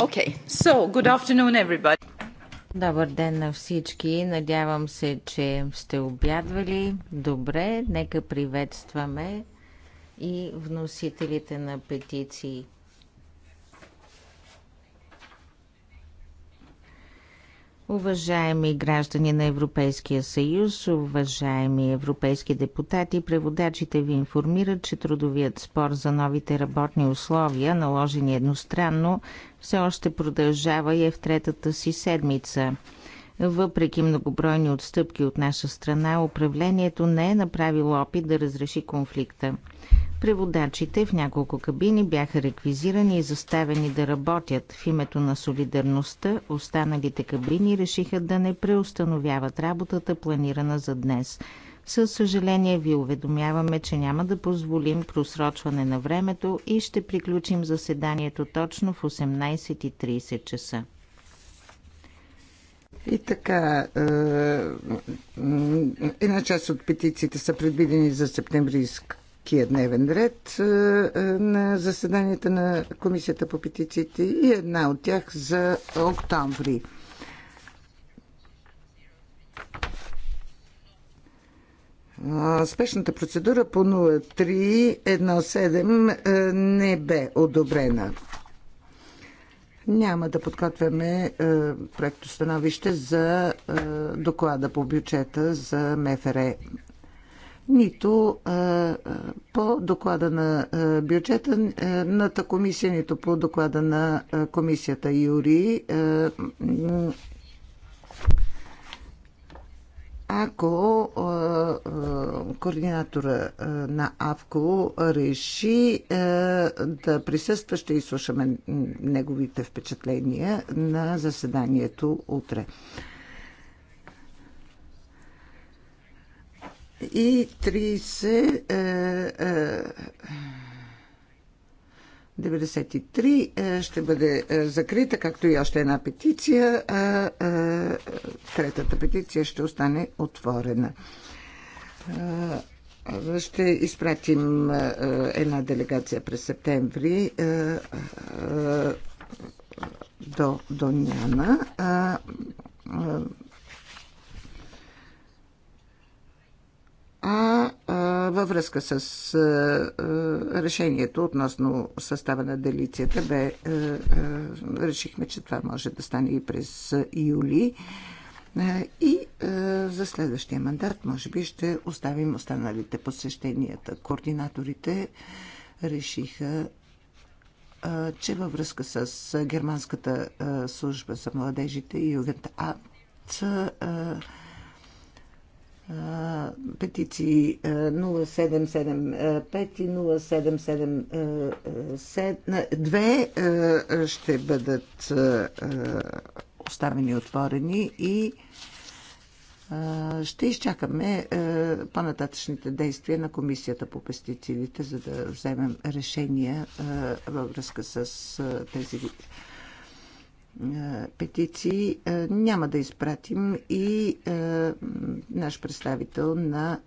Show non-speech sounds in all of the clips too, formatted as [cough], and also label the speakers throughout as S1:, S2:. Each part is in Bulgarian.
S1: Okay, so good afternoon everybody. Добър ден на всички. Надявам се, че сте обядвали. Добре, нека приветстваме и вносителите на петиции. Уважаеми граждани на Европейския съюз, уважаеми европейски депутати, преводачите ви информират, че трудовият спор за новите работни условия, наложени едностранно, все още продължава и е в третата си седмица. Въпреки многобройни отстъпки от наша страна, управлението не е направило опит да разреши конфликта. Преводачите в няколко кабини бяха реквизирани и заставени да работят в името на солидарността. Останалите кабини решиха да не преустановяват работата, планирана за днес. Със съжаление ви уведомяваме, че няма да позволим просрочване на времето и ще приключим заседанието точно в 18.30 часа.
S2: И така, е, една част от петициите са предвидени за септемврийска краткия дневен ред е, е, на заседанията на Комисията по петициите и една от тях за октомври. Спешната процедура по 0317 е, не бе одобрена. Няма да подготвяме е, становище за е, доклада по бюджета за МФР нито по доклада на бюджетната комисия, нито по доклада на комисията Юри. Ако координатора на АВКО реши да присъства, ще изслушаме неговите впечатления на заседанието утре. и 30 93 е, е, е, ще бъде закрита, както и още една петиция. Е, е, третата петиция ще остане отворена. Е, ще изпратим една делегация през септември до е, а, а във връзка с а, а, решението относно състава на делицията, бе, а, а, решихме, че това може да стане и през юли. А, и а, за следващия мандат, може би, ще оставим останалите посещенията. Координаторите решиха че във връзка с германската служба за младежите и югента А, петиции 0775 и 0772 ще бъдат оставени отворени и ще изчакаме по-нататъчните действия на Комисията по пестицидите, за да вземем решения във връзка с тези е, петиции е, няма да изпратим и е, наш представител на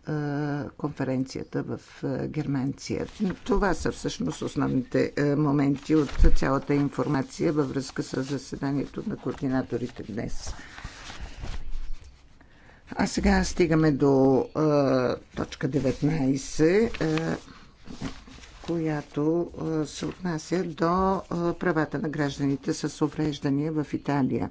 S2: конференцията в Германция. Това са всъщност основните моменти от цялата информация във връзка с заседанието на координаторите днес. А сега стигаме до точка 19 която се отнася до правата на гражданите с увреждания в Италия.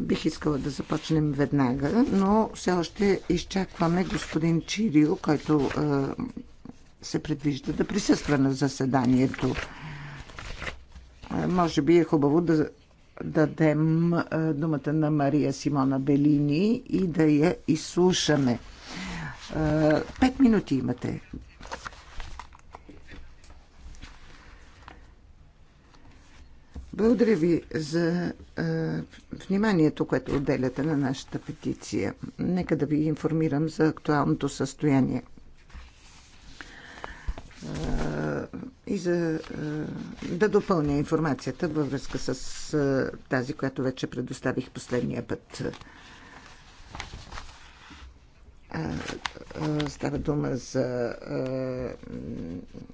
S2: Бих искала да започнем веднага, но все още изчакваме господин Чирио, който се предвижда да присъства на заседанието. Може би е хубаво да дадем думата на Мария Симона Белини и да я изслушаме. Пет минути имате, Благодаря ви за е, вниманието, което отделяте на нашата петиция. Нека да ви информирам за актуалното състояние и за да допълня информацията във връзка с тази, която вече предоставих последния път. Става дума за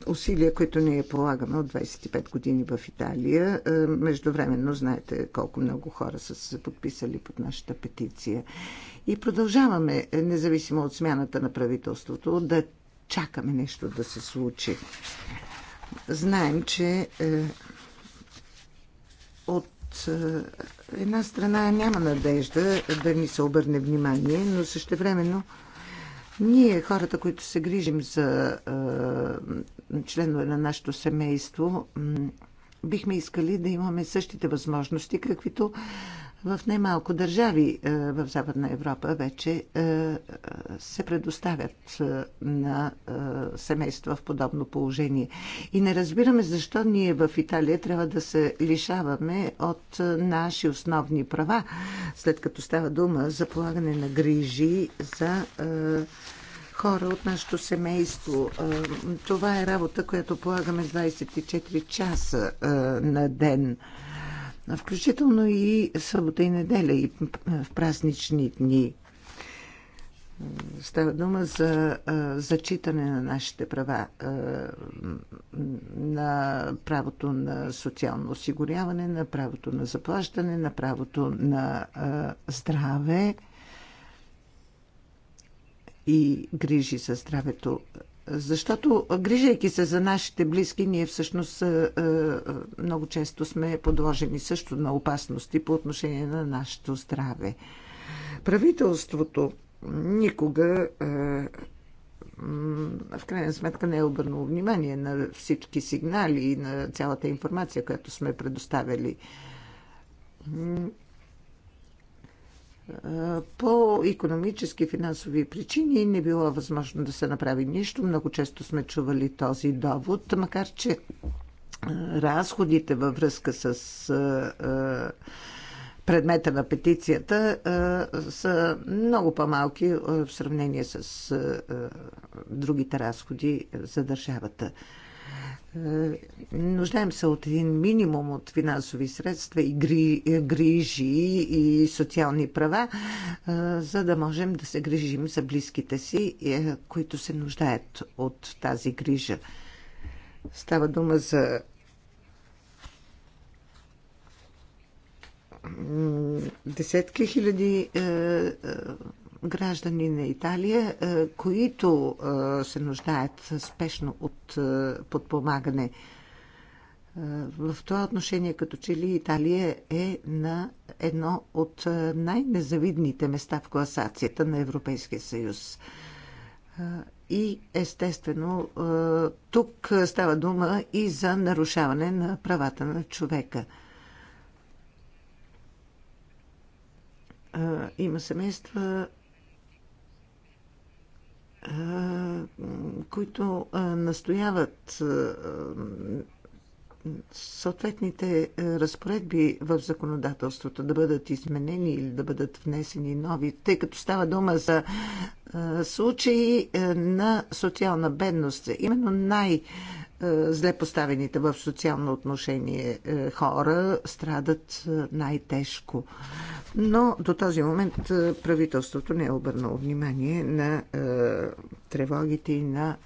S2: усилия, които ние полагаме от 25 години в Италия. Междувременно знаете колко много хора са се подписали под нашата петиция. И продължаваме, е, независимо от смяната на правителството, да чакаме нещо да се случи. Знаем, че е, от е, една страна няма надежда да ни се обърне внимание, но същевременно времено ние, хората, които се грижим за е, членове на нашето семейство, бихме искали да имаме същите възможности, каквито в немалко държави е, в Западна Европа вече е, е, се предоставят на семейства в подобно положение. И не разбираме защо ние в Италия трябва да се лишаваме от наши основни права, след като става дума за полагане на грижи за хора от нашето семейство. Това е работа, която полагаме 24 часа на ден включително и събота и неделя, и в празнични дни. Става дума за зачитане на нашите права, на правото на социално осигуряване, на правото на заплащане, на правото на здраве и грижи за здравето. Защото, грижайки се за нашите близки, ние всъщност е, е, много често сме подложени също на опасности по отношение на нашето здраве. Правителството никога е, в крайна сметка не е обърнало внимание на всички сигнали и на цялата информация, която сме предоставили по економически и финансови причини не било възможно да се направи нищо. Много често сме чували този довод, макар че разходите във връзка с предмета на петицията са много по-малки в сравнение с другите разходи за държавата. Нуждаем се от един минимум от финансови средства и грижи и социални права, за да можем да се грижим за близките си, е, които се нуждаят от тази грижа. Става дума за десетки хиляди е, е, граждани на Италия, е, които е, се нуждаят спешно от е, подпомагане. В това отношение, като че ли Италия е на едно от най-незавидните места в класацията на Европейския съюз. И естествено, тук става дума и за нарушаване на правата на човека. Има семейства, които настояват съответните разпоредби в законодателството да бъдат изменени или да бъдат внесени нови, тъй като става дума за случаи на социална бедност. Именно най- е, зле поставените в социално отношение е, хора страдат е, най-тежко. Но до този момент правителството не е обърнало внимание на тревогите и на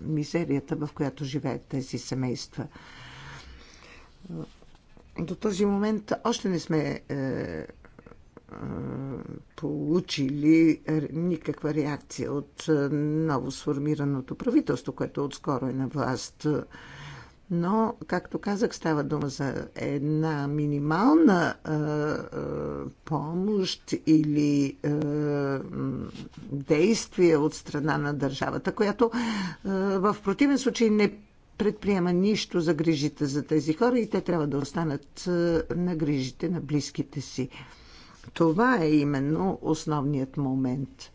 S2: мизерията, в която живеят тези семейства. До този момент още не сме получили никаква реакция от е, ново сформираното правителство, което отскоро е на власт. Но, както казах, става дума за една минимална а, е, а, е, помощ или а, действие от страна на държавата, която а, в противен случай не предприема нищо за грижите за тези хора и те трябва да останат а, на грижите на близките си. Това е именно основният момент.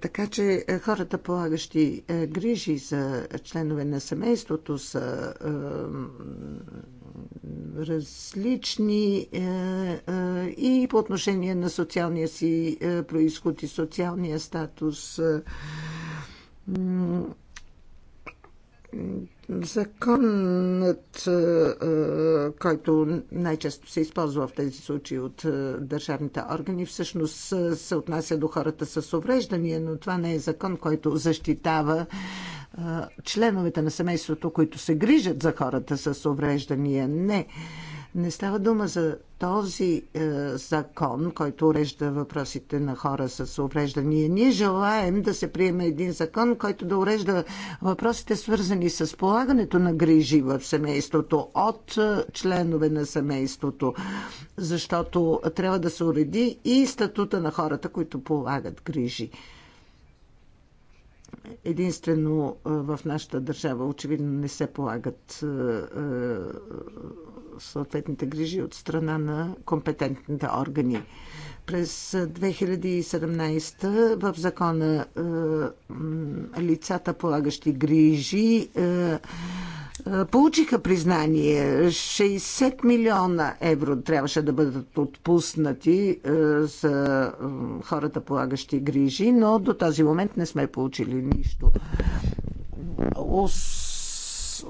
S2: Така че хората, полагащи грижи за членове на семейството, са различни и по отношение на социалния си происход и социалния статус. Законът, е, е, който най-често се използва в тези случаи от е, държавните органи, всъщност се отнася до хората с увреждания, но това не е закон, който защитава членовете на семейството, които се грижат за хората с увреждания. Не. Не става дума за този е, закон, който урежда въпросите на хора с увреждания. Ние желаем да се приеме един закон, който да урежда въпросите, свързани с полагането на грижи в семейството от е, членове на семейството, защото трябва да се уреди и статута на хората, които полагат грижи единствено е, в нашата държава очевидно не се полагат е, съответните грижи от страна на компетентните органи. През 2017 в закона е, лицата полагащи грижи е, е, получиха признание. 60 милиона евро трябваше да бъдат отпуснати за хората полагащи грижи, но до този момент не сме получили нищо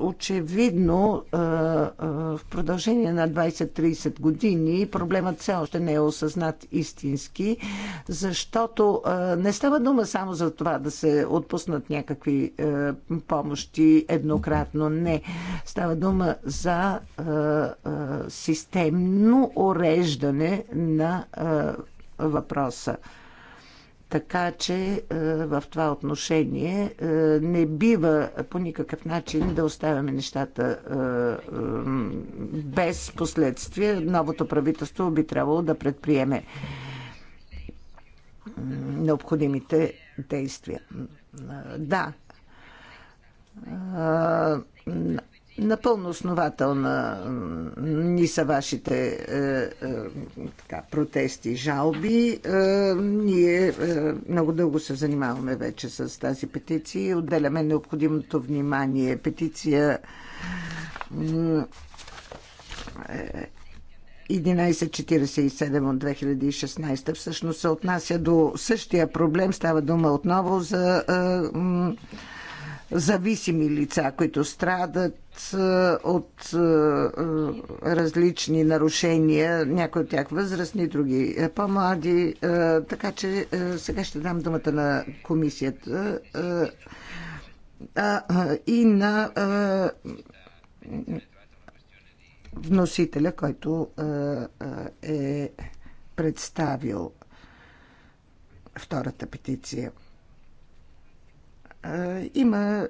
S2: очевидно в продължение на 20-30 години проблемът все още не е осъзнат истински, защото не става дума само за това да се отпуснат някакви помощи еднократно. Не. Става дума за системно уреждане на въпроса. Така че е, в това отношение е, не бива по никакъв начин да оставяме нещата е, без последствия. Новото правителство би трябвало да предприеме необходимите действия. Да. Напълно основателна ни са вашите е, е, така, протести, жалби. Е, ние е, много дълго се занимаваме вече с тази петиция и отделяме необходимото внимание. Петиция 1147 е, от 2016 всъщност се отнася до същия проблем. Става дума отново за. Е, зависими лица, които страдат е, от е, е, различни нарушения, някои от тях възрастни, други по-млади. Така че сега ще дам думата на комисията и на вносителя, който е представил втората петиция. Има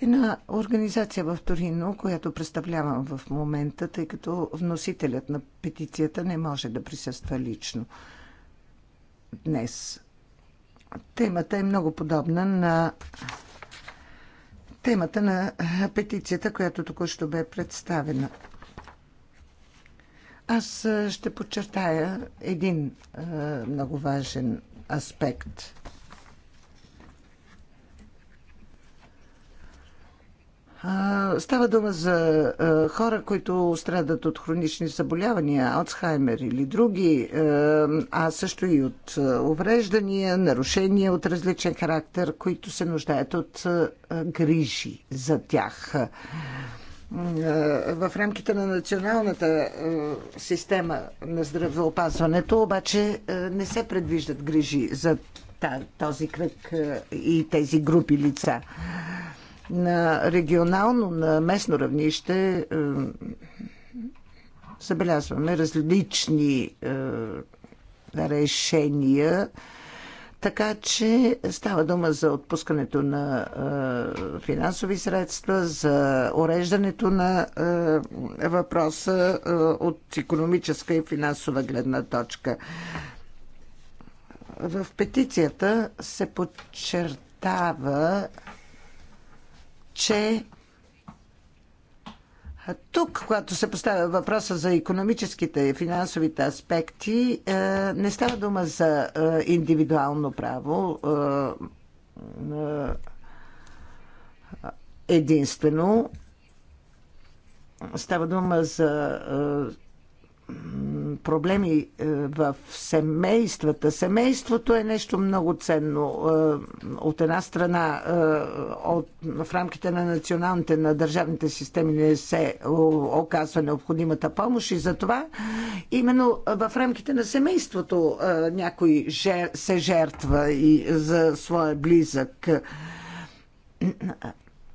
S2: една организация в Торино, която представлявам в момента, тъй като вносителят на петицията не може да присъства лично днес. Темата е много подобна на темата на петицията, която току-що бе представена. Аз ще подчертая един много важен аспект. Става дума за хора, които страдат от хронични заболявания, Алцхаймер или други, а също и от увреждания, нарушения от различен характер, които се нуждаят от грижи за тях в рамките на националната система на здравеопазването, обаче не се предвиждат грижи за този кръг и тези групи лица. На регионално, на местно равнище забелязваме различни решения така че става дума за отпускането на е, финансови средства, за уреждането на е, въпроса е, от економическа и финансова гледна точка. В петицията се подчертава, че тук, когато се поставя въпроса за економическите и финансовите аспекти, е, не става дума за е, индивидуално право е, единствено. Става дума за проблеми е, в семействата. Семейството е нещо много ценно. Е, от една страна, е, от, в рамките на националните, на държавните системи не се оказва необходимата помощ и затова именно в рамките на семейството някой се жертва и за своя близък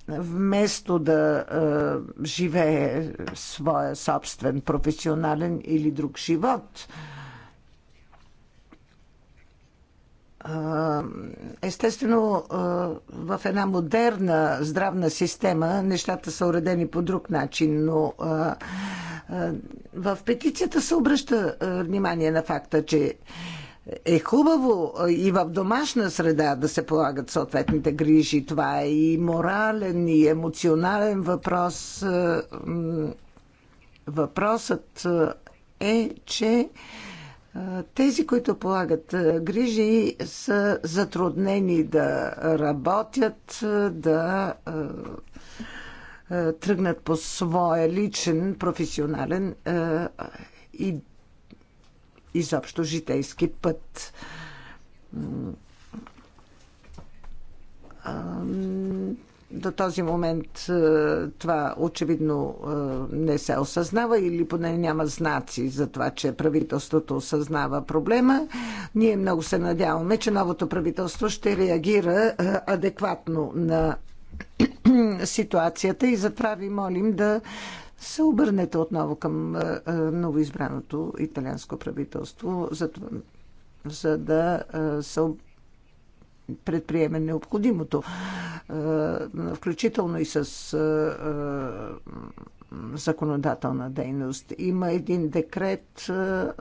S2: вместо да а, живее своя собствен професионален или друг живот. Естествено, в една модерна здравна система нещата са уредени по друг начин, но в петицията се обръща внимание на факта, че е, е хубаво и в домашна среда да се полагат съответните грижи. Това е и морален, и емоционален въпрос. Е, въпросът е, е че тези, които полагат грижи, са затруднени да работят, да тръгнат по своя личен, професионален и изобщо житейски път. До този момент това очевидно не се осъзнава или поне няма знаци за това, че правителството осъзнава проблема. Ние много се надяваме, че новото правителство ще реагира адекватно на [clears throat] ситуацията и затова ви молим да се обърнете отново към е, е, новоизбраното италианско правителство, за, за да е, се предприеме необходимото, включително и с законодателна дейност. Има един декрет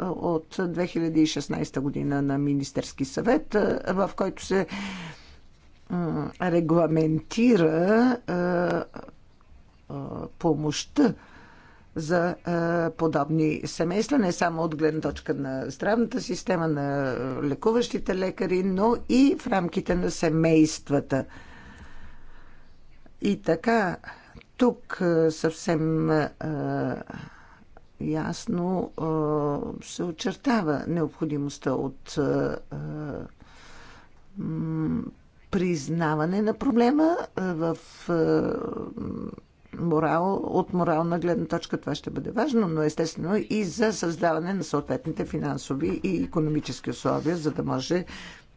S2: от 2016 година на Министерски съвет, в който се регламентира помощта за подобни семейства, не само от гледна точка на здравната система, на лекуващите лекари, но и в рамките на семействата. И така, тук съвсем ясно се очертава необходимостта от признаване на проблема в морал, от морална гледна точка това ще бъде важно, но естествено и за създаване на съответните финансови и економически условия, за да може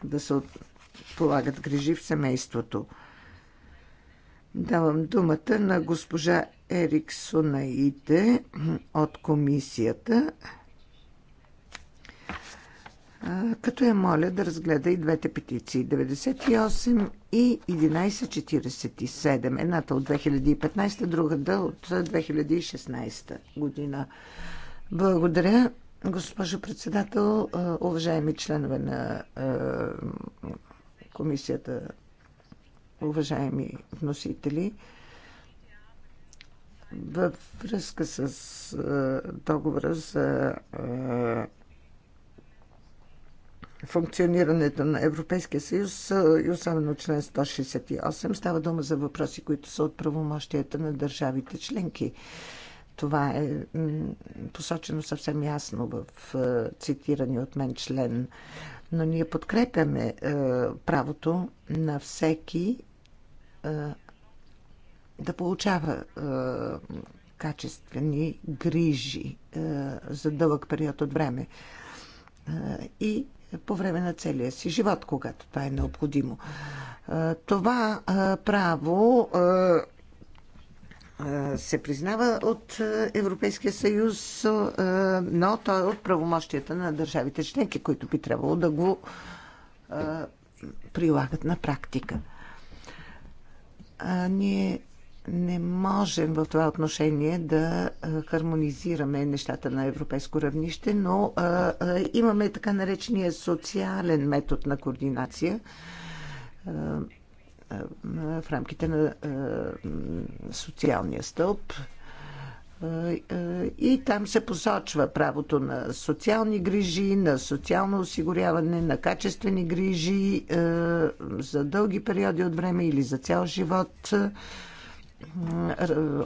S2: да се полагат грижи в семейството. Давам думата на госпожа Ериксона Ите от комисията като я моля да разгледа и двете петиции 98 и 1147. Едната от 2015, другата от 2016 година. Благодаря, госпожо председател, уважаеми членове на комисията, уважаеми вносители. Във връзка с договора за функционирането на Европейския съюз и особено член 168 става дума за въпроси, които са от правомощията на държавите членки. Това е посочено съвсем ясно в цитирани от мен член. Но ние подкрепяме правото на всеки да получава качествени грижи за дълъг период от време. И по време на целия си живот, когато това е необходимо. Това право се признава от Европейския съюз, но то е от правомощията на държавите членки, които би трябвало да го прилагат на практика. А ние не можем в това отношение да хармонизираме нещата на европейско равнище, но имаме така наречения социален метод на координация в рамките на социалния стълб. И там се посочва правото на социални грижи, на социално осигуряване, на качествени грижи за дълги периоди от време или за цял живот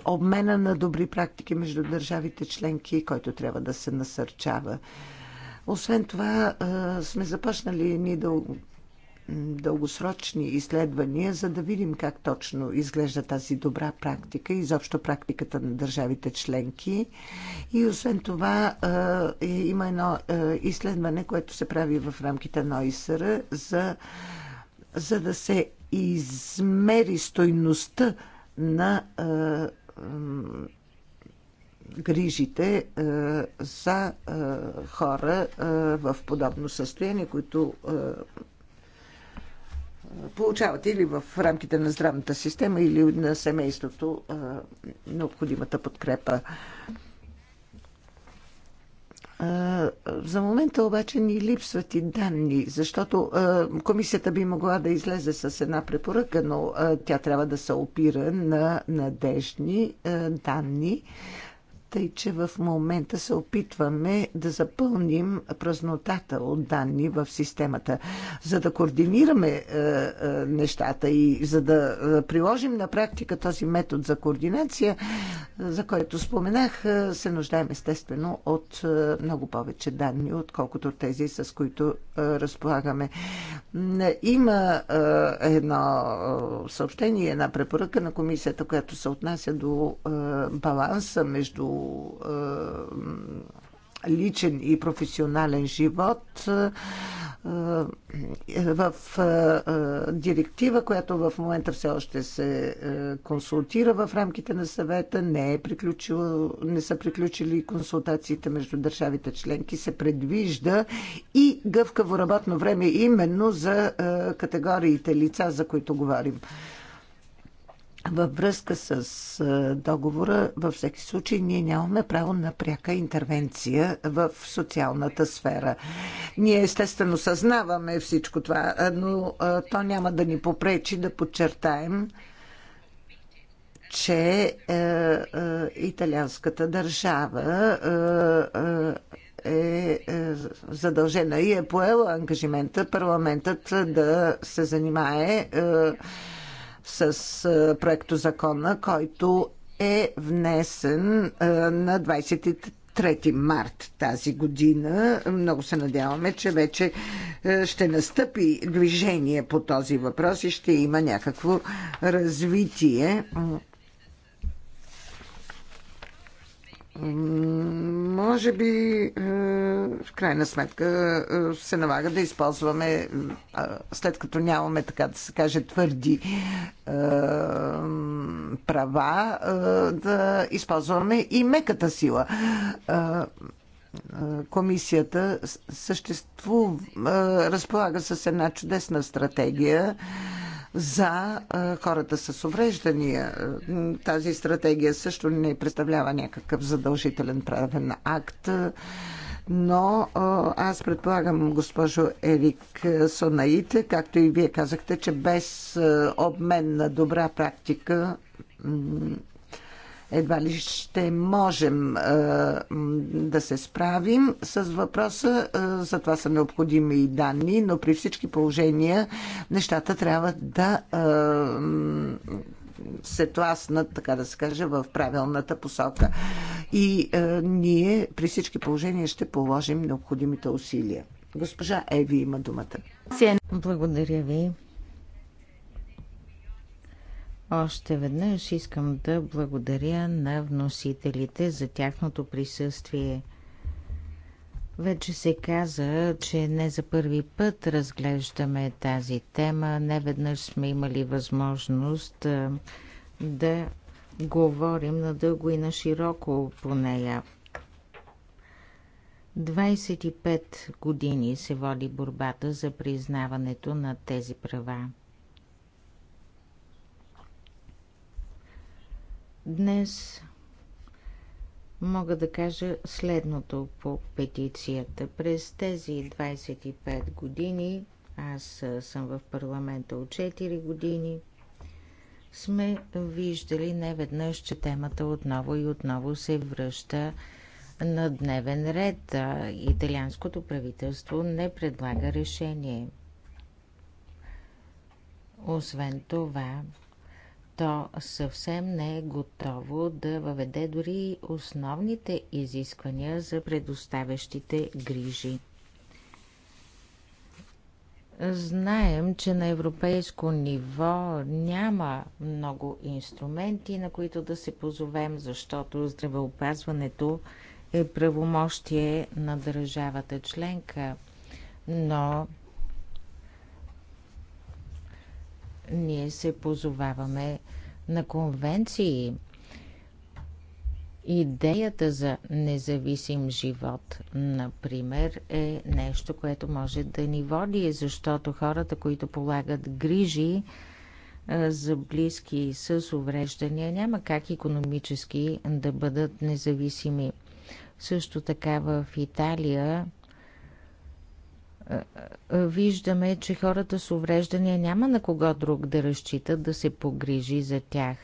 S2: обмена на добри практики между държавите членки, който трябва да се насърчава. Освен това, сме започнали ни дълго, дългосрочни изследвания, за да видим как точно изглежда тази добра практика, изобщо практиката на държавите членки. И освен това, има едно изследване, което се прави в рамките на ОИСР, за, за да се измери стойността на е, грижите е, за е, хора в подобно състояние, които получават или в рамките на здравната система, или на семейството необходимата подкрепа. За момента обаче ни липсват и данни, защото комисията би могла да излезе с една препоръка, но тя трябва да се опира на надежни данни, тъй, че в момента се опитваме да запълним празнотата от данни в системата. За да координираме е, е нещата и за да е, приложим на практика този метод за координация, за който споменах, е, се нуждаем естествено от много повече данни, отколкото тези, с които разполагаме. Има едно съобщение, една препоръка на комисията, която се отнася до баланса между е, личен и професионален живот е, е, в директива, която в момента все още се консултира в рамките на съвета, не, е не са приключили консултациите между държавите членки, се предвижда и гъвкаво работно време именно за категориите лица, за които говорим. Във връзка с договора, във всеки случай, ние нямаме право на пряка интервенция в социалната сфера. Ние естествено съзнаваме всичко това, но то няма да ни попречи да подчертаем, че е, е, италианската държава е, е, е задължена и е поела ангажимента парламентът да се занимае. Е, с е, проекто закона, който е внесен е, на 23 3 март тази година. Много се надяваме, че вече е, ще настъпи движение по този въпрос и ще има някакво развитие Може би, е, в крайна сметка, е, се налага да използваме, след като нямаме, така да се каже, твърди е, права, да използваме и меката сила. Комисията съществува, разполага с една чудесна стратегия за хората с увреждания. Тази стратегия също не представлява някакъв задължителен правен акт, но аз предполагам, госпожо Ерик Сонаите, както и вие казахте, че без обмен на добра практика едва ли ще можем е, да се справим с въпроса, е, за това са необходими и данни, но при всички положения нещата трябва да е, се тласнат, така да се каже, в правилната посока. И е, ние при всички положения ще положим необходимите усилия. Госпожа Еви има думата.
S1: Благодаря ви. Още веднъж искам да благодаря на вносителите за тяхното присъствие. Вече се каза, че не за първи път разглеждаме тази тема. Не веднъж сме имали възможност да говорим надълго и на широко по нея. 25 години се води борбата за признаването на тези права. Днес мога да кажа следното по петицията. През тези 25 години, аз съм в парламента от 4 години, сме виждали неведнъж, че темата отново и отново се връща на дневен ред. Италианското правителство не предлага решение. Освен това, то съвсем не е готово да въведе дори основните изисквания за предоставящите грижи. Знаем, че на европейско ниво няма много инструменти, на които да се позовем, защото здравеопазването е правомощие на държавата членка. Но ние се позоваваме на конвенции. Идеята за независим живот, например, е нещо, което може да ни води, защото хората, които полагат грижи за близки с увреждания, няма как економически да бъдат независими. Също така в Италия е, е, виждаме, че хората с увреждания няма на кого друг да разчитат да се погрижи за тях.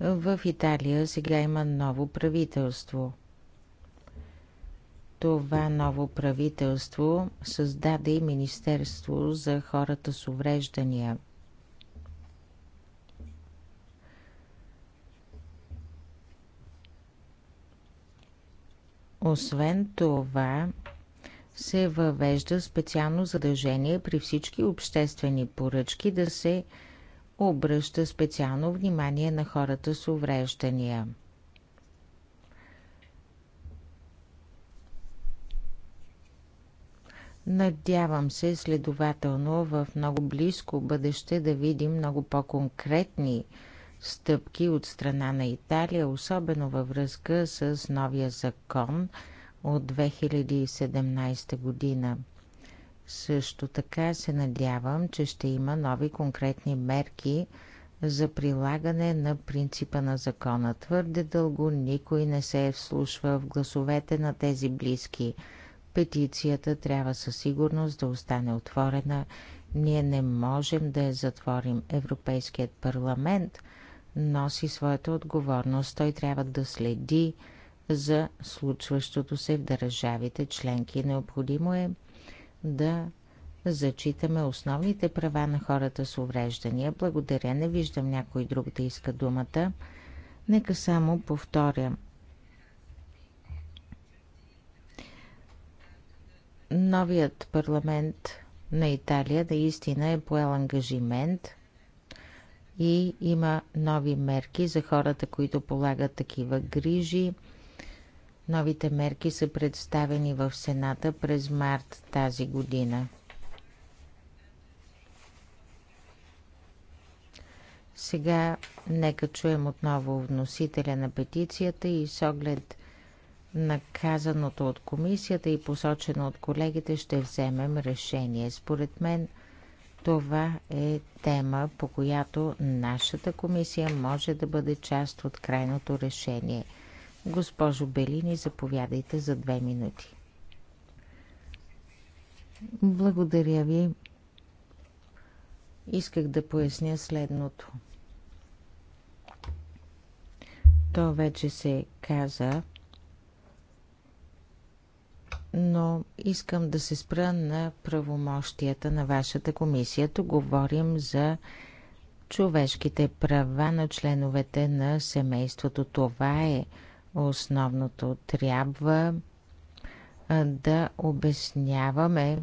S1: В Италия сега има ново правителство. Това ново правителство създаде и Министерство за хората с увреждания – Освен това, се въвежда специално задължение при всички обществени поръчки да се обръща специално внимание на хората с увреждания. Надявам се следователно в много близко бъдеще да видим много по-конкретни стъпки от страна на Италия, особено във връзка с новия закон от 2017 година. Също така се надявам, че ще има нови конкретни мерки за прилагане на принципа на закона. Твърде дълго никой не се е вслушва в гласовете на тези близки. Петицията трябва със сигурност да остане отворена. Ние не можем да я затворим. Европейският парламент носи своята отговорност. Той трябва да следи за случващото се в държавите членки. Необходимо е да зачитаме основните права на хората с увреждания. Благодаря, не виждам някой друг да иска думата. Нека само повторя. Новият парламент на Италия наистина е поел ангажимент – и има нови мерки за хората, които полагат такива грижи. Новите мерки са представени в Сената през март тази година. Сега нека чуем отново вносителя на петицията и с оглед на казаното от комисията и посочено от колегите ще вземем решение. Според мен – това е тема, по която нашата комисия може да бъде част от крайното решение. Госпожо Белини, заповядайте за две минути. Благодаря ви. Исках да поясня следното. То вече се каза но искам да се спра на правомощията на вашата комисия. Тук говорим за човешките права на членовете на семейството. Това е основното. Трябва да обясняваме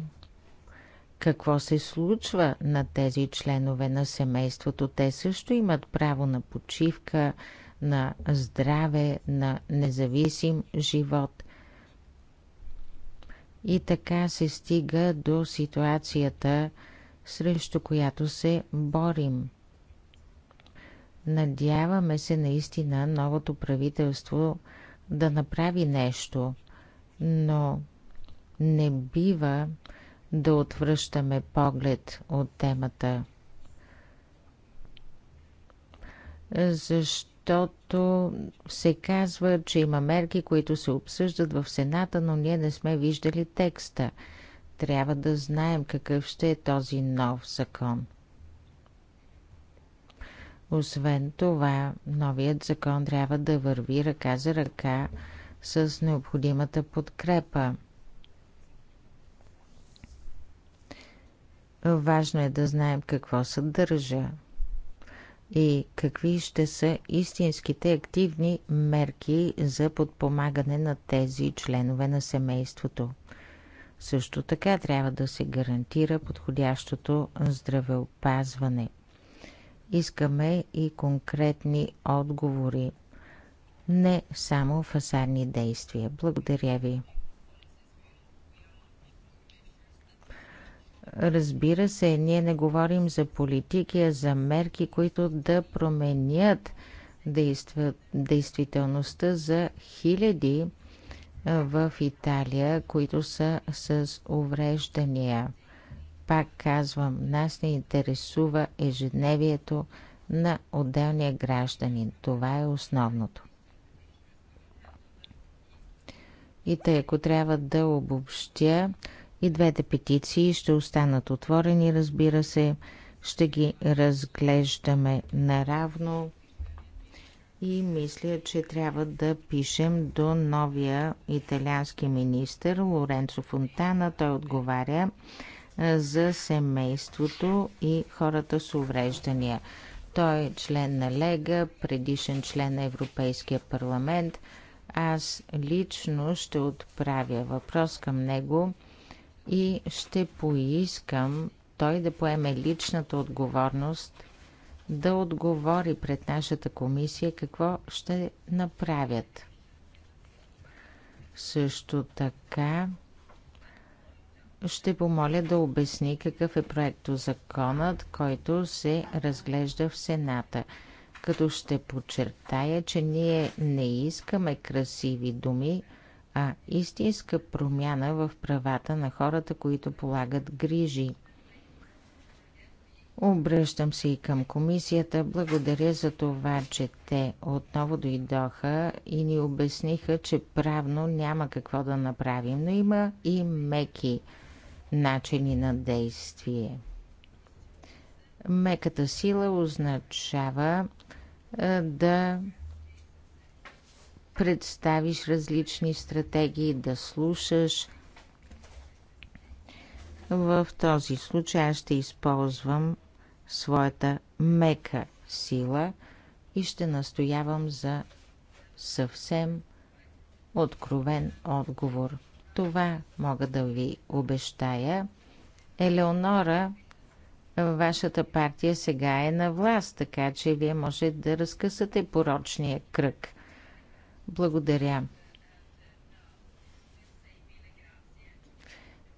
S1: какво се случва на тези членове на семейството. Те също имат право на почивка, на здраве, на независим живот. И така се стига до ситуацията, срещу която се борим. Надяваме се наистина новото правителство да направи нещо, но не бива да отвръщаме поглед от темата. Защо? защото се казва, че има мерки, които се обсъждат в Сената, но ние не сме виждали текста. Трябва да знаем какъв ще е този нов закон. Освен това, новият закон трябва да върви ръка за ръка с необходимата подкрепа. Важно е да знаем какво съдържа и какви ще са истинските активни мерки за подпомагане на тези членове на семейството. Също така трябва да се гарантира подходящото здравеопазване. Искаме и конкретни отговори, не само фасадни действия. Благодаря ви. Разбира се, ние не говорим за политики, а за мерки, които да променят действителността за хиляди в Италия, които са с увреждания. Пак казвам, нас не интересува ежедневието на отделния гражданин. Това е основното. И тъй, ако трябва да обобщя, и двете петиции ще останат отворени, разбира се. Ще ги разглеждаме наравно. И мисля, че трябва да пишем до новия италиански министр Лоренцо Фонтана. Той отговаря за семейството и хората с увреждания. Той е член на Лега, предишен член на Европейския парламент. Аз лично ще отправя въпрос към него – и ще поискам той да поеме личната отговорност да отговори пред нашата комисия какво ще направят. Също така ще помоля да обясни какъв е проекто законът, който се разглежда в Сената. Като ще подчертая, че ние не искаме красиви думи, а истинска промяна в правата на хората, които полагат грижи. Обръщам се и към комисията. Благодаря за това, че те отново дойдоха и ни обясниха, че правно няма какво да направим, но има и меки начини на действие. Меката сила означава да представиш различни стратегии, да слушаш. В този случай аз ще използвам своята мека сила и ще настоявам за съвсем откровен отговор. Това мога да ви обещая. Елеонора, вашата партия сега е на власт, така че вие може да разкъсате порочния кръг – благодаря.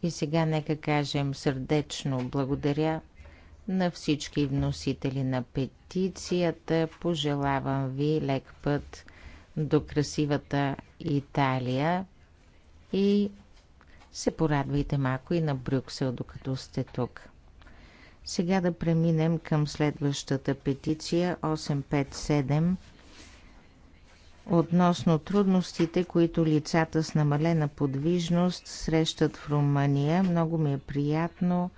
S1: И сега нека кажем сърдечно благодаря на всички вносители на петицията. Пожелавам ви лек път до красивата Италия и се порадвайте малко и на Брюксел, докато сте тук. Сега да преминем към следващата петиция 857 относно трудностите, които лицата с намалена подвижност срещат в Румъния. Много ми е приятно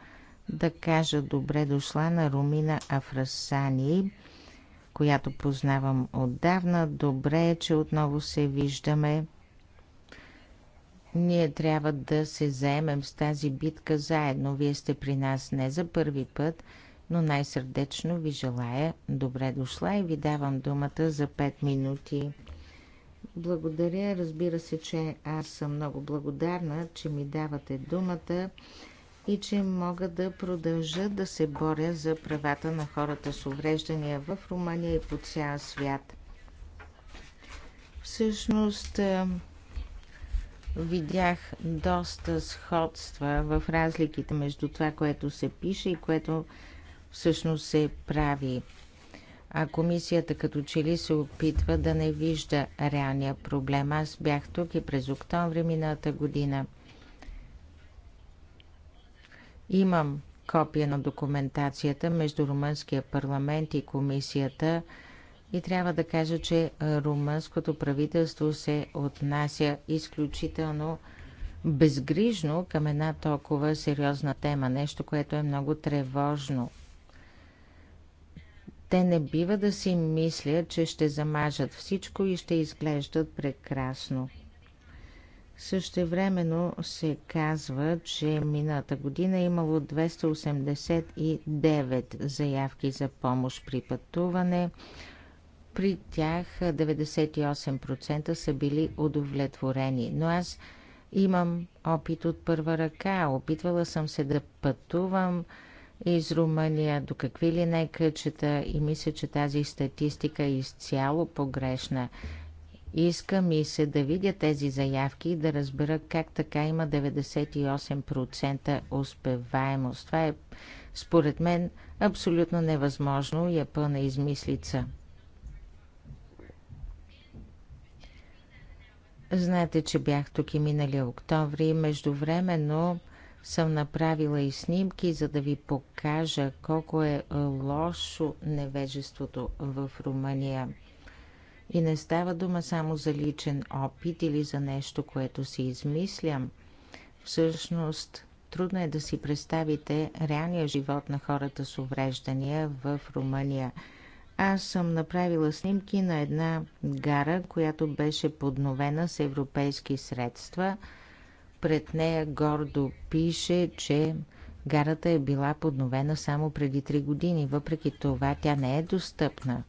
S1: да кажа добре дошла на Румина Афрасани, която познавам отдавна. Добре е, че отново се виждаме. Ние трябва да се заемем с тази битка заедно. Вие сте при нас не за първи път, но най-сърдечно ви желая добре дошла и ви давам думата за 5 минути. Благодаря. Разбира се, че аз съм много благодарна, че ми давате думата и че мога да продължа да се боря за правата на хората с увреждания в Румъния и по цял свят. Всъщност, видях доста сходства в разликите между това, което се пише и което всъщност се прави а комисията като че ли се опитва да не вижда реалния проблем. Аз бях тук и през октомври миналата година. Имам копия на документацията между Румънския парламент и комисията и трябва да кажа, че румънското правителство се отнася изключително безгрижно към една толкова сериозна тема, нещо, което е много тревожно те не бива да си мислят, че ще замажат всичко и ще изглеждат прекрасно. Същевременно се казва, че миналата година е имало 289 заявки за помощ при пътуване. При тях 98% са били удовлетворени. Но аз имам опит от първа ръка. Опитвала съм се да пътувам – из Румъния, до какви ли не кръчета и мисля, че тази статистика е изцяло погрешна. Иска ми се да видя тези заявки и да разбера как така има 98% успеваемост. Това е, според мен, абсолютно невъзможно и е пълна измислица. Знаете, че бях тук и миналия октомври. Междувременно съм направила и снимки, за да ви покажа колко е, е лошо невежеството в Румъния. И не става дума само за личен опит или за нещо, което си измислям. Всъщност, трудно е да си представите реалния живот на хората с увреждания в Румъния. Аз съм направила снимки на една гара, която беше подновена с европейски средства – пред нея гордо пише, че гарата е била подновена само преди 3 години. Въпреки това тя не е достъпна.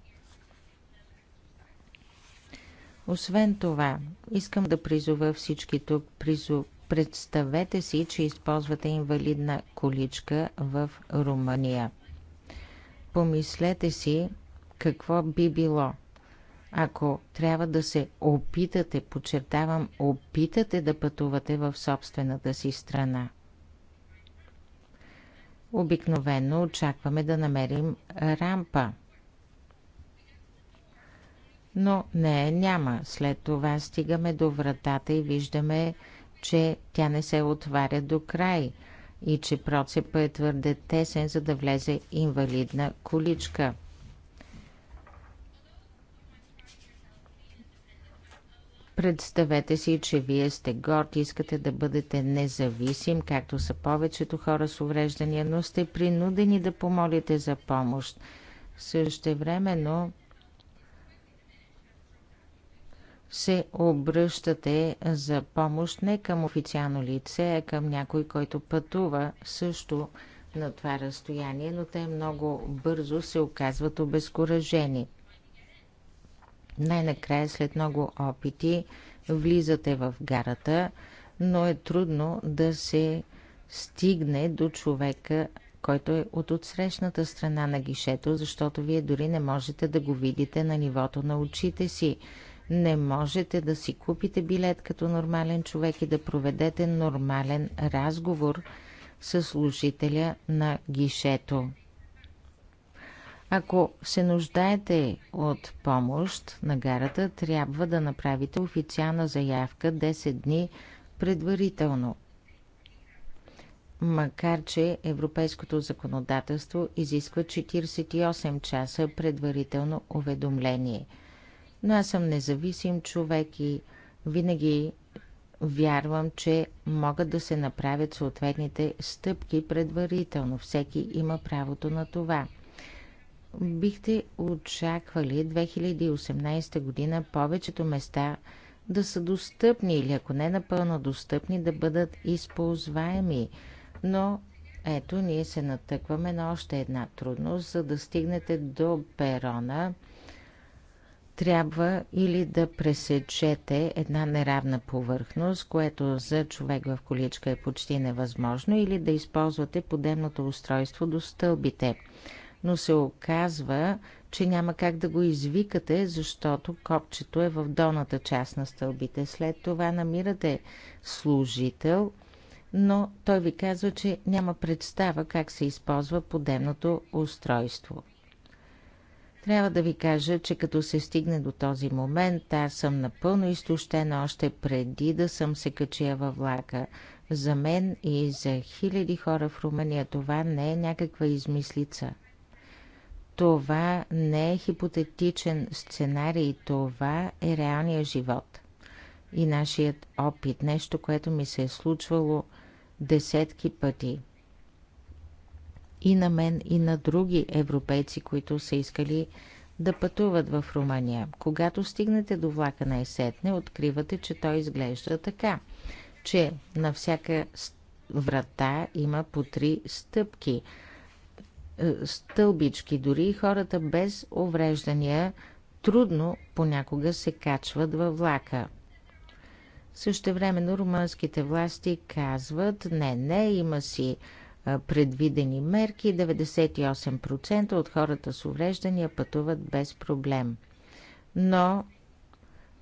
S1: Освен това, искам да призова всички тук, представете си, че използвате инвалидна количка в Румъния. Помислете си какво би било – ако трябва да се опитате, подчертавам, опитате да пътувате в собствената си страна. Обикновено очакваме да намерим рампа. Но не, няма. След това стигаме до вратата и виждаме, че тя не се отваря до край и че процепът е твърде тесен, за да влезе инвалидна количка – Представете си, че вие сте горд, искате да бъдете независим, както са повечето хора с увреждания, но сте принудени да помолите за помощ. Същевременно се обръщате за помощ не към официално лице, а към някой, който пътува също на това разстояние, но те много бързо се оказват обезкуражени. Най-накрая, след много опити, влизате в гарата, но е трудно да се стигне до човека, който е от отсрещната страна на гишето, защото вие дори не можете да го видите на нивото на очите си. Не можете да си купите билет като нормален човек и да проведете нормален разговор с служителя на гишето. Ако се нуждаете от помощ на гарата, трябва да направите официална заявка 10 дни предварително. Макар, че европейското законодателство изисква 48 часа предварително уведомление. Но аз съм независим човек и винаги вярвам, че могат да се направят съответните стъпки предварително. Всеки има правото на това бихте очаквали 2018 година повечето места да са достъпни или ако не напълно достъпни, да бъдат използваеми. Но ето, ние се натъкваме на още една трудност. За да стигнете до перона, трябва или да пресечете една неравна повърхност, което за човек в количка е почти невъзможно, или да използвате подемното устройство до стълбите но се оказва, че няма как да го извикате, защото копчето е в долната част на стълбите. След това намирате служител, но той ви казва, че няма представа как се използва подемното устройство. Трябва да ви кажа, че като се стигне до този момент, аз съм напълно изтощена още преди да съм се качия във влака. За мен и за хиляди хора в Румъния това не е някаква измислица – това не е хипотетичен сценарий, това е реалния живот и нашият опит, нещо, което ми се е случвало десетки пъти. И на мен, и на други европейци, които са искали да пътуват в Румъния. Когато стигнете до влака на Есетне, откривате, че той изглежда така, че на всяка врата има по три стъпки – е, стълбички. Дори и хората без увреждания трудно понякога се качват във влака. Същевременно румънските власти казват не, не, има си предвидени мерки, 98% от хората с увреждания пътуват без проблем. Но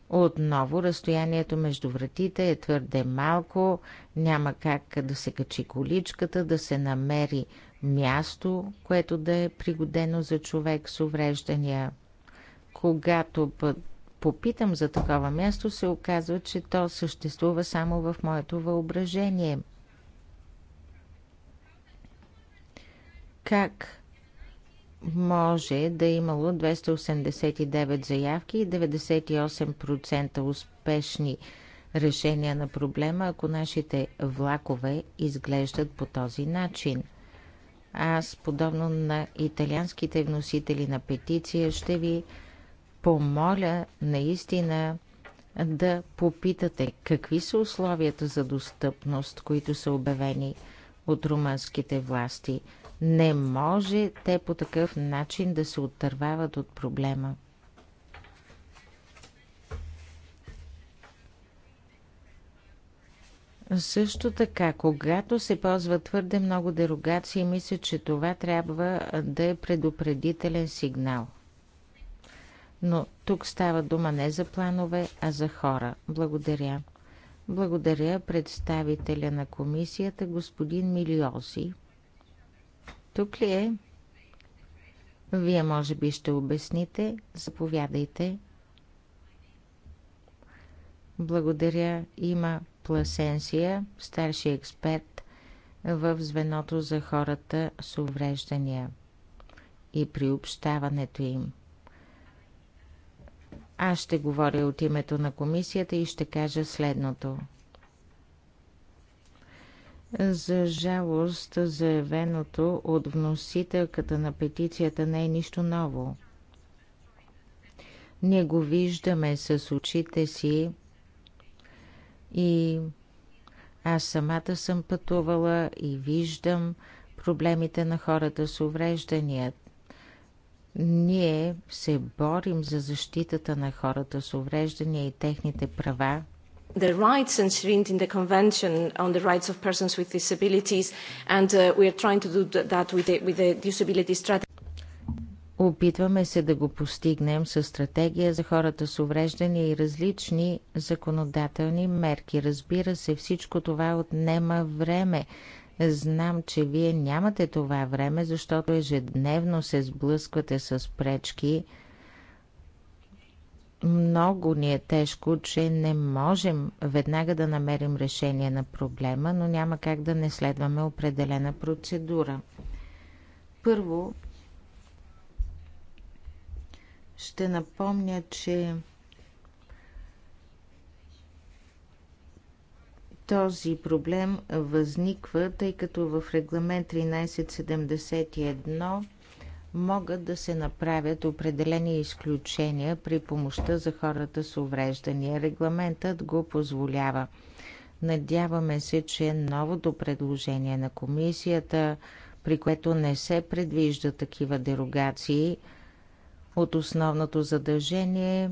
S1: отново разстоянието между вратите е твърде малко, няма как да се качи количката, да се намери място, което да е пригодено за човек с увреждания. Когато попитам за такова място, се оказва, че то съществува само в моето въображение. Как може да е имало 289 заявки и 98% успешни решения на проблема, ако нашите влакове изглеждат по този начин – аз, подобно на италианските вносители на петиция, ще ви помоля наистина да попитате какви са условията за достъпност, които са обявени от румънските власти. Не може те по такъв начин да се отървават от проблема. Също така, когато се ползва твърде много дерогации, мисля, че това трябва да е предупредителен сигнал. Но тук става дума не за планове, а за хора. Благодаря. Благодаря представителя на комисията, господин Милиоси. Тук ли е? Вие може би ще обясните. Заповядайте. Благодаря. Има Пласенсия, старши експерт в звеното за хората с увреждания и приобщаването им. Аз ще говоря от името на комисията и ще кажа следното. За жалост, заявеното от вносителката на петицията не е нищо ново. Ние го виждаме с очите си и аз самата съм пътувала и виждам проблемите на хората с увреждания. Ние се борим за защитата на хората с увреждания и техните права. The
S3: rights enshrined in the Convention on the Rights of Persons with Disabilities, and uh, we are trying to do that with the, with the disability strategy.
S1: Опитваме се да го постигнем с стратегия за хората с увреждания и различни законодателни мерки. Разбира се, всичко това отнема време. Знам, че вие нямате това време, защото ежедневно се сблъсквате с пречки. Много ни е тежко, че не можем веднага да намерим решение на проблема, но няма как да не следваме определена процедура. Първо, ще напомня, че този проблем възниква, тъй като в регламент 1371 могат да се направят определени изключения при помощта за хората с увреждания. Регламентът го позволява. Надяваме се, че новото предложение на комисията, при което не се предвижда такива дерогации – от основното задължение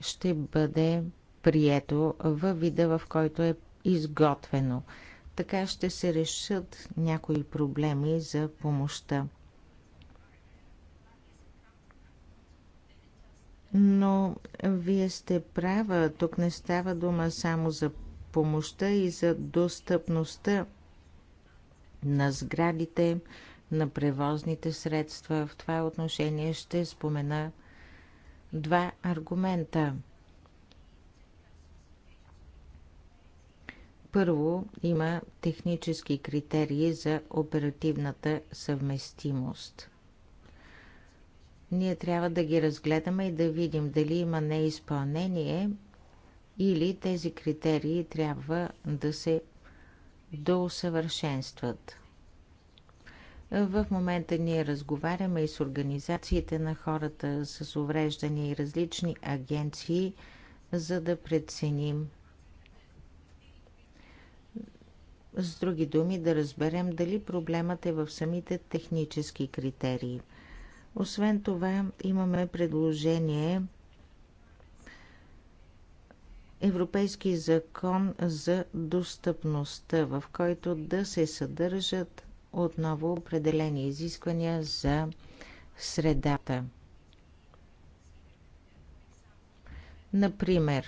S1: ще бъде прието във вида, в който е изготвено. Така ще се решат някои проблеми за помощта. Но вие сте права, тук не става дума само за помощта и за достъпността на сградите, на превозните средства. В това отношение ще спомена два аргумента. Първо, има технически критерии за оперативната съвместимост. Ние трябва да ги разгледаме и да видим дали има неизпълнение или тези критерии трябва да се доусъвършенстват. В момента ние разговаряме и с организациите на хората с увреждания и различни агенции, за да преценим с други думи да разберем дали проблемът е в самите технически критерии. Освен това, имаме предложение Европейски закон за достъпността, в който да се съдържат отново определени изисквания за средата. Например,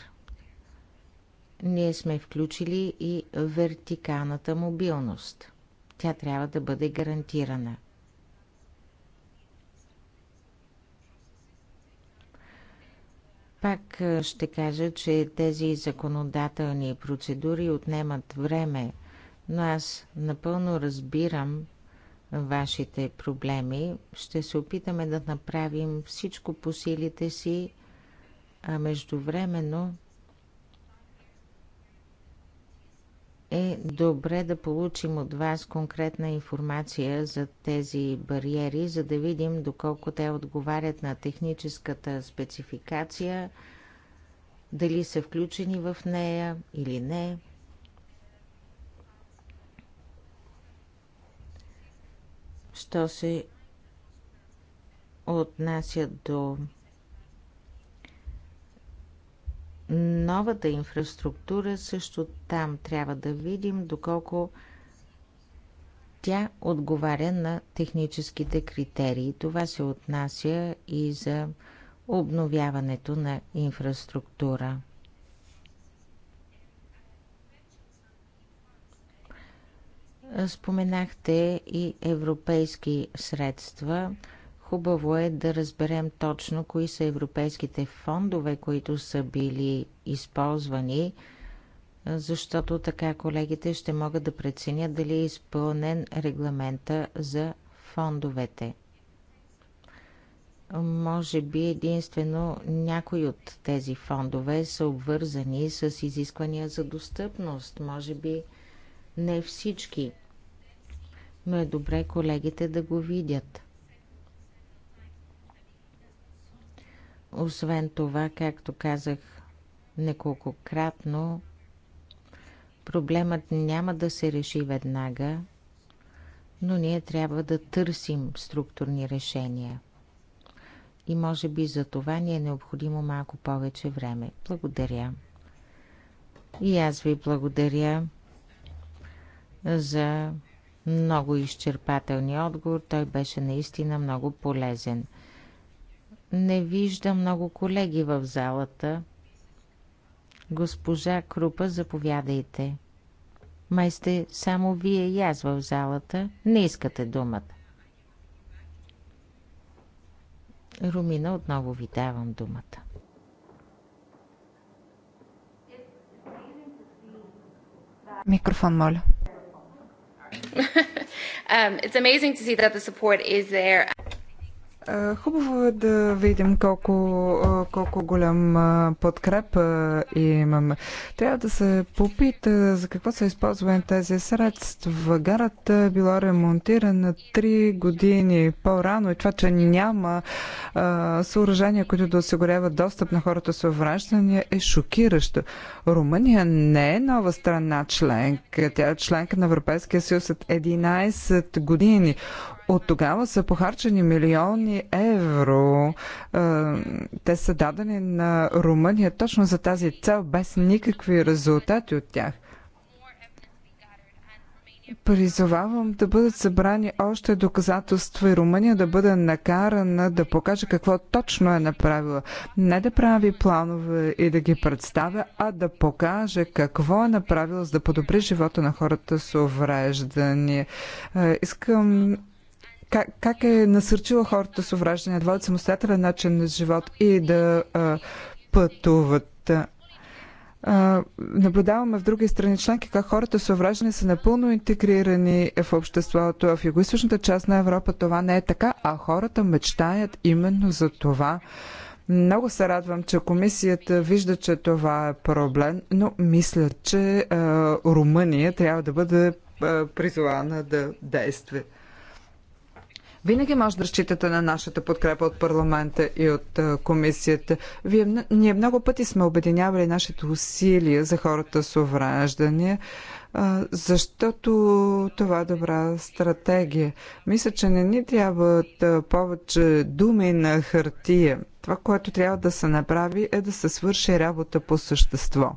S1: ние сме включили и вертикалната мобилност. Тя трябва да бъде гарантирана. Пак ще кажа, че тези законодателни процедури отнемат време – но аз напълно разбирам вашите проблеми. Ще се опитаме да направим всичко по силите си, а междувременно е добре да получим от вас конкретна информация за тези бариери, за да видим доколко те отговарят на техническата спецификация, дали са включени в нея или не. Що се отнася до новата инфраструктура, също там трябва да видим доколко тя отговаря на техническите критерии. Това се отнася и за обновяването на инфраструктура. Споменахте и европейски средства. Хубаво е да разберем точно кои са европейските фондове, които са били използвани, защото така колегите ще могат да преценят дали е изпълнен регламента за фондовете. Може би единствено някои от тези фондове са обвързани с изисквания за достъпност. Може би не всички, но е добре колегите да го видят. Освен това, както казах неколкократно, проблемът няма да се реши веднага, но ние трябва да търсим структурни решения. И може би за това ни е необходимо малко повече време. Благодаря. И аз ви благодаря за много изчерпателния отговор. Той беше наистина много полезен. Не вижда много колеги в залата. Госпожа Крупа, заповядайте. Май сте само вие и аз в залата. Не искате думата. Румина, отново ви давам думата. Микрофон, моля um,
S2: it's amazing to see that the support is there.
S4: Хубаво е да видим колко, колко голям подкрепа имаме. Трябва да се попита за какво са използвани тези средства. Гарата е била ремонтирана 3 години по-рано и това, че няма а, съоръжения, които да осигуряват достъп на хората с увреждания е шокиращо. Румъния не е нова страна членка. Тя е членка на Европейския съюз от 11 години. От тогава са похарчени милиони евро. Е, те са дадени на Румъния точно за тази цел, без никакви резултати от тях. Призовавам да бъдат събрани още доказателства и Румъния да бъде накарана да покаже какво точно е направила. Не да прави планове и да ги представя, а да покаже какво е направила, за да подобри живота на хората с увреждания. Е, искам как, как е насърчила хората с увреждане да водят самостоятелен начин на живот и да а, пътуват. А, наблюдаваме в други страни членки как хората с увреждане са напълно интегрирани в обществото. В югоизточната част на Европа това не е така, а хората мечтаят именно за това. Много се радвам, че комисията вижда, че това е проблем, но мисля, че а, Румъния трябва да бъде призована да действа. Винаги може да разчитате на нашата подкрепа от парламента и от комисията. Вие, ние много пъти сме обединявали нашите усилия за хората с увреждания защото това е добра стратегия. Мисля, че не ни трябват повече думи на хартия. Това, което трябва да се направи, е да се свърши работа по същество.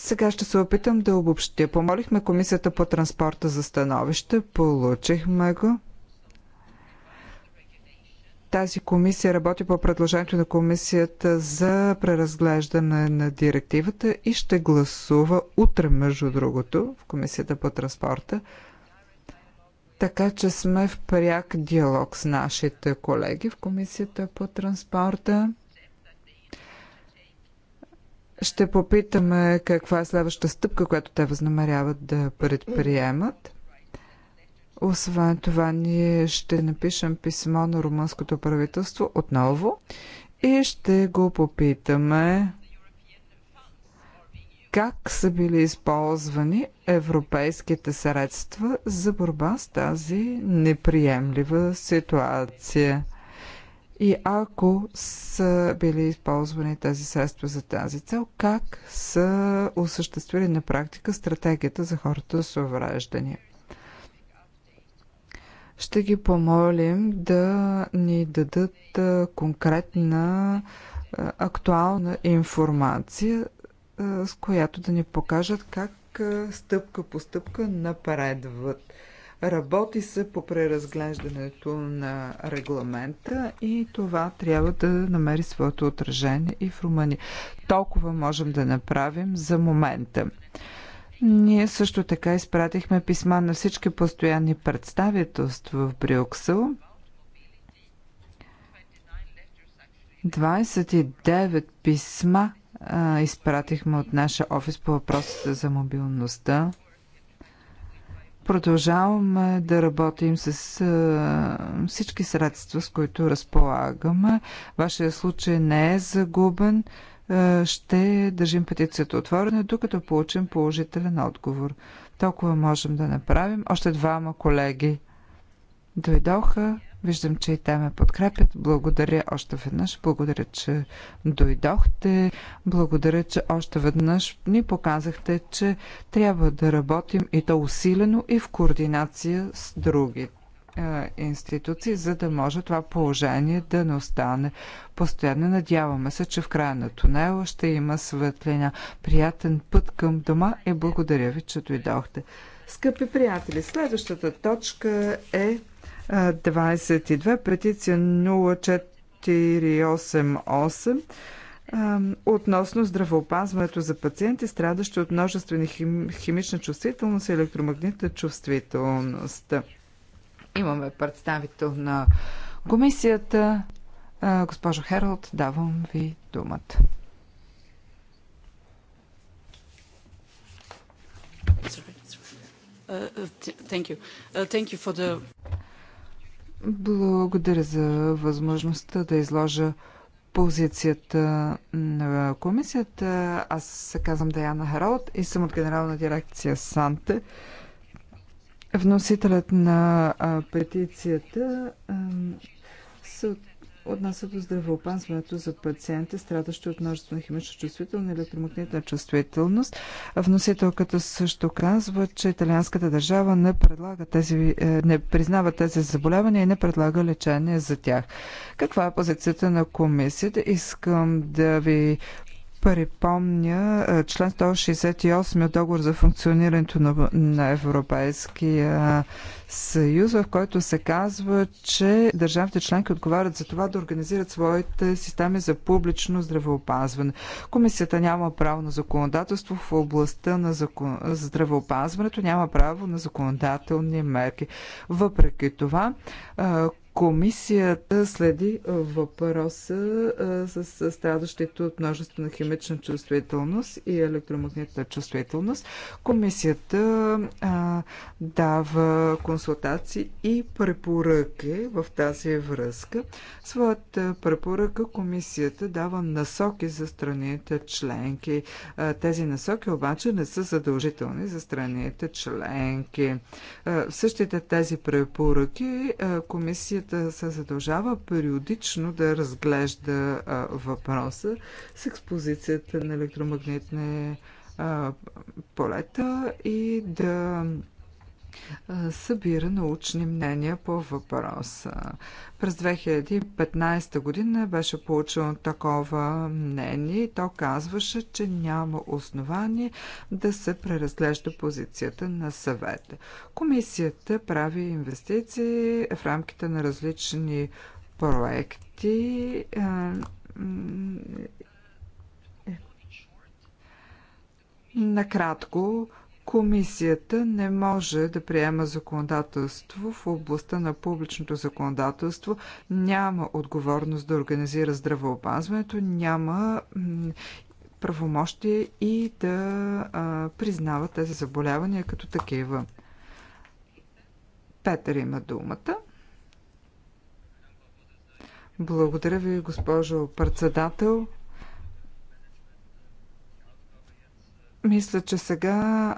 S4: Сега ще се опитам да обобщя. Помолихме Комисията по транспорта за становище, получихме го. Тази комисия работи по предложението на комисията за преразглеждане на директивата и ще гласува утре, между другото, в комисията по транспорта. Така че сме в пряк диалог с нашите колеги в комисията по транспорта. Ще попитаме каква е следващата стъпка, която те възнамеряват да предприемат. Освен това, ние ще напишем писмо на румънското правителство отново и ще го попитаме как са били използвани европейските средства за борба с тази неприемлива ситуация. И ако са били използвани тези средства за тази цел, как са осъществили на практика стратегията за хората с увреждания? Ще ги помолим да ни дадат конкретна, актуална информация, с която да ни покажат как стъпка по стъпка напредват Работи се по преразглеждането на регламента и това трябва да намери своето отражение и в Румъния. Толкова можем да направим за момента. Ние също така изпратихме писма на всички постоянни представителства в Брюксел. 29 писма а, изпратихме от нашия офис по въпросите за мобилността. Продължаваме да работим с всички средства, с които разполагаме. Вашия случай не е загубен. ще държим петицията отворена, докато получим положителен отговор. Толкова можем да направим. Още двама колеги дойдоха. Виждам, че и те ме подкрепят. Благодаря още веднъж. Благодаря, че дойдохте. Благодаря, че още веднъж ни показахте, че трябва да работим и то усилено и в координация с е, институции, за да може това положение да не остане постоянно. Надяваме се, че в края на тунела ще има светлина. Приятен път към дома и благодаря ви, че дойдохте. Скъпи приятели, следващата точка е 22, петиция 0488 относно здравеопазването за пациенти, страдащи от множествени хим, химична чувствителност и електромагнитна чувствителност. Имаме представител на комисията. Госпожо Хералд, давам ви думата. thank you. Uh, thank you for the...
S2: Благодаря
S4: за възможността да изложа позицията на комисията. Аз се казвам Даяна Харолд и съм от генерална дирекция Санте. Вносителят на петицията се отнася до здравеопазването за пациенти, страдащи от на химична чувствителна и електромагнитна чувствителност. Вносителката също казва, че италианската държава не, предлага тези, е, не признава тези заболявания и не предлага лечение за тях. Каква е позицията на комисията? Искам да ви припомня е, член 168 от договор за функционирането на, на Европейския е, съюз, в който се казва, че държавите членки отговарят за това да организират своите системи за публично здравеопазване. Комисията няма право на законодателство в областта на закон... здравеопазването, няма право на законодателни мерки. Въпреки това, е, Комисията следи въпроса с страдащите от множество на химична чувствителност и електромагнитна чувствителност. Комисията а, дава консултации и препоръки в тази връзка. Своята препоръка комисията дава насоки за страните членки. А, тези насоки обаче не са задължителни за страните членки. А, същите тези препоръки комисията комисията се задължава периодично да разглежда въпроса с експозицията на електромагнитни полета и да събира научни мнения по въпроса. През 2015 година беше получено такова мнение и то казваше, че няма основание да се преразглежда позицията на съвета. Комисията прави инвестиции в рамките на различни проекти е, е. Накратко, Комисията не може да приема законодателство в областта на публичното законодателство, няма отговорност да организира здравеопазването, няма правомощие и да а, признава тези заболявания като такива. Петър има думата. Благодаря ви, госпожо председател. Мисля, че сега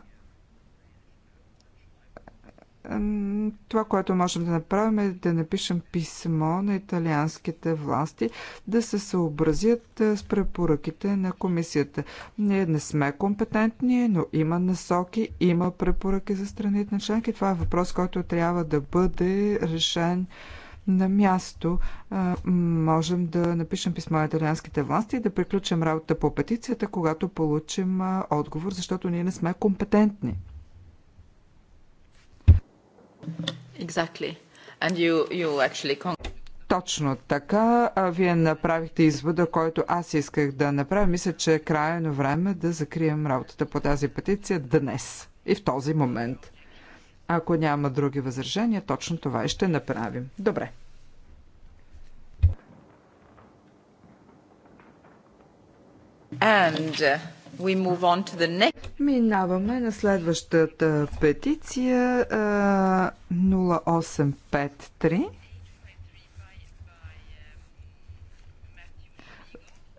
S4: това, което можем да направим е да напишем писмо на италианските власти, да се съобразят с препоръките на комисията. Ние не сме компетентни, но има насоки, има препоръки за страните на членки. Това е въпрос, който трябва да бъде решен на място. Можем да напишем писмо на италианските власти и да приключим работа по петицията, когато получим отговор, защото ние не сме компетентни.
S3: Exactly. And you, you actually...
S4: Точно така. Вие направихте извода, който аз исках да направя. Мисля, че е крайно време да закрием работата по тази петиция днес и в този момент. Ако няма други възражения, точно това и ще направим. Добре.
S3: And Минаваме
S4: на следващата петиция 0853.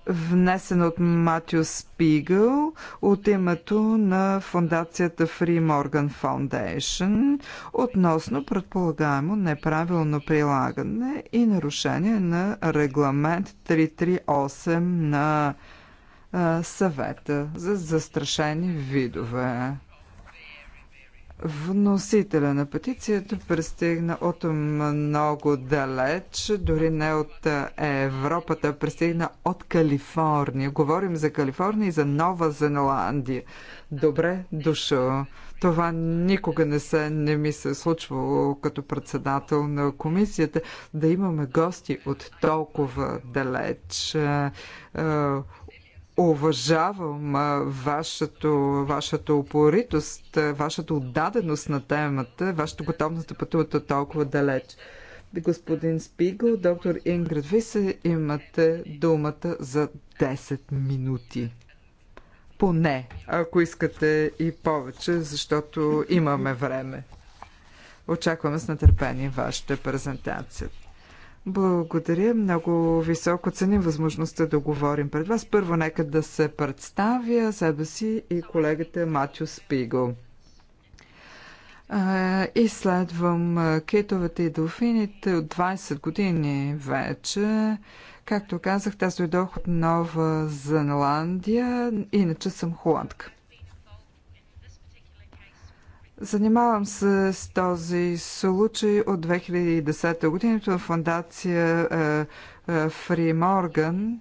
S4: внесен от Матю Спигъл от името на фундацията Free Morgan Foundation относно предполагаемо неправилно прилагане и нарушение на регламент 338 на съвета за застрашени видове. Вносителя на петицията пристигна от много далеч, дори не от Европата, пристигна от Калифорния. Говорим за Калифорния и за Нова Зеландия. Добре дошъл. Това никога не, се, не ми се е случвало като председател на комисията да имаме гости от толкова далеч уважавам вашето, вашата упоритост, вашата отдаденост на темата, вашата готовност да пътувате толкова далеч. Господин Спигъл, доктор Ингрид, ви се имате думата за 10 минути. Поне, ако искате и повече, защото имаме време. Очакваме с нетърпение вашата презентация. Благодаря. Много високо ценим възможността да говорим пред вас. Първо нека да се представя себе си и колегата Матю Спиго. Изследвам китовете и дофините от 20 години вече. Както казах, аз дойдох от Нова Зеландия, иначе съм холандка. Занимавам се с този случай от 2010 година в е фундация е, е, Фри Морган.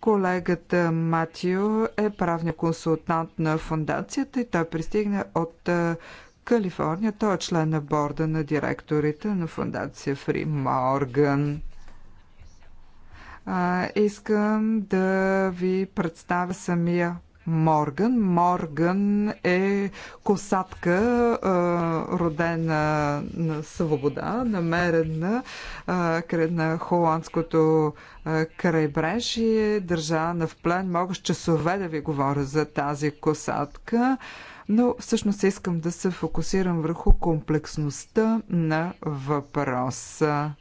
S4: Колегата Матио е правния консултант на фундацията и той пристигна от Калифорния. Той е член на борда на директорите на фундация Фри Морган. искам да ви представя самия Морган. Морган е косатка, родена на свобода, намерена на холандското крайбрежие, държана в плен. Мога с часове да ви говоря за тази косатка но всъщност искам да се фокусирам върху комплексността на въпроса.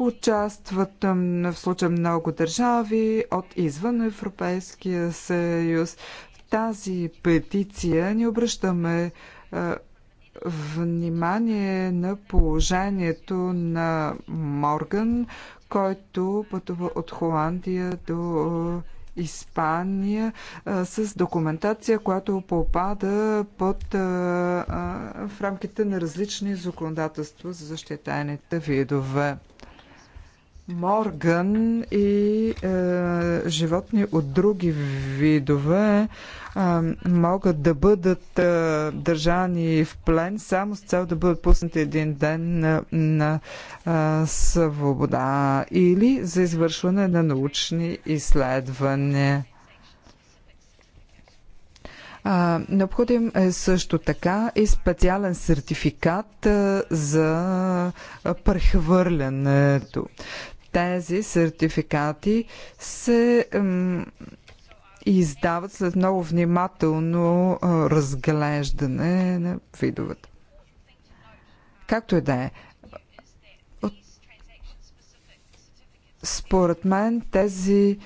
S4: Участват в случая много държави от извън Европейския съюз. В тази петиция ни обръщаме внимание на положението на Морган, който пътува от Холандия до Испания с документация, която попада под а, а, в рамките на различни законодателства за защитените видове морган и е, животни от други видове е, могат да бъдат е, държани в плен само с цел да бъдат пуснати един ден на, на е, свобода или за извършване на научни изследвания. А, необходим е също така и специален сертификат а, е, за прехвърлянето тези сертификати се издават след много внимателно разглеждане на видовете. Както и да е. Според мен тези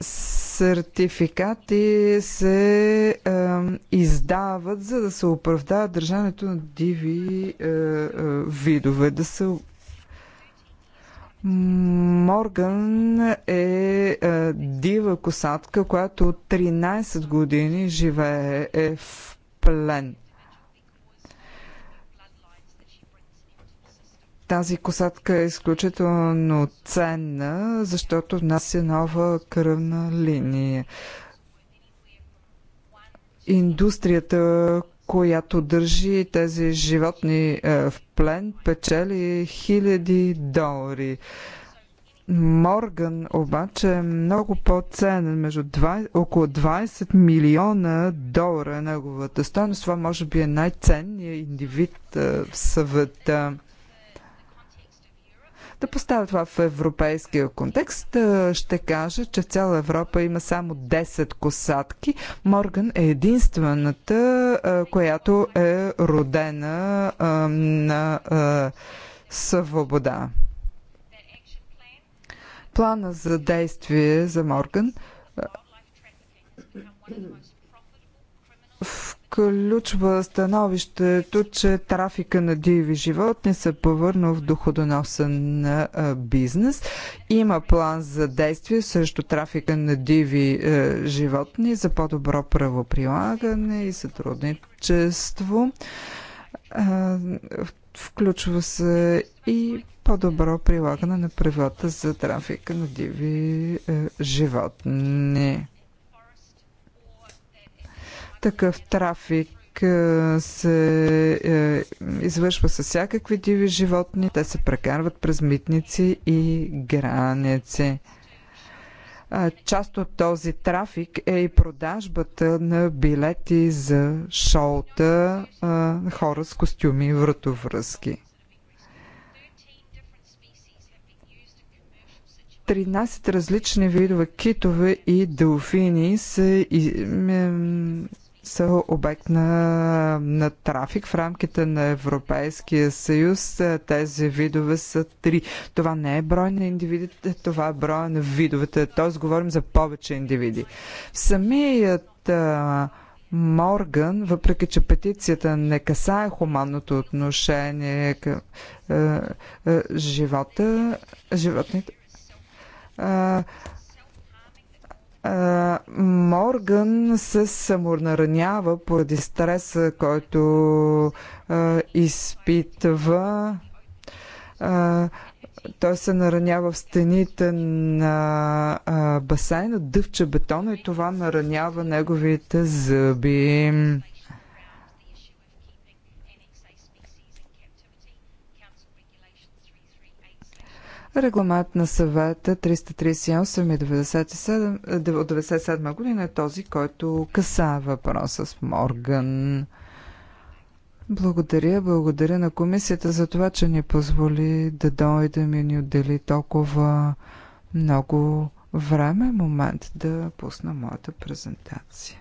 S4: сертификати се е, издават, за да се оправдава държането на диви е, е, видове, да се Морган е, е дива косатка, която от 13 години живее е в плен. Тази косатка е изключително ценна, защото внася нова кръвна линия индустрията, която държи тези животни е, в плен, печели хиляди долари. Морган обаче е много по-ценен, между 20, около 20 милиона долара е неговата стойност. Това може би е най-ценният индивид е, в съвета. Да поставя това в европейския контекст, е, ще кажа, че в цяла Европа има само 10 косатки. Морган е единствената, е, която е родена е, на свобода. Плана за действие за Морган в включва становището, че трафика на диви животни се повърна в доходоносен бизнес. Има план за действие срещу трафика на диви животни за по-добро правоприлагане и сътрудничество. Включва се и по-добро прилагане на правилата за трафика на диви животни. Такъв трафик се е, извършва с всякакви диви животни. Те се прекарват през митници и граници. Част от този трафик е и продажбата на билети за шоута на хора с костюми и вратовръзки. 13 различни видове китове и дълфини са са обект на, на трафик в рамките на Европейския съюз. Е, тези видове са три. Това не е брой на индивидите, това е брой на видовете. Тоест говорим за повече индивиди. Самият а, е, Морган, въпреки че петицията не касае хуманното отношение към е, живота, животните, Морган се самонаранява поради стреса, който изпитва. той се наранява в стените на басейна, дъвче бетона и това наранява неговите зъби. Регламент на съвета 338 от 97 година е този, който каса въпроса с Морган. Благодаря, благодаря на комисията за това, че ни позволи да дойдем и ни отдели толкова много време, момент да пусна моята презентация.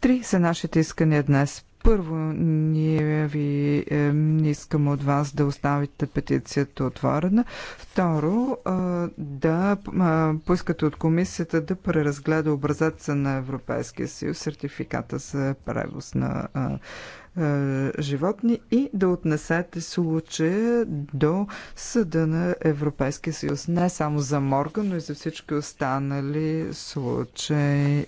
S4: Три са нашите искания днес. Първо, ние ви е, искаме от вас да оставите петицията отворена. Второ, е, да е, поискате от комисията да преразгледа образеца на Европейския съюз, сертификата за превоз на е, е, животни и да отнесете случая до съда на Европейския съюз. Не само за Морга, но и за всички останали случаи.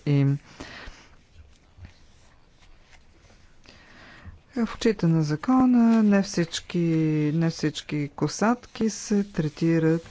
S4: В очите на закона не всички, не всички косатки се третират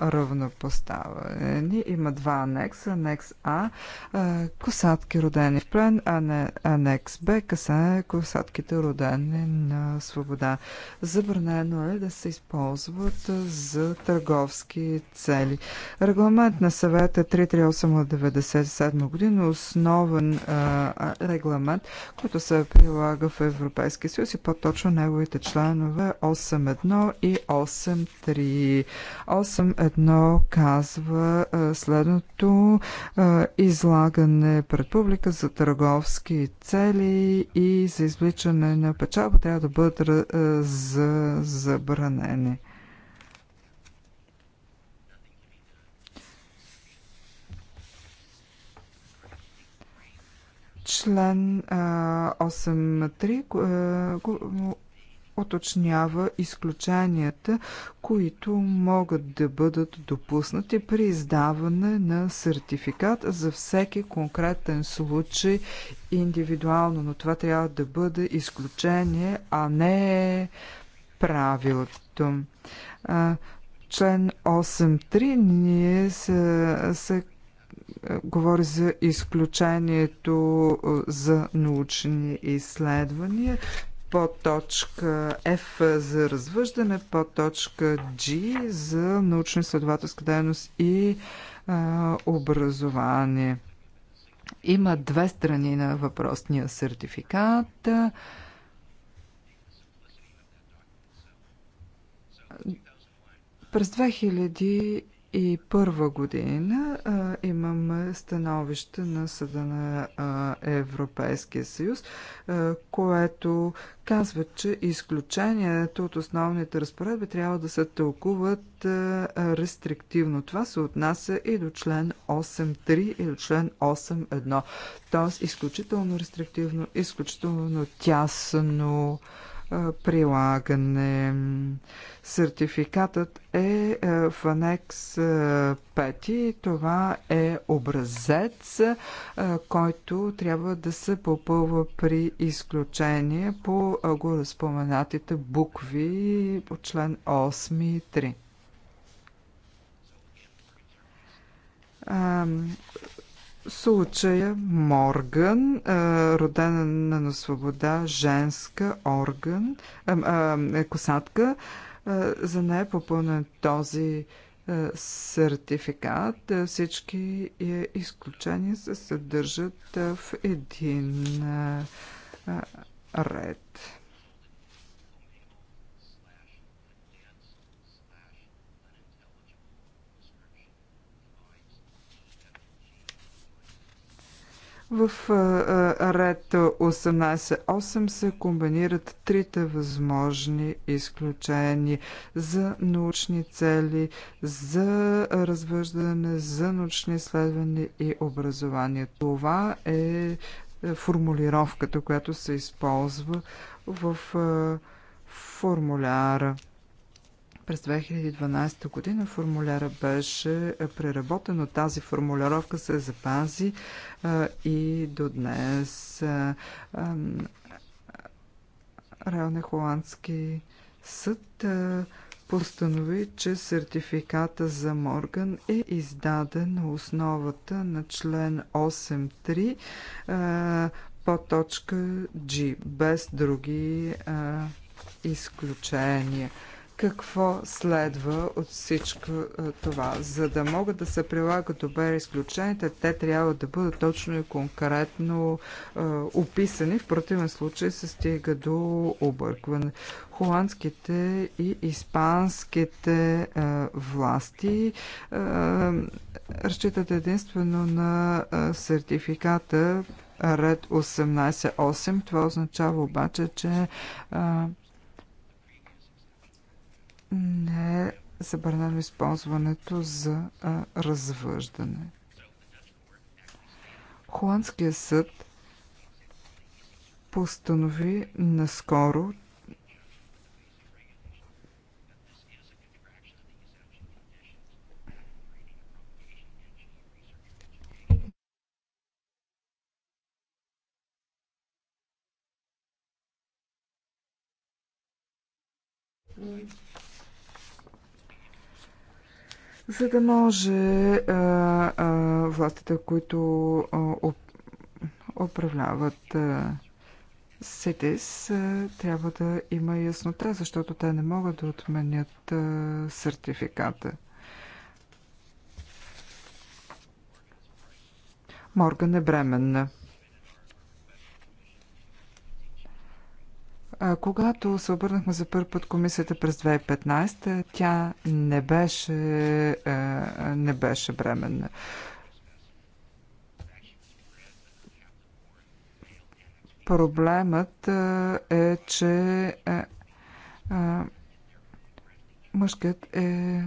S4: равнопоставени. Има два анекса. Анекс А а косатки родени в плен, а не анекс Б касае косатките родени на свобода. Забранено е да се използват за търговски цели. Регламент на съвета 338 е от 1997 година, основен а, регламент, който се прилага в Европейския съюз и по-точно неговите членове 8.1 и 8.3 случаи. 8.1 казва е, следното е, излагане пред публика за търговски цели и за извличане на печалба трябва да бъдат е, за забранени. член 8.3 уточнява изключенията, които могат да бъдат допуснати при издаване на сертификат за всеки конкретен случай индивидуално, но това трябва да бъде изключение, а не правилото. Член 8.3 ние се, се говори за изключението за научни изследвания по точка F за развъждане, по точка G за научно-изследователска дейност и а, образование. Има две страни на въпросния сертификат. През 2000 2001 година а, имам становище на Съда на а, Европейския съюз, а, което казва, че изключението от основните разпоредби трябва да се тълкуват а, рестриктивно. Това се отнася и до член 8.3 и до член 8.1. Тоест изключително рестриктивно, изключително тясно прилагане. Сертификатът е в анекс 5 това е образец, който трябва да се попълва при изключение по гореспоменатите букви по член 8 и 3 случая Морган, родена на свобода, женска орган, е косатка, за нея е попълнен този сертификат. Е, всички е, изключения се съдържат в един ред. В ред 18.8 се комбинират трите възможни изключения за научни цели, за развъждане, за научни изследвания и образование. Това е, е формулировката, която се използва в формуляра. През 2012 година формуляра беше преработен, но тази формулировка се запази а, и до днес. А, а, Реалния холандски съд а, постанови, че сертификата за Морган е издаден на основата на член 8.3 по точка G, без други а, изключения какво следва от всичко е, това. За да могат да се прилагат добре изключенията, те трябва да бъдат точно и конкретно е, описани. В противен случай се стига до объркване. Холандските и испанските е, власти е, разчитат единствено на е, сертификата ред 18.8. Това означава обаче, че е, не е забранено използването за а, развъждане. Холандския съд постанови наскоро, Mm-hmm за да може а, а, властите, които а, управляват а, СИТИС, трябва да има яснота, защото те не могат да отменят а, сертификата. Морган е бременна. Когато се обърнахме за първ път комисията през 2015, тя не беше, е, не беше бременна. Проблемът е, е че е, мъжкът е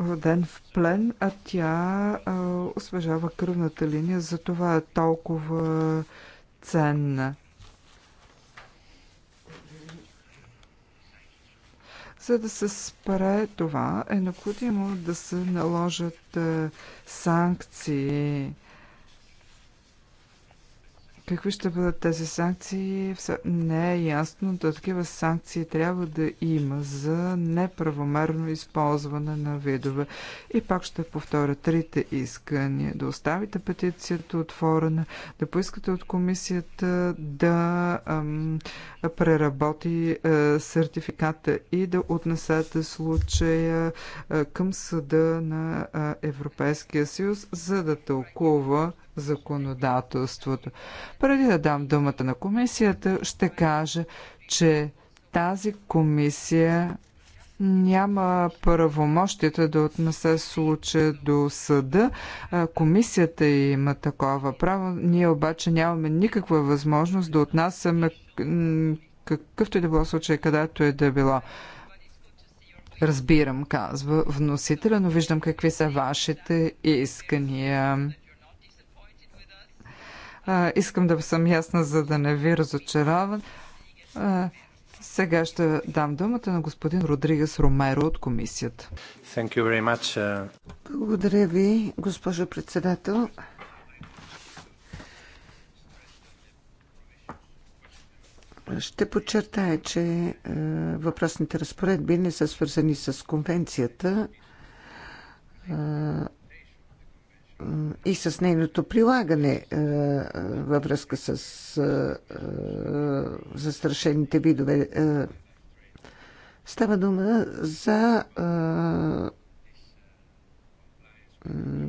S4: роден в плен, а тя освежава кръвната линия, затова е толкова ценна. За да се спре това, е необходимо да се наложат е, санкции Какви ще бъдат тези санкции? Не е ясно, да такива санкции трябва да има за неправомерно използване на видове. И пак ще повторя трите искания. Да оставите петицията отворена, да поискате от комисията да ам, преработи а, е, сертификата и да отнесете случая а, е, към съда на а, е, Европейския съюз, за да тълкува законодателството. Преди да дам думата на комисията, ще кажа, че тази комисия няма правомощите да отнесе случая до съда. Комисията има такова право. Ние обаче нямаме никаква възможност да отнасяме какъвто и да било случай, където и да било. Разбирам, казва вносителя, но виждам какви са вашите искания искам да съм ясна, за да не ви разочаравам. сега ще дам думата на господин Родригес Ромеро от комисията.
S1: Uh,
S4: Благодаря ви, госпожо
S2: председател. Ще подчертая, че е, въпросните разпоредби не са свързани с конвенцията е, и с нейното прилагане е, е, във връзка с е, застрашените видове. Става дума за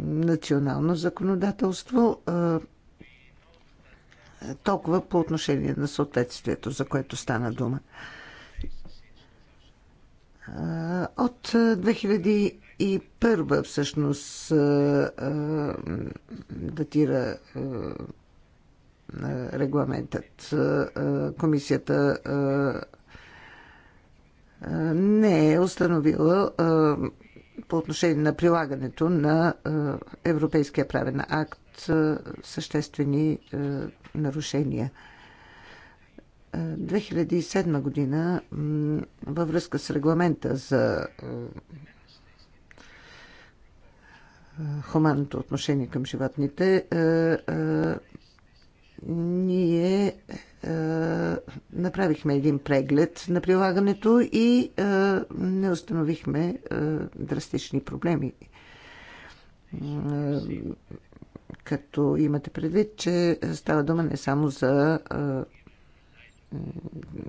S2: национално законодателство, толкова по отношение на съответствието, за което стана дума. От 2000 и първа всъщност датира регламентът. Комисията не е установила по отношение на прилагането на Европейския правен акт съществени нарушения. 2007 година във връзка с регламента за хуманното отношение към животните, е, е, ние е, направихме един преглед на прилагането и не установихме драстични проблеми. Като имате предвид, че става дума не само за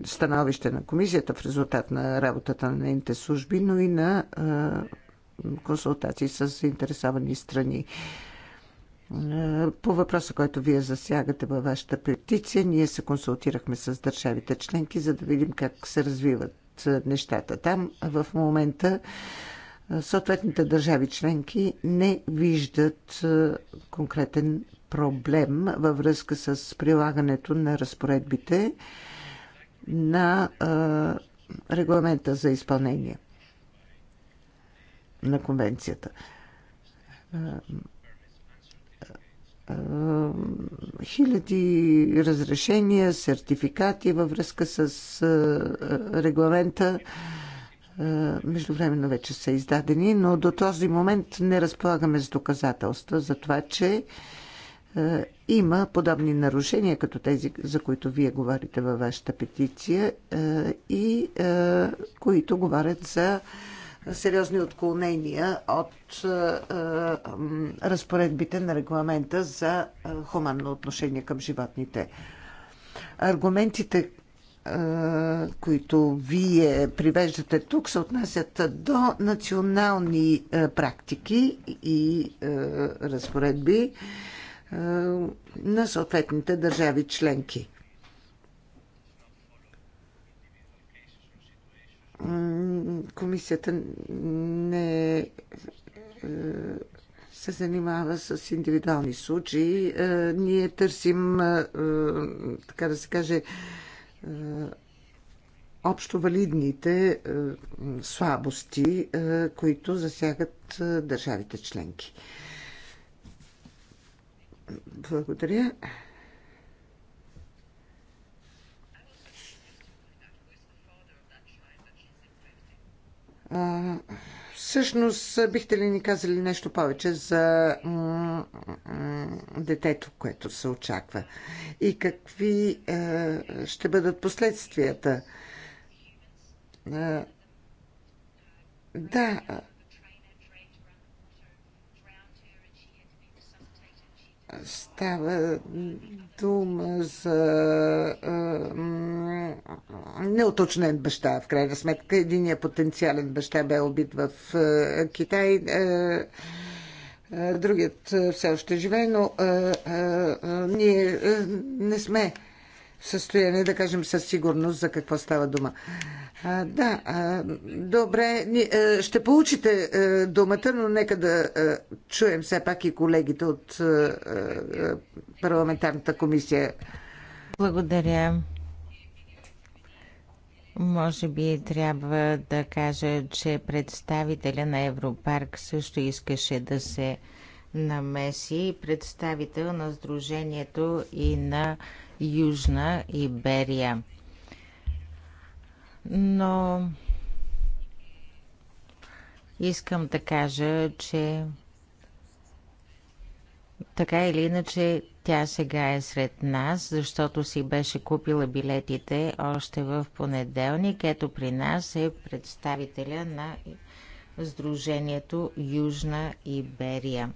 S2: становище на комисията в резултат на работата на нейните служби, но и на консултации с заинтересовани страни. Е, по въпроса, който вие засягате във вашата петиция, ние се консултирахме с държавите членки, за да видим как се развиват е, нещата. Там в момента е, съответните държави членки не виждат конкретен проблем във връзка с прилагането на разпоредбите на регламента за изпълнение на конвенцията. Хиляди разрешения, сертификати във връзка с регламента междувременно вече са издадени, но до този момент не разполагаме с доказателства за това, че има подобни нарушения, като тези, за които вие говорите във вашата петиция и които говорят за сериозни отклонения от е, е, разпоредбите на регламента за е, хуманно отношение към животните. Аргументите, които вие привеждате тук, се отнасят до национални практики и разпоредби на съответните държави членки. комисията не е, се занимава с индивидуални случаи. Е, ние търсим, е, така да се каже, общо валидните слабости, които засягат държавите членки. Благодаря. Всъщност, бихте ли ни казали нещо повече за детето, което се очаква? И какви ще бъдат последствията? Да, Става дума за неуточнен баща. В крайна сметка, единият потенциален баща бе убит в Китай. Другият все още живее, но ние не сме състояние да кажем със сигурност за какво става дума. А, да, а, добре, ни, а, ще получите а, думата, но нека да а, чуем все пак и колегите от а, а, парламентарната комисия.
S1: Благодаря. Може би трябва да кажа, че представителя на Европарк също искаше да се намеси представител на Сдружението и на Южна Иберия. Но искам да кажа, че така или иначе тя сега е сред нас, защото си беше купила билетите още в понеделник. Ето при нас е представителя на Сдружението Южна Иберия.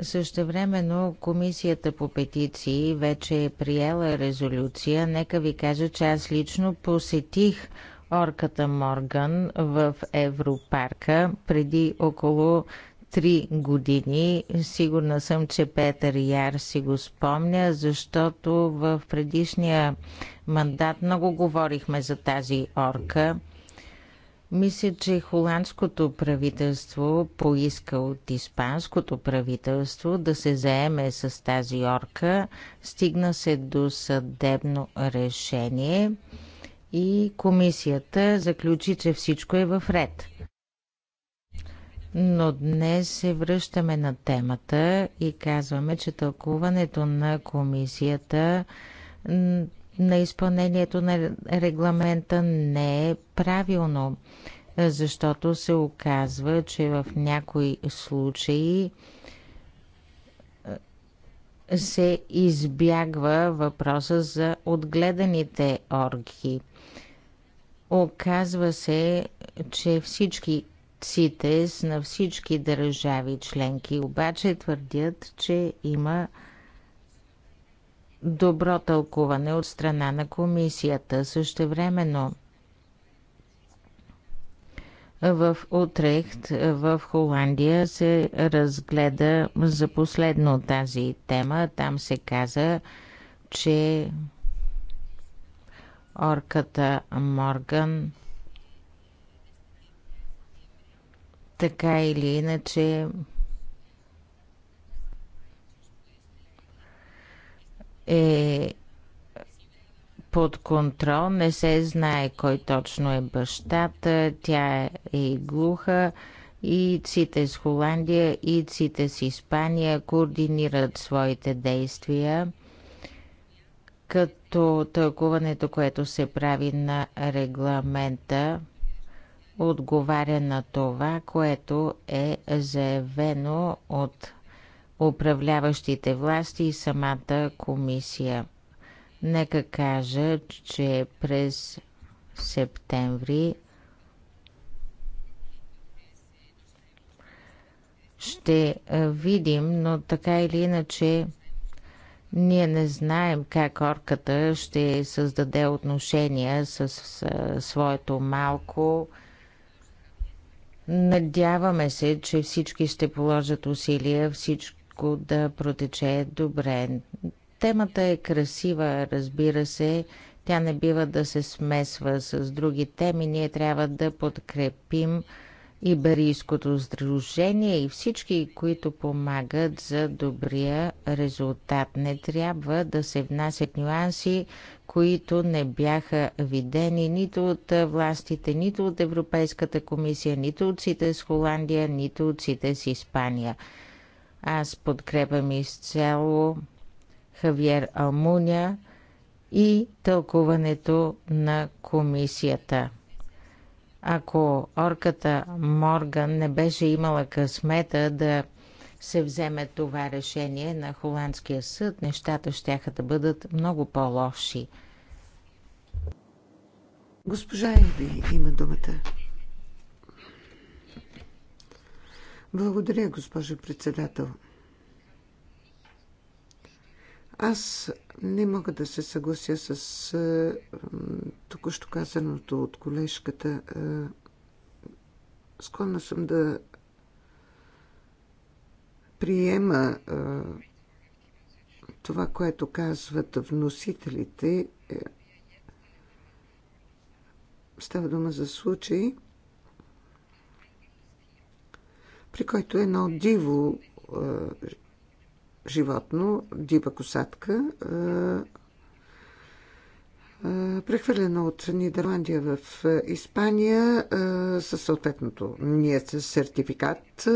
S1: Също времено Комисията по петиции вече е приела резолюция. Нека ви кажа, че аз лично посетих орката Морган в Европарка преди около 3 години. Сигурна съм, че Петър Яр си го спомня, защото в предишния мандат много говорихме за тази орка. Мисля, че холандското правителство поиска от испанското правителство да се заеме с тази орка. Стигна се до съдебно решение и комисията заключи, че всичко е в ред. Но днес се връщаме на темата и казваме, че тълкуването на комисията на изпълнението на регламента не е правилно, защото се оказва, че в някои случаи е, се избягва въпроса за отгледаните орги. Оказва се, че всички ЦИТЕС на всички държави членки обаче твърдят, че има добро тълкуване от страна на комисията. Същевременно в Утрехт, в Холандия, се разгледа за последно тази тема. Там се каза, че орката Морган така или иначе е под контрол, не се знае кой точно е бащата, тя е и глуха и ЦИТЕ с Холандия и ЦИТЕ с Испания координират своите действия като тълкуването, което се прави на регламента отговаря на това, което е заявено от управляващите власти и самата комисия. Нека кажа, че през септември ще видим, но така или иначе ние не знаем как орката ще създаде отношения с, своето малко. Надяваме се, че всички ще положат усилия, всички всичко да протече добре. Темата е красива, разбира се. Тя не бива да се смесва с други теми. Ние трябва да подкрепим Иберийското сдружение и всички, които помагат за добрия резултат. Не трябва да се внасят нюанси, които не бяха видени нито от властите, нито от Европейската комисия, нито от с Холандия, нито от с Испания. Аз подкрепям изцяло Хавиер Алмуня и тълкуването на комисията. Ако орката Морган не беше имала късмета да се вземе това решение на Холандския съд, нещата ще да бъдат много по-лоши. Госпожа Еви има думата.
S2: Благодаря, госпожо председател. Аз не мога да се съглася с току-що казаното от колежката. Склонна съм да приема това, което казват вносителите. Е, става дума за случай, при който е едно диво е, животно, дива косатка, е, е, прехвърлена от Нидерландия в Испания е, със съответното ние сертификат. Е,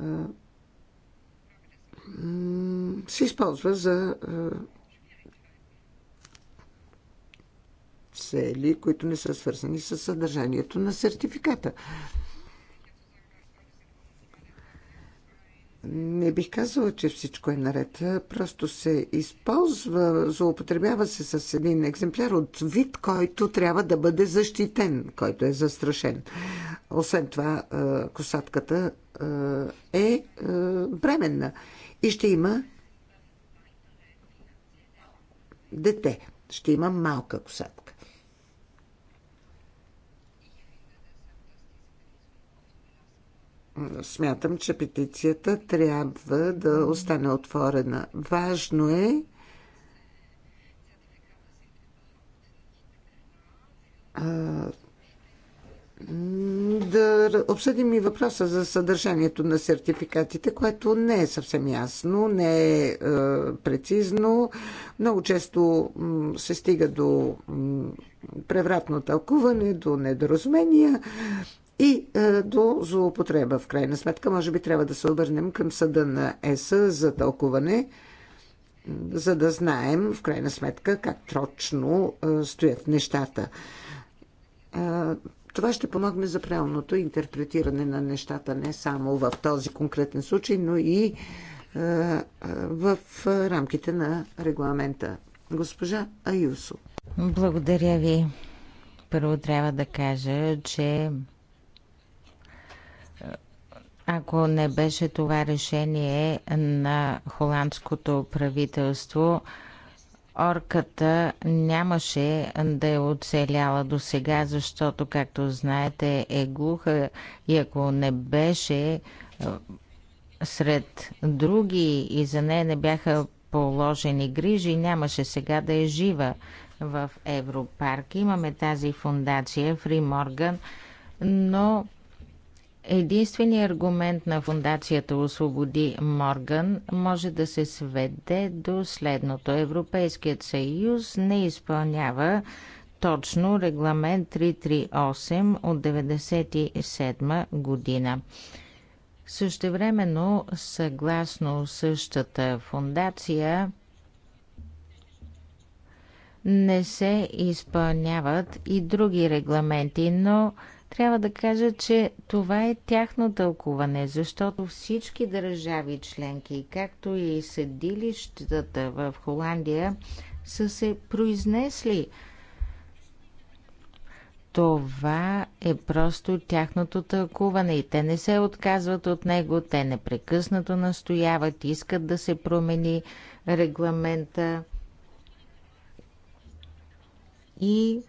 S2: е, се използва за е, цели, които не са свързани с съдържанието на сертификата. Не бих казала, че всичко е наред. Просто се използва, злоупотребява се с един екземпляр от вид, който трябва да бъде защитен, който е застрашен. Освен това, е, косатката е, е бременна и ще има дете. Ще има малка косатка. смятам, че петицията трябва да остане отворена. Важно е да обсъдим и въпроса за съдържанието на сертификатите, което не е съвсем ясно, не е, е прецизно. Много често се стига до превратно тълкуване, до недоразумения и е, до злоупотреба. В крайна сметка, може би трябва да се обърнем към съда на ЕСА за тълкуване, за да знаем, в крайна сметка, как точно е, стоят нещата. Е, това ще помогне за правилното интерпретиране на нещата не само в този конкретен случай, но и в рамките на регламента. Госпожа Аюсо.
S1: Благодаря ви. Първо трябва да кажа, че ако не беше това решение на холандското правителство, орката нямаше да е оцеляла до сега, защото, както знаете, е глуха и ако не беше е, сред други и за нея не бяха положени грижи, нямаше сега да е жива в Европарк. Имаме тази фундация Фри Морган, но Единственият аргумент на фундацията Освободи Морган може да се сведе до следното. Европейският съюз не изпълнява точно регламент 338 от 1997 година. Същевременно, съгласно същата фундация, не се изпълняват и други регламенти, но трябва да кажа, че това е тяхно тълкуване, защото всички държави членки, както и съдилищата в Холандия, са се произнесли. Това е просто тяхното тълкуване и те не се отказват от него, те непрекъснато настояват, искат да се промени регламента и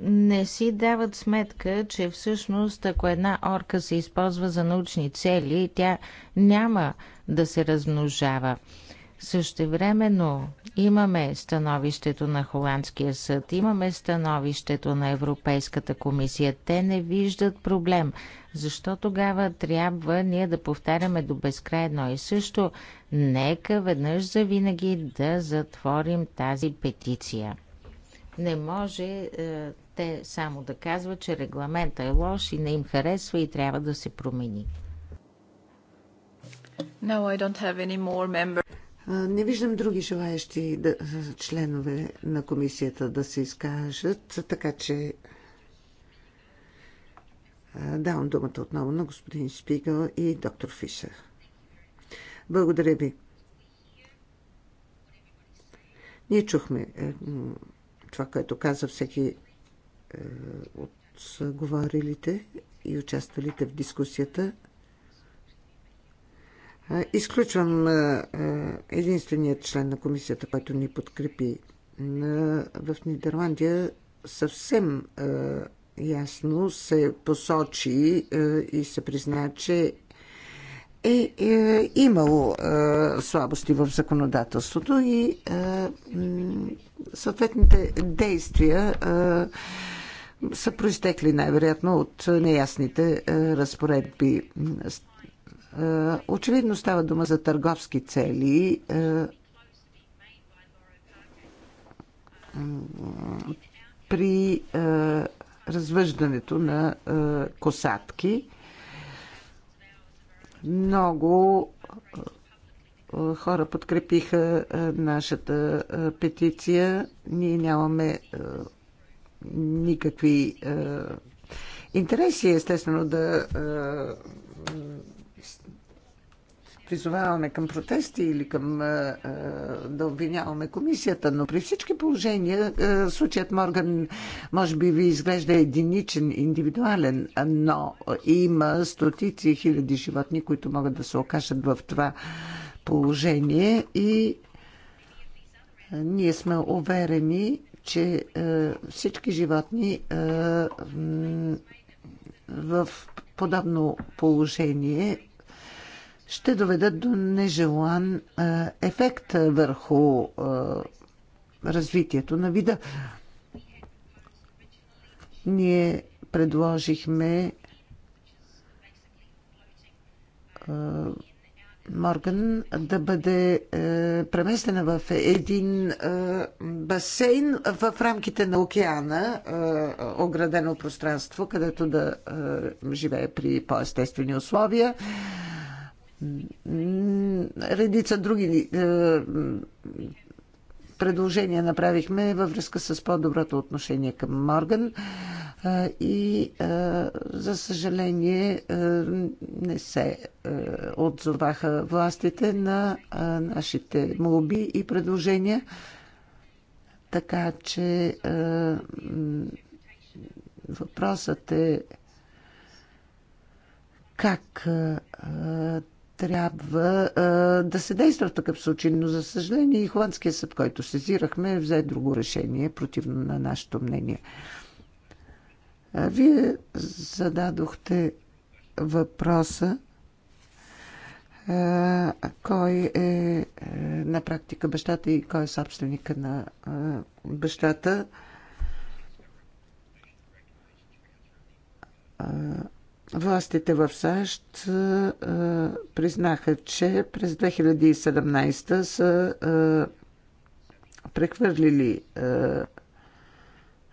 S1: не си дават сметка, че всъщност ако една орка се използва за научни цели, тя няма да се размножава. Същевременно имаме становището на Холандския съд, имаме становището на Европейската комисия. Те не виждат проблем. Защо тогава трябва ние да повтаряме до безкрай едно и също? Нека веднъж за винаги да затворим тази петиция. Не може е, те само да казват, че регламента е лош и не им харесва и трябва да се промени.
S3: No, I don't have any more member.
S1: Не виждам други желаящи да, членове
S2: на комисията да се изкажат, така че давам думата отново на господин Спигъл и доктор Фишер. Благодаря ви. Ние чухме това, което каза всеки е, от говорилите и участвалите в дискусията. Изключвам е, е, единственият член на комисията, който ни подкрепи. В Нидерландия съвсем ясно се посочи и се призна, че е, е имало е, слабости в законодателството и е, съответните действия. Е, са произтекли най-вероятно от е, неясните е, разпоредби. Е, очевидно става дума за търговски цели. При развъждането на косатки много хора подкрепиха нашата петиция. Ние нямаме никакви е, интереси, естествено да е, призоваваме към протести или към е, е, да обвиняваме комисията, но при всички положения е, случаят Морган може би ви изглежда единичен, индивидуален, но има стотици хиляди животни, които могат да се окажат в това положение и е, ние сме уверени, че е, всички животни е, в подобно положение ще доведат до нежелан е, ефект върху развитието на вида. Ние предложихме Морган да бъде е, преместена в един е, басейн в рамките на океана, е, оградено пространство, където да е, живее при по-естествени условия. Редица други е, предложения направихме във връзка с по-доброто отношение към Морган. Е, и за съжаление не се отзоваха властите на нашите молби и предложения. Така че въпросът е как трябва а, да се действа в такъв случай, но за съжаление и холандския съд, който сезирахме, взе друго решение, противно на нашето мнение. Вие зададохте въпроса кой е, е на практика бащата и кой е собственика на бащата. Властите в САЩ признаха, че през 2017 са прехвърлили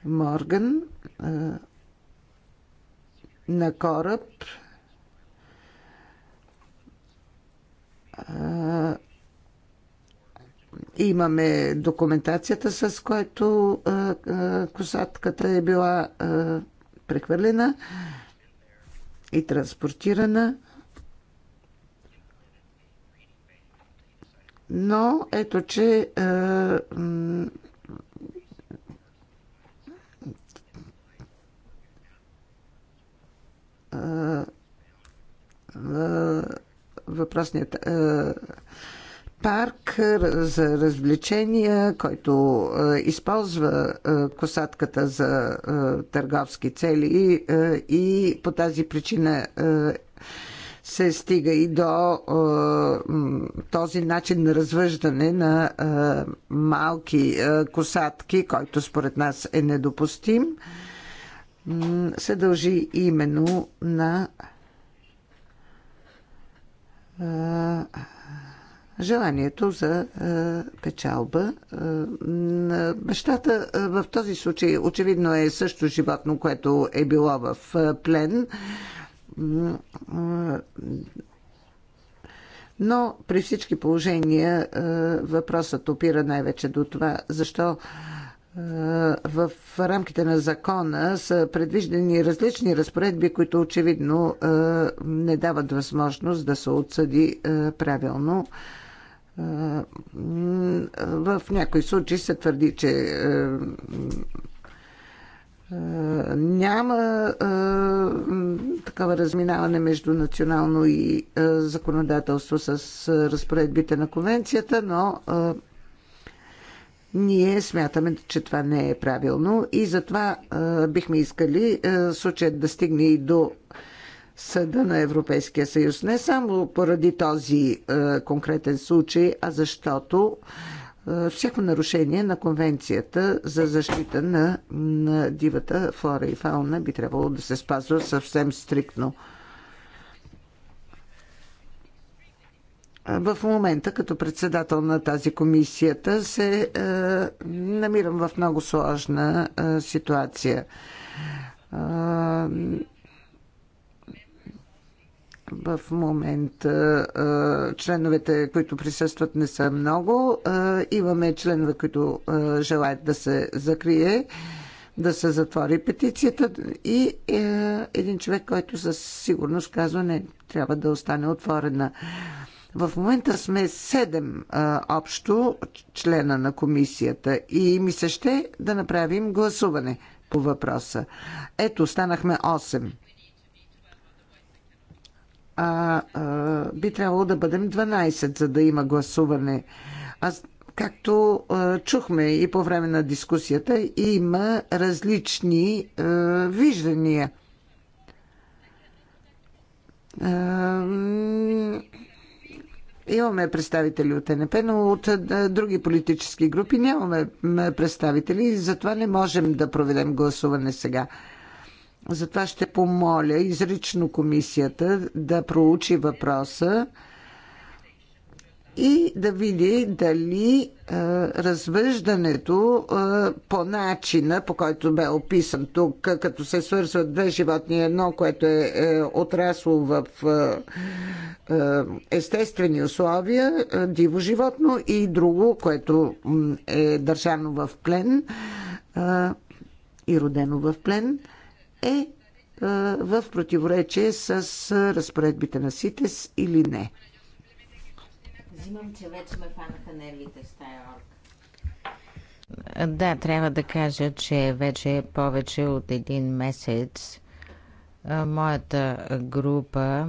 S2: Морган на кораб имаме документацията, с която косатката е била прехвърлена и транспортирана. Но ето, че въпросният парк за развлечения, който използва косатката за търговски цели и по тази причина се стига и до този начин на развъждане на малки косатки, който според нас е недопустим се дължи именно на желанието за печалба. Бащата в този случай очевидно е също животно, което е било в плен. Но при всички положения въпросът опира най-вече до това, защо е, в рамките на закона са предвиждани различни разпоредби, които очевидно е, не дават възможност да се отсъди е, правилно. В някои случаи се твърди, че няма такава разминаване между национално и законодателство с разпоредбите на конвенцията, но ние смятаме, че това не е правилно и затова бихме искали случаят да стигне и до съда на Европейския съюз. Не само поради този конкретен случай, а защото всяко нарушение на конвенцията за защита на, на дивата флора и фауна би трябвало да се спазва съвсем стриктно. В момента, като председател на тази комисията, се е, намирам в много сложна е, ситуация. Е, в момента е, членовете, които присъстват, не са много. Е, имаме членове, които е, желаят да се закрие, да се затвори петицията и един човек, който със сигурност казва не, трябва да остане отворена. В момента сме седем а, общо члена на комисията и ми се ще да направим гласуване по въпроса. Ето, станахме 8. А, а би трябвало да бъдем 12, за да има гласуване. Аз, както а, чухме и по време на дискусията, има различни а, виждания. А, Имаме представители от НП, но от други политически групи нямаме представители и затова не можем да проведем гласуване сега. Затова ще помоля изрично комисията да проучи въпроса и да види дали а, е, развъждането а, е, по начина, по който бе описан тук, като се свързват две животни, едно, което е, е отрасло в е, естествени условия, диво животно, и друго, което е държано в плен и родено в плен, е, е в противоречие с разпоредбите на СИТЕС или не.
S1: Взимам, че вече ме фанаха нервите с тая орка. Да, трябва да кажа, че вече е повече от един месец моята група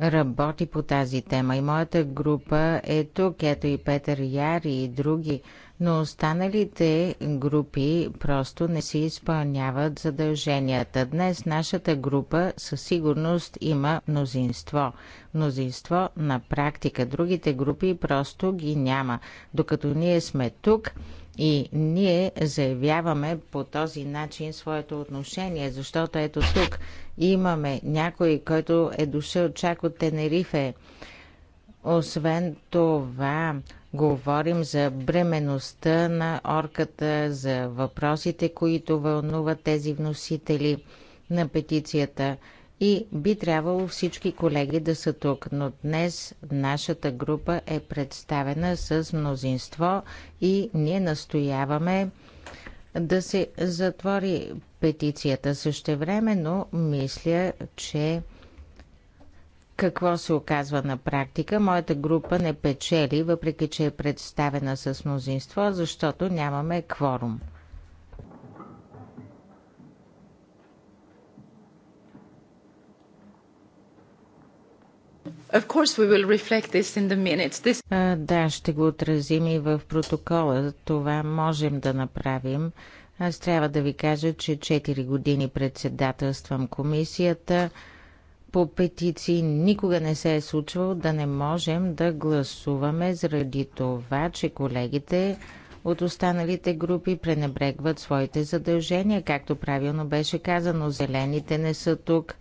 S1: работи по тази тема и моята група е тук. Ето и Петър Яри и други но останалите групи просто не си изпълняват задълженията. Днес нашата група със сигурност има мнозинство. Мнозинство на практика. Другите групи просто ги няма. Докато ние сме тук, и ние заявяваме по този начин своето отношение, защото ето тук имаме някой, който е дошъл чак от Тенерифе. Освен това, говорим за бременността на орката, за въпросите, които вълнуват тези вносители на петицията. И би трябвало всички колеги да са тук, но днес нашата група е представена с мнозинство и ние настояваме да се затвори петицията. също но мисля, че какво се оказва на практика? Моята група не печели, въпреки че е представена с мнозинство, защото нямаме кворум. This... А, да, ще го отразим и в протокола. Това можем да направим. Аз трябва да ви кажа, че 4 години председателствам комисията по петиции никога не се е случвало да не можем да гласуваме заради това, че колегите от останалите групи пренебрегват своите задължения, както правилно беше казано. Зелените не са тук,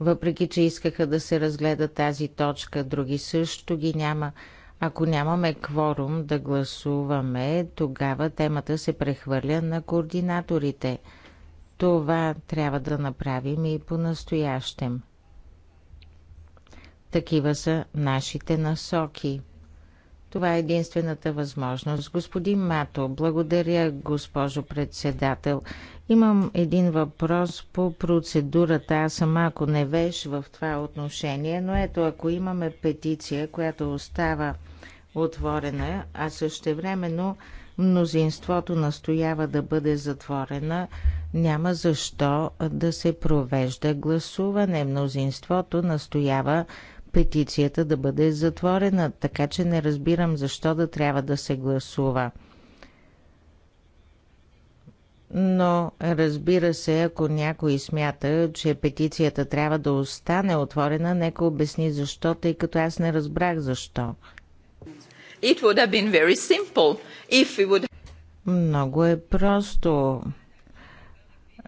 S1: въпреки че искаха да се разгледа тази точка, други също ги няма. Ако нямаме кворум да гласуваме, тогава темата се прехвърля на координаторите. Това трябва да направим и по-настоящем. Такива са нашите насоки. Това е единствената възможност. Господин Мато, благодаря, госпожо председател. Имам един въпрос по процедурата. Аз съм ако не веж в това отношение, но ето, ако имаме петиция, която остава отворена, а същевременно мнозинството настоява да бъде затворена, няма защо да се провежда гласуване. Мнозинството настоява петицията да бъде затворена, така че не разбирам защо да трябва да се гласува. Но разбира се, ако някой смята, че петицията трябва да остане отворена, нека обясни защо, тъй като аз не разбрах защо.
S3: It would have been very simple if we would...
S1: Много е просто.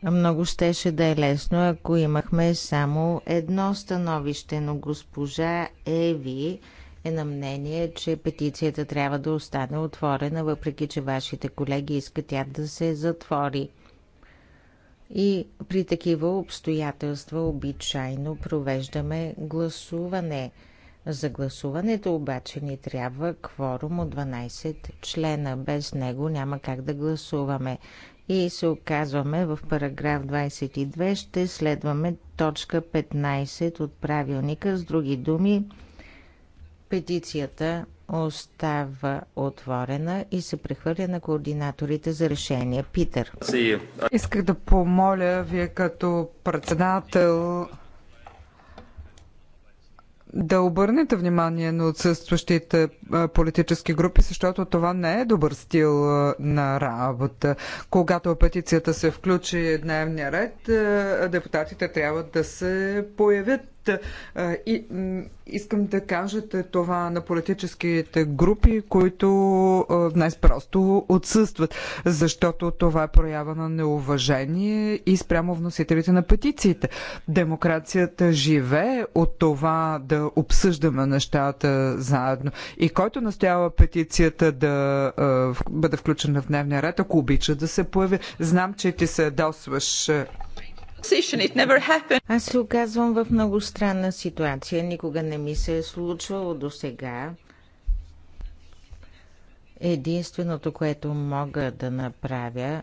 S1: Много щеше да е лесно, ако имахме само едно становище, но госпожа Еви е на мнение, че петицията трябва да остане отворена, въпреки че вашите колеги искат тя да се затвори. И при такива обстоятелства обичайно провеждаме гласуване. За гласуването обаче ни трябва кворум от 12 члена. Без него няма как да гласуваме и се оказваме в параграф 22, ще следваме точка 15 от правилника. С други думи, петицията остава отворена и се прехвърля на координаторите за решение. Питър. Исках да помоля вие като председател
S4: да обърнете внимание на отсъстващите политически групи, защото това не е добър стил на работа. Когато петицията се включи в дневния ред, депутатите трябва да се появят е, и искам да кажете това на политическите групи, които е, днес просто отсъстват, защото това е проява на неуважение и спрямо вносителите на петициите. Демокрацията живее от това да обсъждаме нещата заедно. И който настоява петицията да е, бъде включена в дневния ред, ако обича да се появи. Знам, че ти се досваш
S1: аз се оказвам в много странна ситуация. Никога не ми се е случвало до сега. Единственото, което мога да направя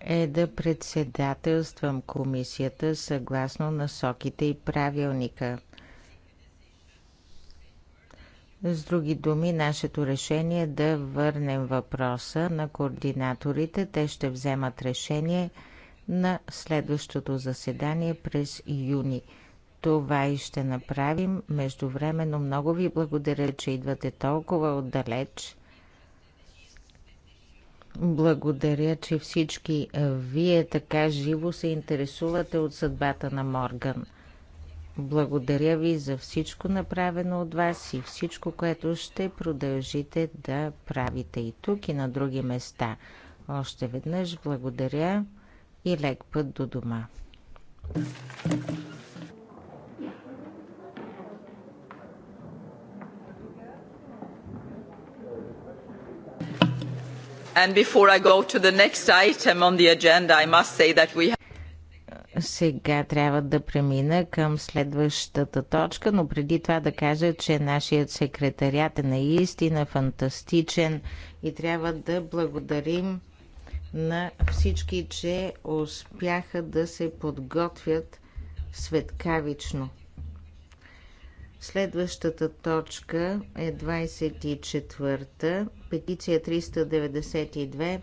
S1: е да председателствам комисията съгласно насоките и правилника. С други думи, нашето решение е да върнем въпроса на координаторите. Те ще вземат решение – на следващото заседание през юни. Това и ще направим. Междувременно много ви благодаря, че идвате толкова отдалеч. Благодаря, че всички вие така живо се интересувате от съдбата на Морган. Благодаря ви за всичко направено от вас и всичко, което ще продължите да правите и тук и на други места. Още веднъж благодаря и лек път до дома.
S3: And before I go to the next item on the agenda, I must say that we have
S1: сега трябва да премина към следващата точка, но преди това да кажа, че нашият секретарят е наистина фантастичен и трябва да благодарим на всички, че успяха да се подготвят светкавично. Следващата точка е 24-та, петиция 392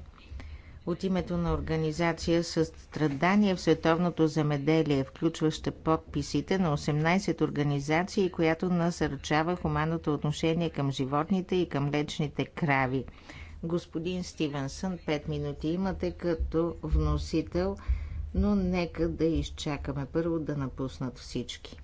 S1: от името на организация Състрадание в световното замеделие, включваща подписите на 18 организации, която насърчава хуманното отношение към животните и към лечните крави. Господин Стивенсън, 5 минути имате като вносител, но нека да изчакаме първо да напуснат всички.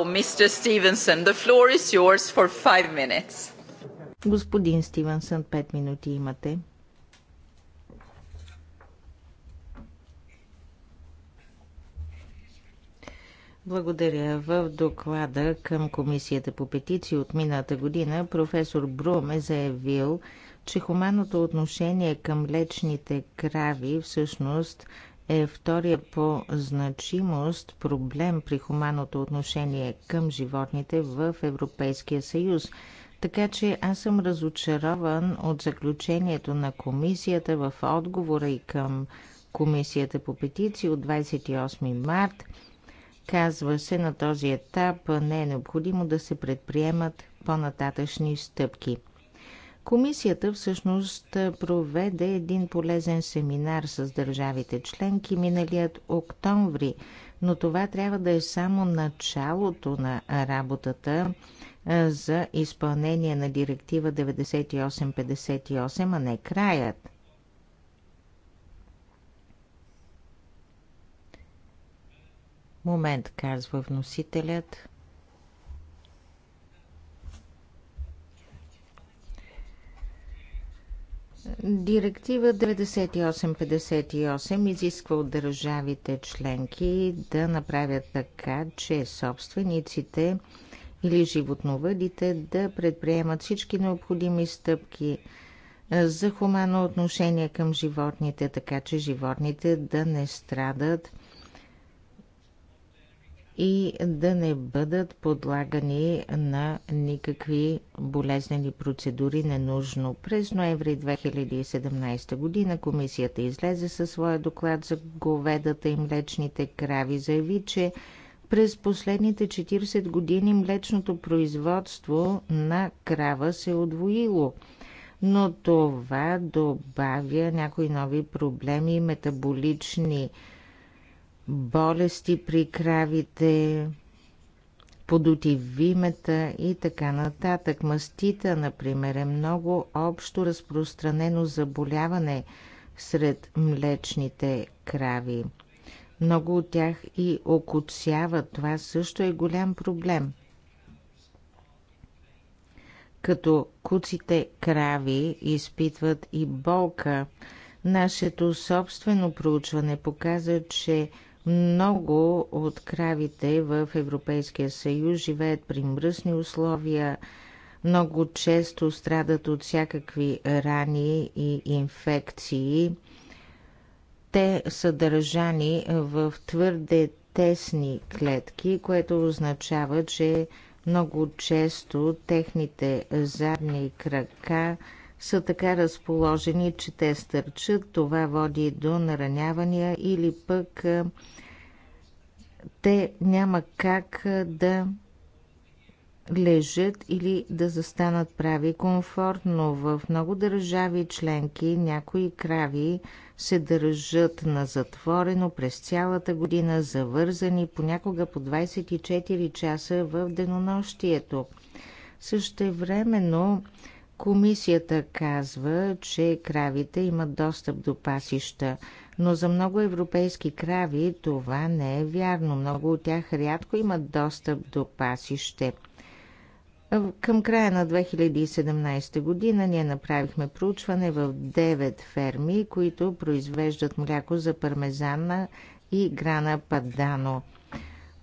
S3: Mr. Stevenson, the floor is yours for five minutes.
S1: Господин Стивенсън, 5 минути имате. Благодаря. В доклада към Комисията по петиции от мината година професор Брум е заявил, че хуманното отношение към лечните крави всъщност е втория по значимост проблем при хуманното отношение към животните в Европейския съюз. Така че аз съм разочарован от заключението на комисията в отговора и към комисията по петиции от 28 март. Казва се на този етап не е необходимо да се предприемат по-нататъчни стъпки – Комисията всъщност проведе един полезен семинар с държавите членки миналият октомври, но това трябва да е само началото на работата за изпълнение на директива 9858, а не краят. Момент, казва вносителят. Директива 9858 изисква от държавите членки да направят така, че собствениците или животновъдите да предприемат всички необходими стъпки за хумано отношение към животните, така че животните да не страдат и да не бъдат подлагани на никакви болезнени процедури ненужно. През ноември 2017 година комисията излезе със своя доклад за говедата и млечните крави. Заяви, че през последните 40 години млечното производство на крава се е удвоило, Но това добавя някои нови проблеми, метаболични проблеми болести при кравите, подути вимета и така нататък. Мастита, например, е много общо разпространено заболяване сред млечните крави. Много от тях и окоцяват. Това също е голям проблем. Като куците крави изпитват и болка, нашето собствено проучване показа, че много от кравите в Европейския съюз живеят при мръсни условия, много често страдат от всякакви рани и инфекции. Те са държани в твърде тесни клетки, което означава, че много често техните задни крака – са така разположени, че те стърчат. Това води до наранявания или пък те няма как да лежат или да застанат прави комфортно. В много държави членки някои крави се държат на затворено през цялата година, завързани понякога по 24 часа в денонощието. Също времено Комисията казва, че кравите имат достъп до пасища, но за много европейски крави това не е вярно. Много от тях рядко имат достъп до пасище. Към края на 2017 година ние направихме проучване в 9 ферми, които произвеждат мляко за пармезана и грана падано –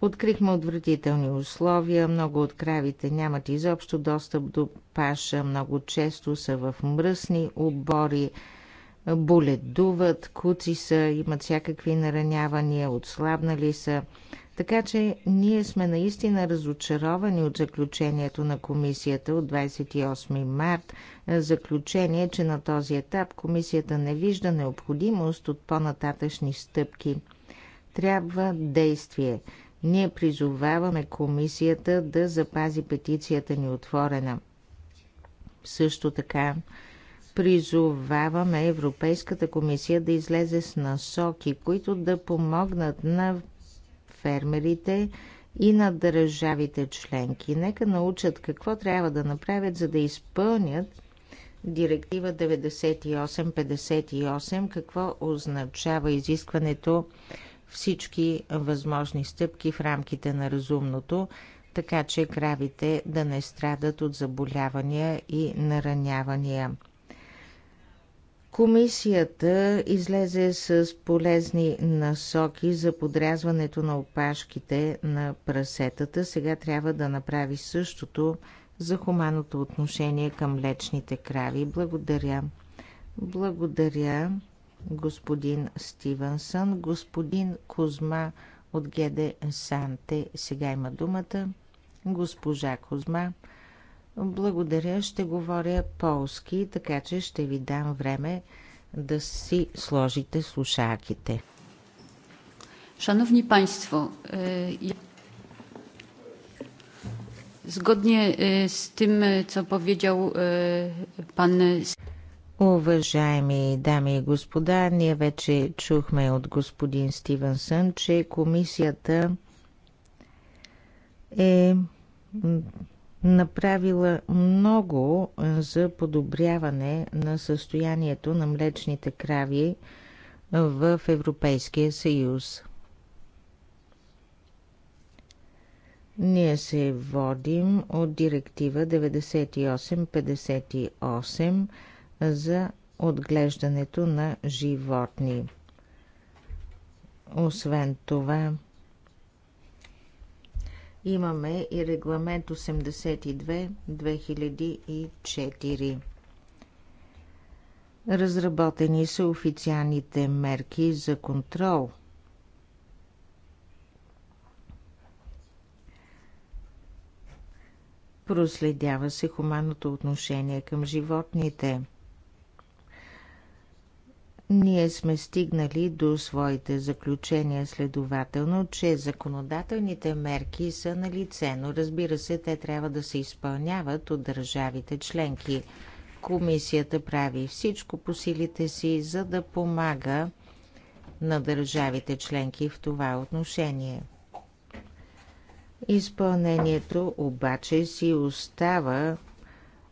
S1: Открихме отвратителни условия, много от кравите нямат изобщо достъп до паша, много често са в мръсни обори, боледуват, куци са, имат всякакви наранявания, отслабнали са. Така че ние сме наистина разочаровани от заключението на комисията от 28 март. Заключение, че на този етап комисията не вижда необходимост от по-нататъчни стъпки. Трябва действие. Ние призоваваме комисията да запази петицията ни отворена. Също така призоваваме Европейската комисия да излезе с насоки, които да помогнат на фермерите и на държавите членки. Нека научат какво трябва да направят, за да изпълнят Директива 9858, какво означава изискването всички възможни стъпки в рамките на разумното, така че кравите да не страдат от заболявания и наранявания. Комисията излезе с полезни насоки за подрязването на опашките на прасетата. Сега трябва да направи същото за хуманото отношение към лечните крави. Благодаря. Благодаря господин Стивенсън. Господин Кузма, от ГД Санте сега има думата. Госпожа Кузма, благодаря, ще говоря полски, така че ще ви дам време да си сложите слушалките. панство, е... zgodnie е, z tym, co powiedział e, Pan Уважаеми дами и господа, ние вече чухме от господин Стивенсън, че комисията е направила много за подобряване на състоянието на млечните крави в Европейския съюз. Ние се водим от директива 9858 за отглеждането на животни. Освен това, имаме и регламент 82-2004. Разработени са официалните мерки за контрол. Проследява се хуманното отношение към животните – ние сме стигнали до своите заключения следователно, че законодателните мерки са на лице, но разбира се, те трябва да се изпълняват от държавите членки. Комисията прави всичко по силите си, за да помага на държавите членки в това отношение. Изпълнението обаче си остава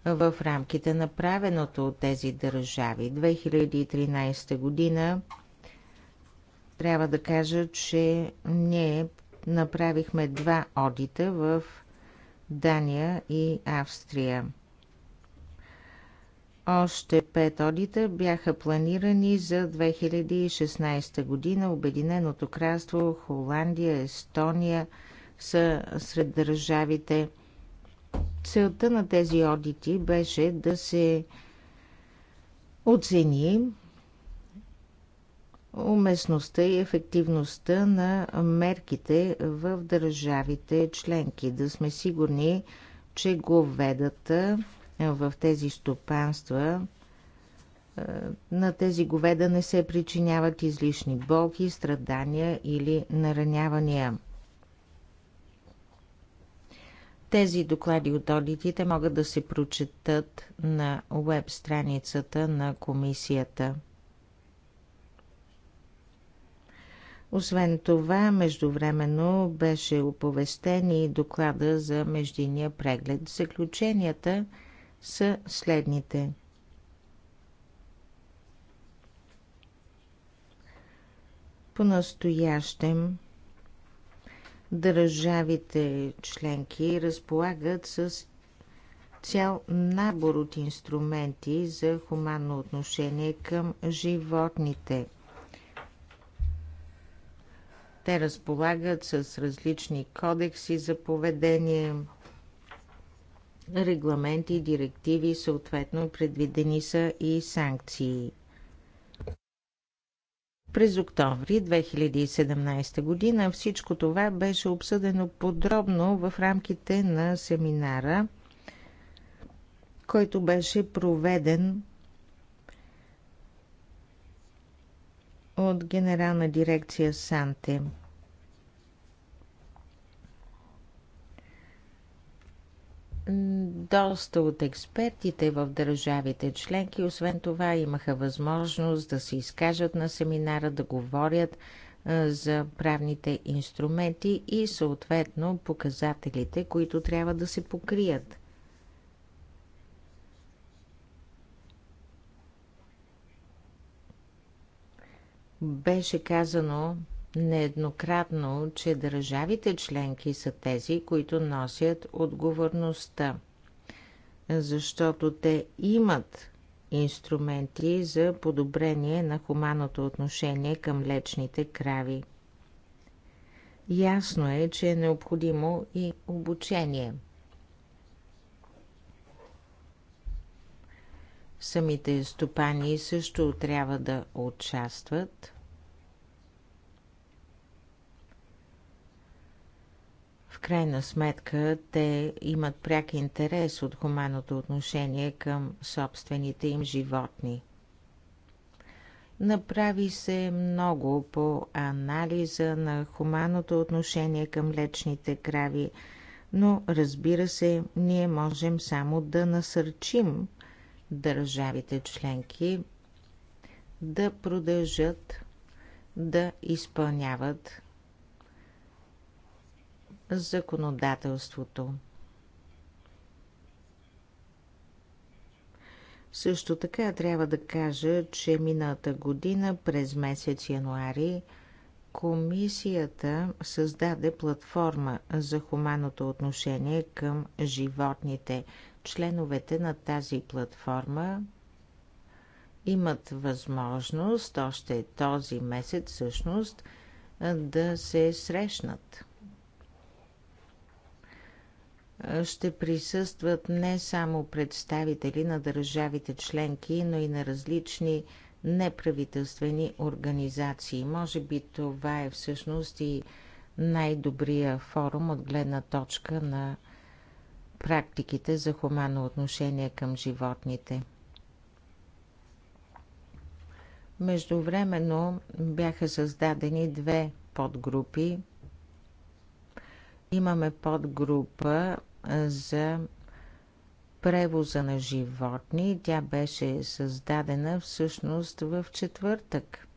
S1: в рамките на правеното от тези държави. 2013 година трябва да кажа, че ние направихме два одита в Дания и Австрия. Още пет одита бяха планирани за 2016 година. Обединеното кралство, Холандия, Естония са сред държавите – Целта на тези одити беше да се оцени уместността и ефективността на мерките в държавите членки. Да сме сигурни, че говедата в тези стопанства е, на тези говеда не се причиняват излишни болки, страдания или наранявания. Тези доклади от одитите могат да се прочетат на веб страницата на комисията. Освен това, междувременно беше оповестен и доклада за междиния преглед. Заключенията са следните. По-настоящем Държавите членки разполагат с цял набор от инструменти за хуманно отношение към животните. Те разполагат с различни кодекси за поведение, регламенти, директиви, съответно предвидени са и санкции – през октомври 2017 година всичко това беше обсъдено подробно в рамките на семинара, който беше проведен от Генерална дирекция Санте. Доста от експертите в държавите членки, освен това, имаха възможност да се изкажат на семинара, да говорят за правните инструменти и съответно показателите, които трябва да се покрият. Беше казано, нееднократно, че държавите членки са тези, които носят отговорността, защото те имат инструменти за подобрение на хуманното отношение към лечните крави. Ясно е, че е необходимо и обучение. Самите стопани също трябва да участват – В крайна сметка те имат пряк интерес от хуманото отношение към собствените им животни. Направи се много по анализа на хуманото отношение към лечните крави, но разбира се, ние можем само да насърчим държавите членки да продължат да изпълняват законодателството. Също така трябва да кажа, че миналата година през месец януари комисията създаде платформа за хуманното отношение към животните. Членовете на тази платформа имат възможност още този месец всъщност да се срещнат – ще присъстват не само представители на държавите членки, но и на различни неправителствени организации. Може би това е всъщност и най-добрия форум от гледна точка на практиките за хуманно отношение към животните. Междувременно бяха създадени две подгрупи Имаме подгрупа за превоза на животни. Тя беше създадена всъщност в четвъртък.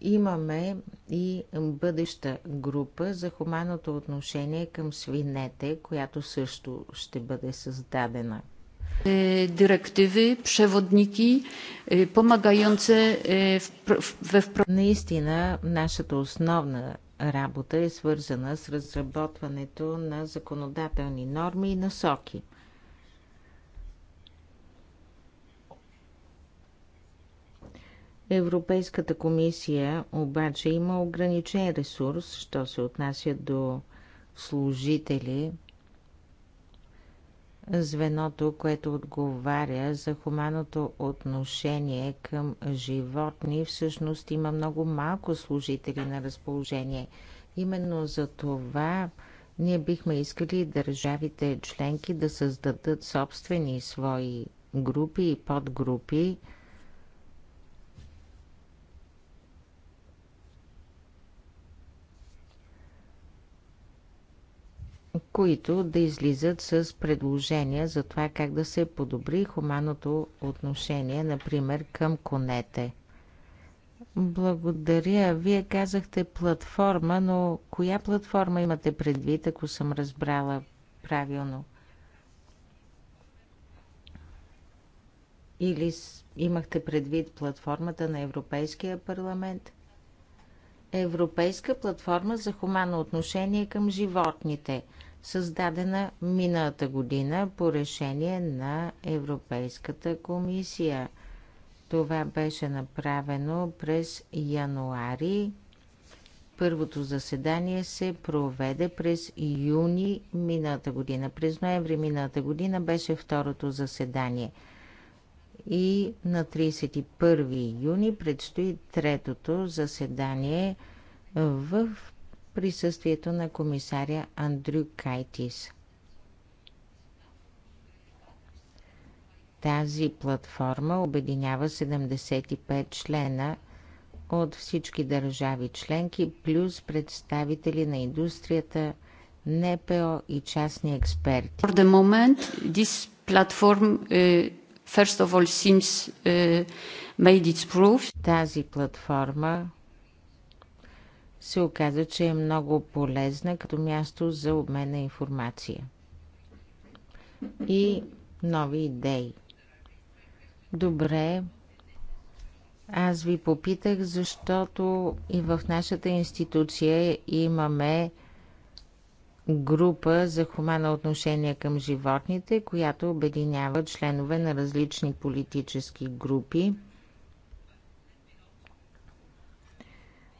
S1: Имаме и бъдеща група за хуманното отношение към свинете, която също ще бъде създадена. Е, директиви, преводники, е, помагайонце в... Наистина, нашата основна работа е свързана с разработването на законодателни норми и насоки. Европейската комисия обаче има ограничен ресурс, що се отнася до служители звеното, което отговаря за хуманото отношение към животни, всъщност има много малко служители на разположение. Именно за това ние бихме искали държавите членки да създадат собствени свои групи и подгрупи, които да излизат с предложения за това как да се подобри хуманното отношение, например към конете. Благодаря. Вие казахте платформа, но коя платформа имате предвид, ако съм разбрала правилно? Или имахте предвид платформата на Европейския парламент? Европейска платформа за хуманно отношение към животните, създадена миналата година по решение на Европейската комисия. Това беше направено през януари. Първото заседание се проведе през юни миналата година. През ноември миналата година беше второто заседание – и на 31 юни предстои третото заседание в присъствието на комисаря Андрю Кайтис. Тази платформа обединява 75 члена от всички държави членки, плюс представители на индустрията, НПО и частни експерти. For the moment, this platform uh, first of all seems uh, made its proof. Тази платформа се оказа, че е много полезна като място за обмен на информация и нови идеи. Добре, аз ви попитах, защото и в нашата институция имаме група за хумана отношение към животните, която обединява членове на различни политически групи.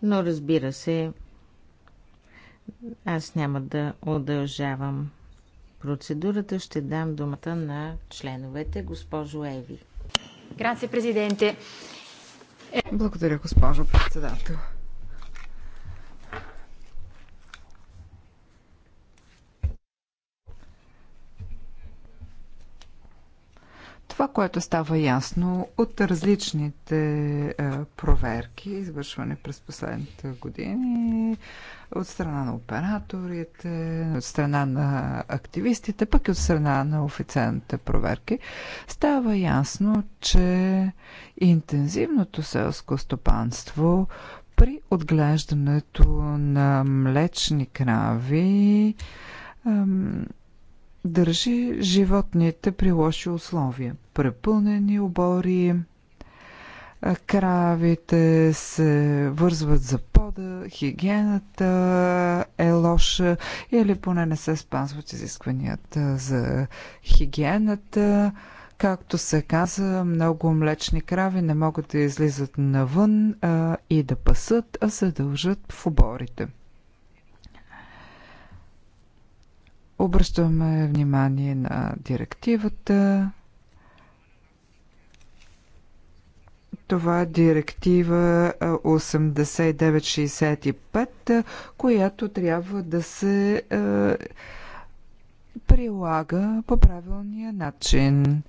S1: Но разбира се, аз няма да удължавам процедурата. Ще дам думата на членовете. Госпожо Еви.
S3: Грация, президенте.
S4: Благодаря, госпожо
S1: председател.
S4: Това, което става ясно от различните е, проверки, извършване през последните години, от страна на операторите, от страна на активистите, пък и от страна на официалните проверки, става ясно, че интензивното селско стопанство при отглеждането на млечни крави държи животните при лоши условия. Препълнени обори, кравите се вързват за пода, хигиената е лоша или поне не се спазват изискванията за хигиената. Както се каза, много млечни крави не могат да излизат навън а, и да пасат, а се дължат в оборите. Обръщаме внимание на директивата. Това е директива 8965, която трябва да се прилага по правилния начин.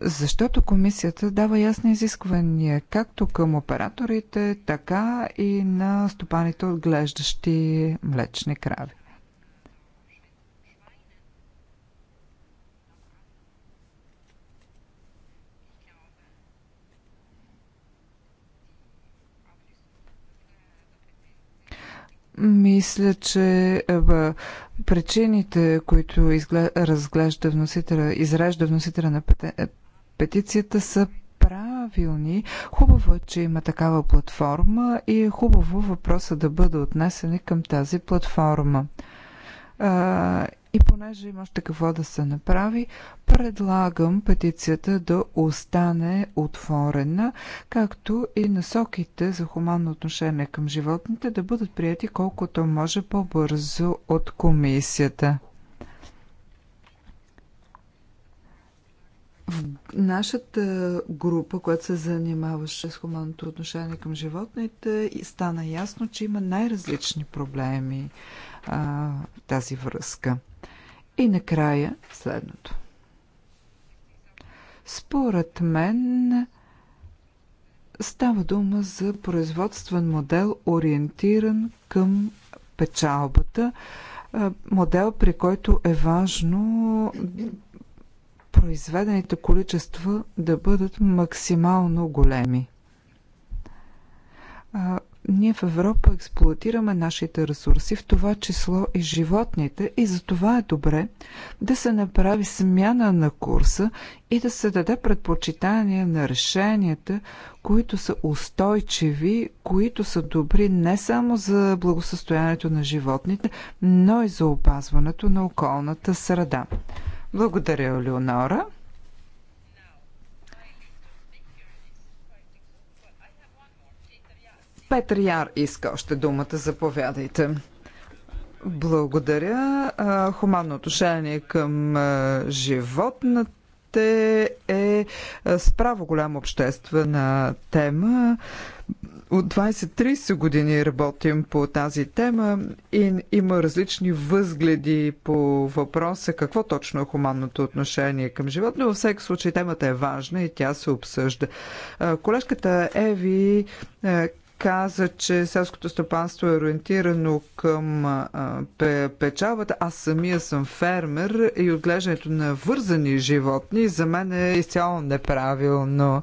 S4: Защото комисията дава ясни изисквания както към операторите, така и на стопаните отглеждащи млечни крави. Мисля, че е, причините, които разглежда вносителя, изражда вносителя на е, петицията са правилни. Хубаво е, че има такава платформа и е хубаво въпроса да бъде отнесен към тази платформа. А, и понеже има още какво да се направи, предлагам петицията да остане отворена, както и насоките за хуманно отношение към животните да бъдат прияти колкото може по-бързо от комисията. В нашата група, която се занимаваше с хуманното отношение към животните, стана ясно, че има най-различни проблеми а, в тази връзка. И накрая следното. Според мен става дума за производствен модел, ориентиран към печалбата, модел, при който е важно произведените количества да бъдат максимално големи ние в Европа експлуатираме нашите ресурси, в това число и животните, и за това е добре да се направи смяна на курса и да се даде предпочитание на решенията, които са устойчиви, които са добри не само за благосъстоянието на животните, но и за опазването на околната среда. Благодаря, Леонора. Петър Яр иска още думата. Заповядайте. Благодаря. Хуманно отношение към животната е справо голяма обществена тема. От 20-30 години работим по тази тема и има различни възгледи по въпроса какво точно е хуманното отношение към живот, но във всеки случай темата е важна и тя се обсъжда. Колежката Еви каза, че селското стопанство е ориентирано към печалбата. Аз самия съм фермер и отглеждането на вързани животни за мен е изцяло неправилно.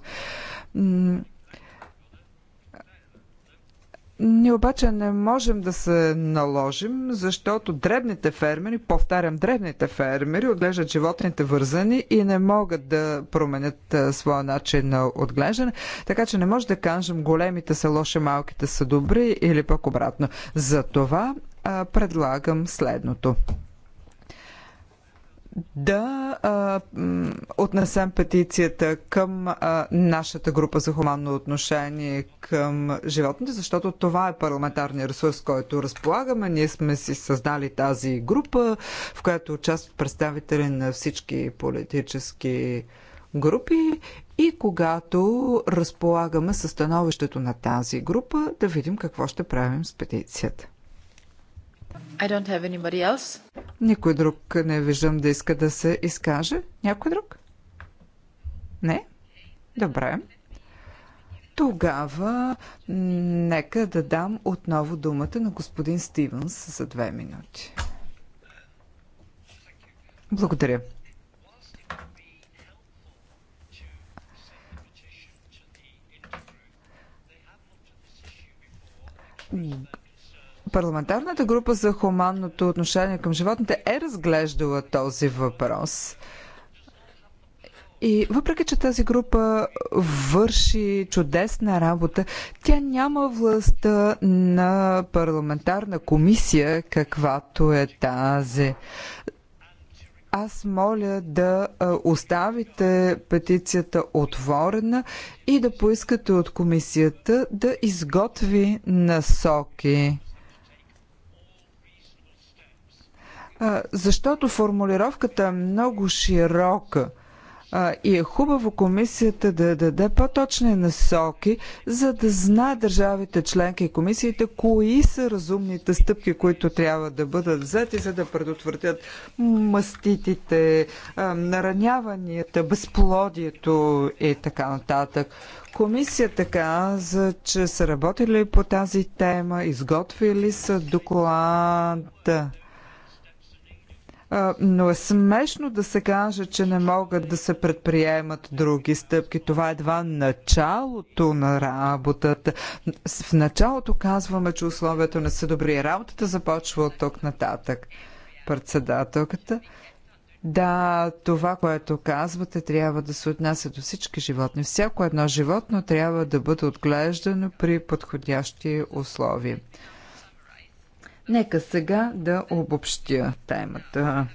S4: Ние обаче не можем да се наложим, защото дребните фермери, повтарям, дребните фермери отглеждат животните вързани и не могат да променят своя начин на отглеждане. Така че не може да кажем големите са лоши, малките са добри или пък обратно. За това предлагам следното да а, отнесем петицията към а, нашата група за хуманно отношение към животните, защото това е парламентарният ресурс, който разполагаме. Ние сме си създали тази група, в която участват представители на всички политически групи и когато разполагаме със становището на тази група, да видим какво ще правим с петицията.
S3: I don't have anybody else.
S4: Никой друг не виждам да иска да се изкаже. Някой друг? Не? Добре. Тогава нека да дам отново думата на господин Стивенс за две минути. Благодаря. Парламентарната група за хуманното отношение към животните е разглеждала този въпрос. И въпреки, че тази група върши чудесна работа, тя няма властта на парламентарна комисия, каквато е тази. Аз моля да оставите петицията отворена и да поискате от комисията да изготви насоки защото формулировката е много широка и е хубаво комисията да даде по-точни насоки, за да знае държавите членки и комисиите, кои са разумните стъпки, които трябва да бъдат взети, за да предотвратят маститите, нараняванията, безплодието и така нататък. Комисията за че са работили по тази тема, изготвили са доклада но е смешно да се каже, че не могат да се предприемат други стъпки. Това е едва началото на работата. В началото казваме, че условията не са добри. Работата започва от тук нататък. Председателката. Да, това, което казвате, трябва да се отнася до всички животни. Всяко едно животно трябва да бъде отглеждано при подходящи условия. Нека сега да обобщя темата.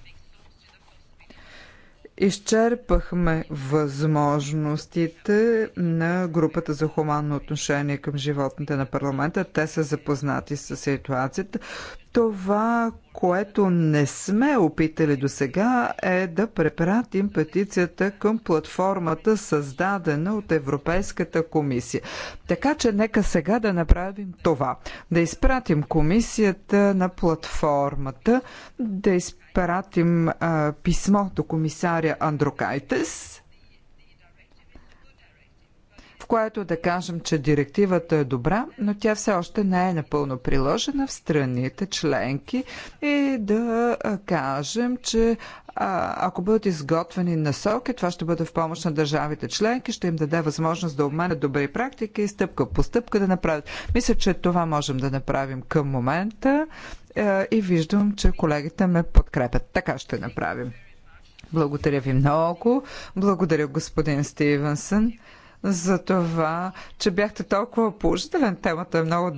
S4: Изчерпахме възможностите на групата за хуманно отношение към животните на парламента. Те са запознати с ситуацията. Това, което не сме опитали до сега е да препратим петицията към платформата, създадена от Европейската комисия. Така че нека сега да направим това. Да изпратим комисията на платформата, да изпратим а, писмо до комисаря Андрокайтес което да кажем, че директивата е добра, но тя все още не е напълно приложена в страните членки и да кажем, че а, ако бъдат изготвени насоки, това ще бъде в помощ на държавите членки, ще им даде възможност да обменят добри практики и стъпка по стъпка да направят. Мисля, че това можем да направим към момента а, и виждам, че колегите ме подкрепят. Така ще направим. Благодаря ви много. Благодаря господин Стивенсън за това, че бяхте толкова положителен. Темата е много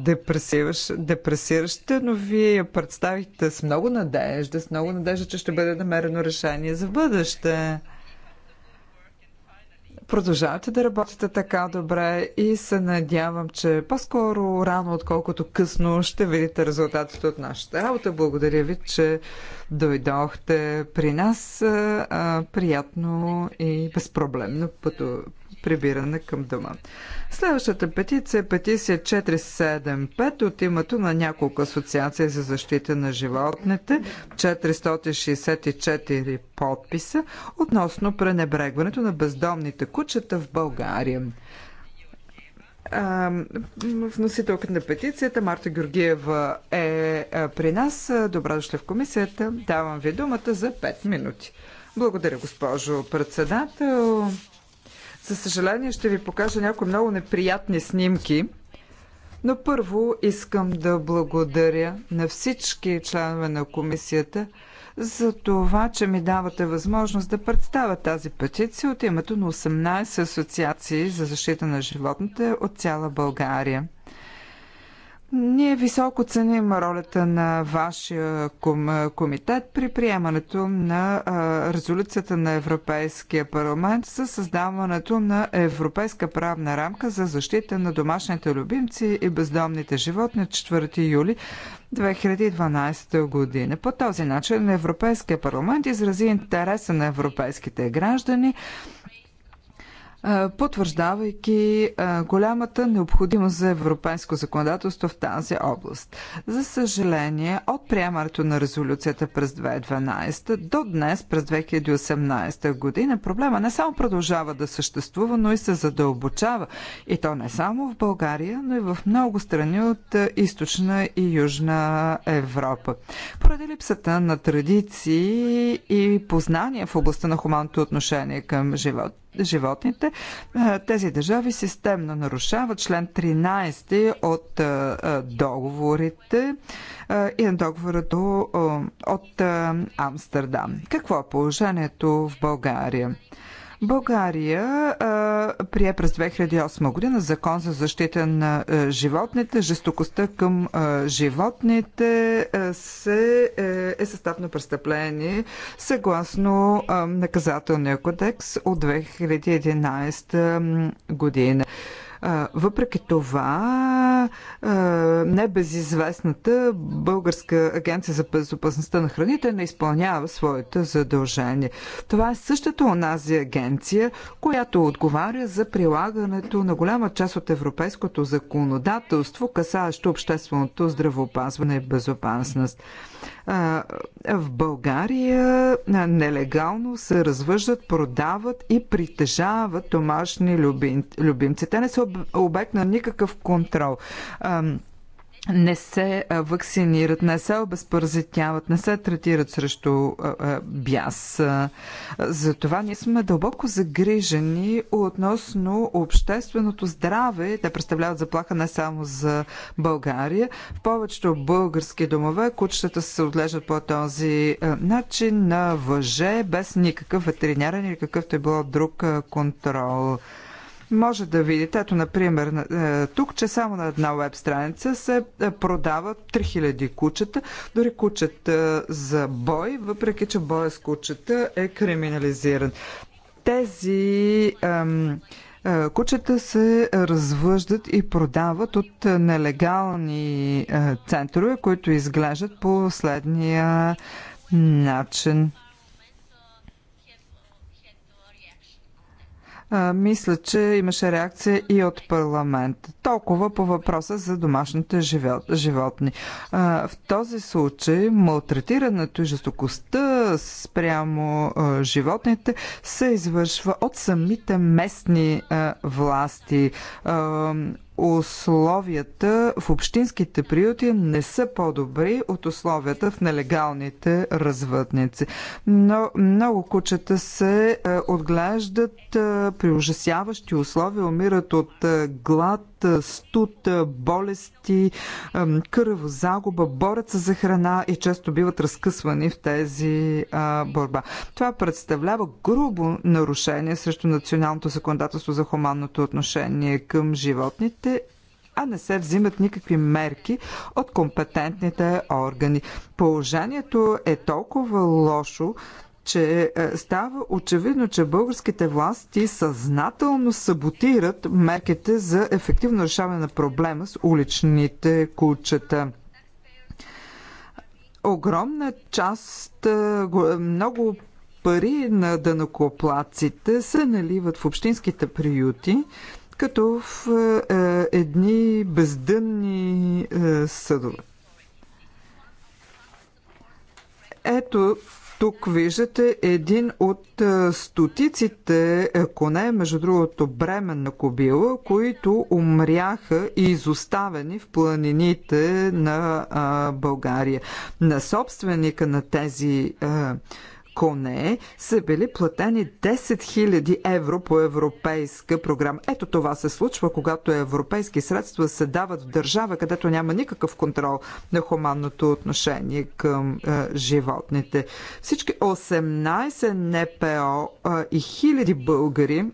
S4: депресираща, но вие я представихте с много надежда, с много надежда, че ще бъде намерено решение за бъдеще. Продължавате да работите така добре и се надявам, че по-скоро рано, отколкото късно, ще видите резултатите от нашата работа. Благодаря ви, че дойдохте при нас. приятно и безпроблемно пътуване прибиране към дома. Следващата петиция е петиция 475 от името на няколко асоциации за защита на животните, 464 подписа относно пренебрегването на бездомните кучета в България. Вносителката на петицията Марта Георгиева е, е при нас. Добре дошли в комисията. Давам ви думата за 5 минути. Благодаря, госпожо председател. За съжаление ще ви покажа някои много неприятни снимки. Но първо искам да благодаря на всички членове на комисията за това, че ми давате възможност да представя тази петиция от името на 18 асоциации за защита на животните от цяла България. Ние високо ценим ролята на вашия комитет при приемането на резолюцията на Европейския парламент за създаването на европейска правна рамка за защита на домашните любимци и бездомните животни 4 юли 2012 година. По този начин Европейския парламент изрази интереса на европейските граждани потвърждавайки голямата необходимост за европейско законодателство в тази област. За съжаление, от приемането на резолюцията през 2012 до днес, през 2018 година, проблема не само продължава да съществува, но и се задълбочава. И то не само в България, но и в много страни от източна и южна Европа. Поради липсата на традиции и познания в областта на хуманното отношение към живот, животните. Е, тези държави системно нарушават член 13 от е, е, договорите и на договора до, от Амстердам. Какво е положението в България? България а, прие през 2008 година закон за защита на а, животните. Жестокостта към а, животните а, се, е, е съставно престъпление съгласно а, наказателния кодекс от 2011 година. Въпреки това, небезизвестната Българска агенция за безопасността на храните не изпълнява своите задължения. Това е същата онази агенция, която отговаря за прилагането на голяма част от европейското законодателство, касаещо общественото здравеопазване и безопасност. В България нелегално се развъждат, продават и притежават домашни любимци. Те не са обект на никакъв контрол не се вакцинират, не се обезпаразитяват, не се третират срещу бяс. Затова ние сме дълбоко загрижени относно общественото здраве. Те представляват заплаха не само за България. В повечето български домове кучетата се отглеждат по този начин на въже, без никакъв ветеринарен или какъвто е било друг контрол може да видите, ето, например, е, тук, че само на една веб страница се е, продават 3000 кучета, дори кучета е, за бой, въпреки че боя с кучета е криминализиран. Тези ам, Кучета се развъждат и продават от нелегални центрове, които изглеждат по следния начин. А, мисля, че имаше реакция и от парламент. Толкова по въпроса за домашните животни. А, в този случай малтретирането и жестокостта спрямо а, животните се извършва от самите местни власти условията в общинските приюти не са по-добри от условията в нелегалните развъдници. Но много кучета се е, отглеждат е, при ужасяващи условия, умират от е, глад, студ, болести, кръвозагуба, борят се за храна и често биват разкъсвани в тези борба. Това представлява грубо нарушение срещу националното законодателство за хуманното отношение към животните а не се взимат никакви мерки от компетентните органи. Положението е толкова лошо, че е, става очевидно, че българските власти съзнателно саботират мерките за ефективно решаване на проблема с уличните кучета. Огромна част, е, много пари на данокоплаците се наливат в общинските приюти, като в е, едни бездънни съдове. Ето тук виждате един от стотиците коне, между другото бременна кобила, които умряха и изоставени в планините на България. На собственика на тези коне са били платени 10 000 евро по европейска програма. Ето това се случва, когато европейски средства се дават в държава, където няма никакъв контрол на хуманното отношение към е, животните. Всички 18 НПО е, и хиляди българи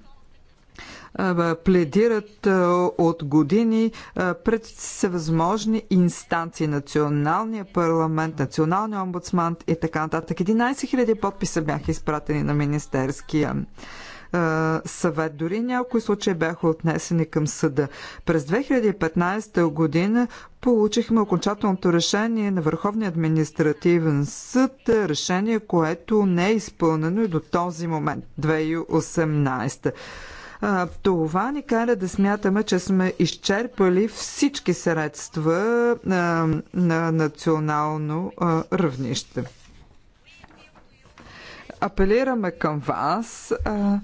S4: пледират от години пред всевъзможни инстанции. Националния парламент, националния омбудсман и така нататък. 11 000 подписа бяха изпратени на Министерския съвет. Дори някои случаи бяха отнесени към съда. През 2015 година получихме окончателното решение на Върховния административен съд, решение, което не е изпълнено и до този момент, 2018. Това ни кара да смятаме, че сме изчерпали всички средства на национално равнище. Апелираме към вас. А,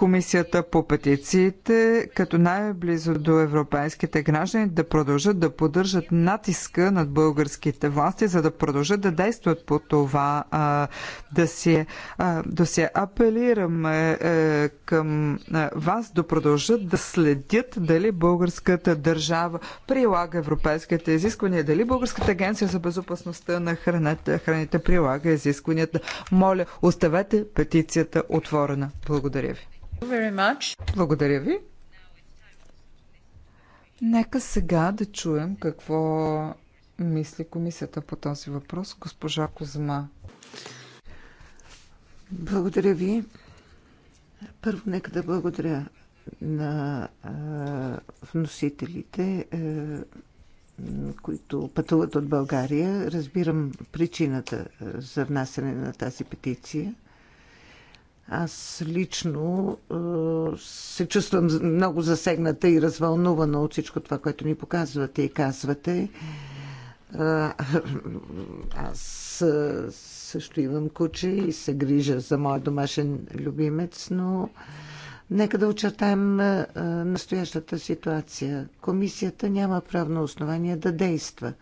S4: Комисията по петициите, като най-близо до европейските граждани, да продължат да поддържат натиска над българските власти, за да продължат да действат по това да се, да се апелираме е, към е, вас да продължат да следят дали българската държава прилага европейските изисквания, дали Българската агенция за безопасността на храните, храните прилага изискванията. Моля, оставете петицията отворена. Благодаря ви. Благодаря ви. Нека сега да чуем какво мисли комисията по
S2: този въпрос, госпожа Козма. Благодаря ви. Първо, нека да благодаря на а, вносителите, а, които пътуват от България. Разбирам причината за внасяне на тази петиция – аз лично е, се чувствам много засегната и развълнувана от всичко това, което ни показвате и казвате. Е, аз е, също имам куче и се грижа за моя домашен любимец, но нека да очертаем настоящата ситуация. Комисията няма правно основание да действа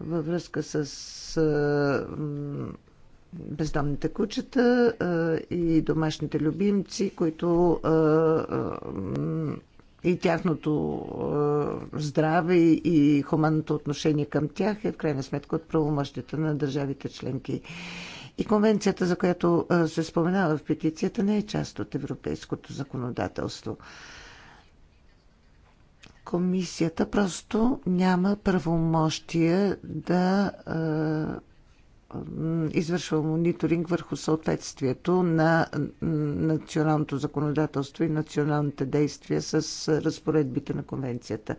S2: във връзка с бездомните кучета и домашните любимци, които и тяхното здраве и хуманното отношение към тях е в крайна сметка от правомощията на държавите членки. И конвенцията, за която се споменава в петицията, не е част от европейското законодателство. Комисията просто няма правомощия да е, извършва мониторинг върху съответствието на националното законодателство и националните действия с разпоредбите на конвенцията.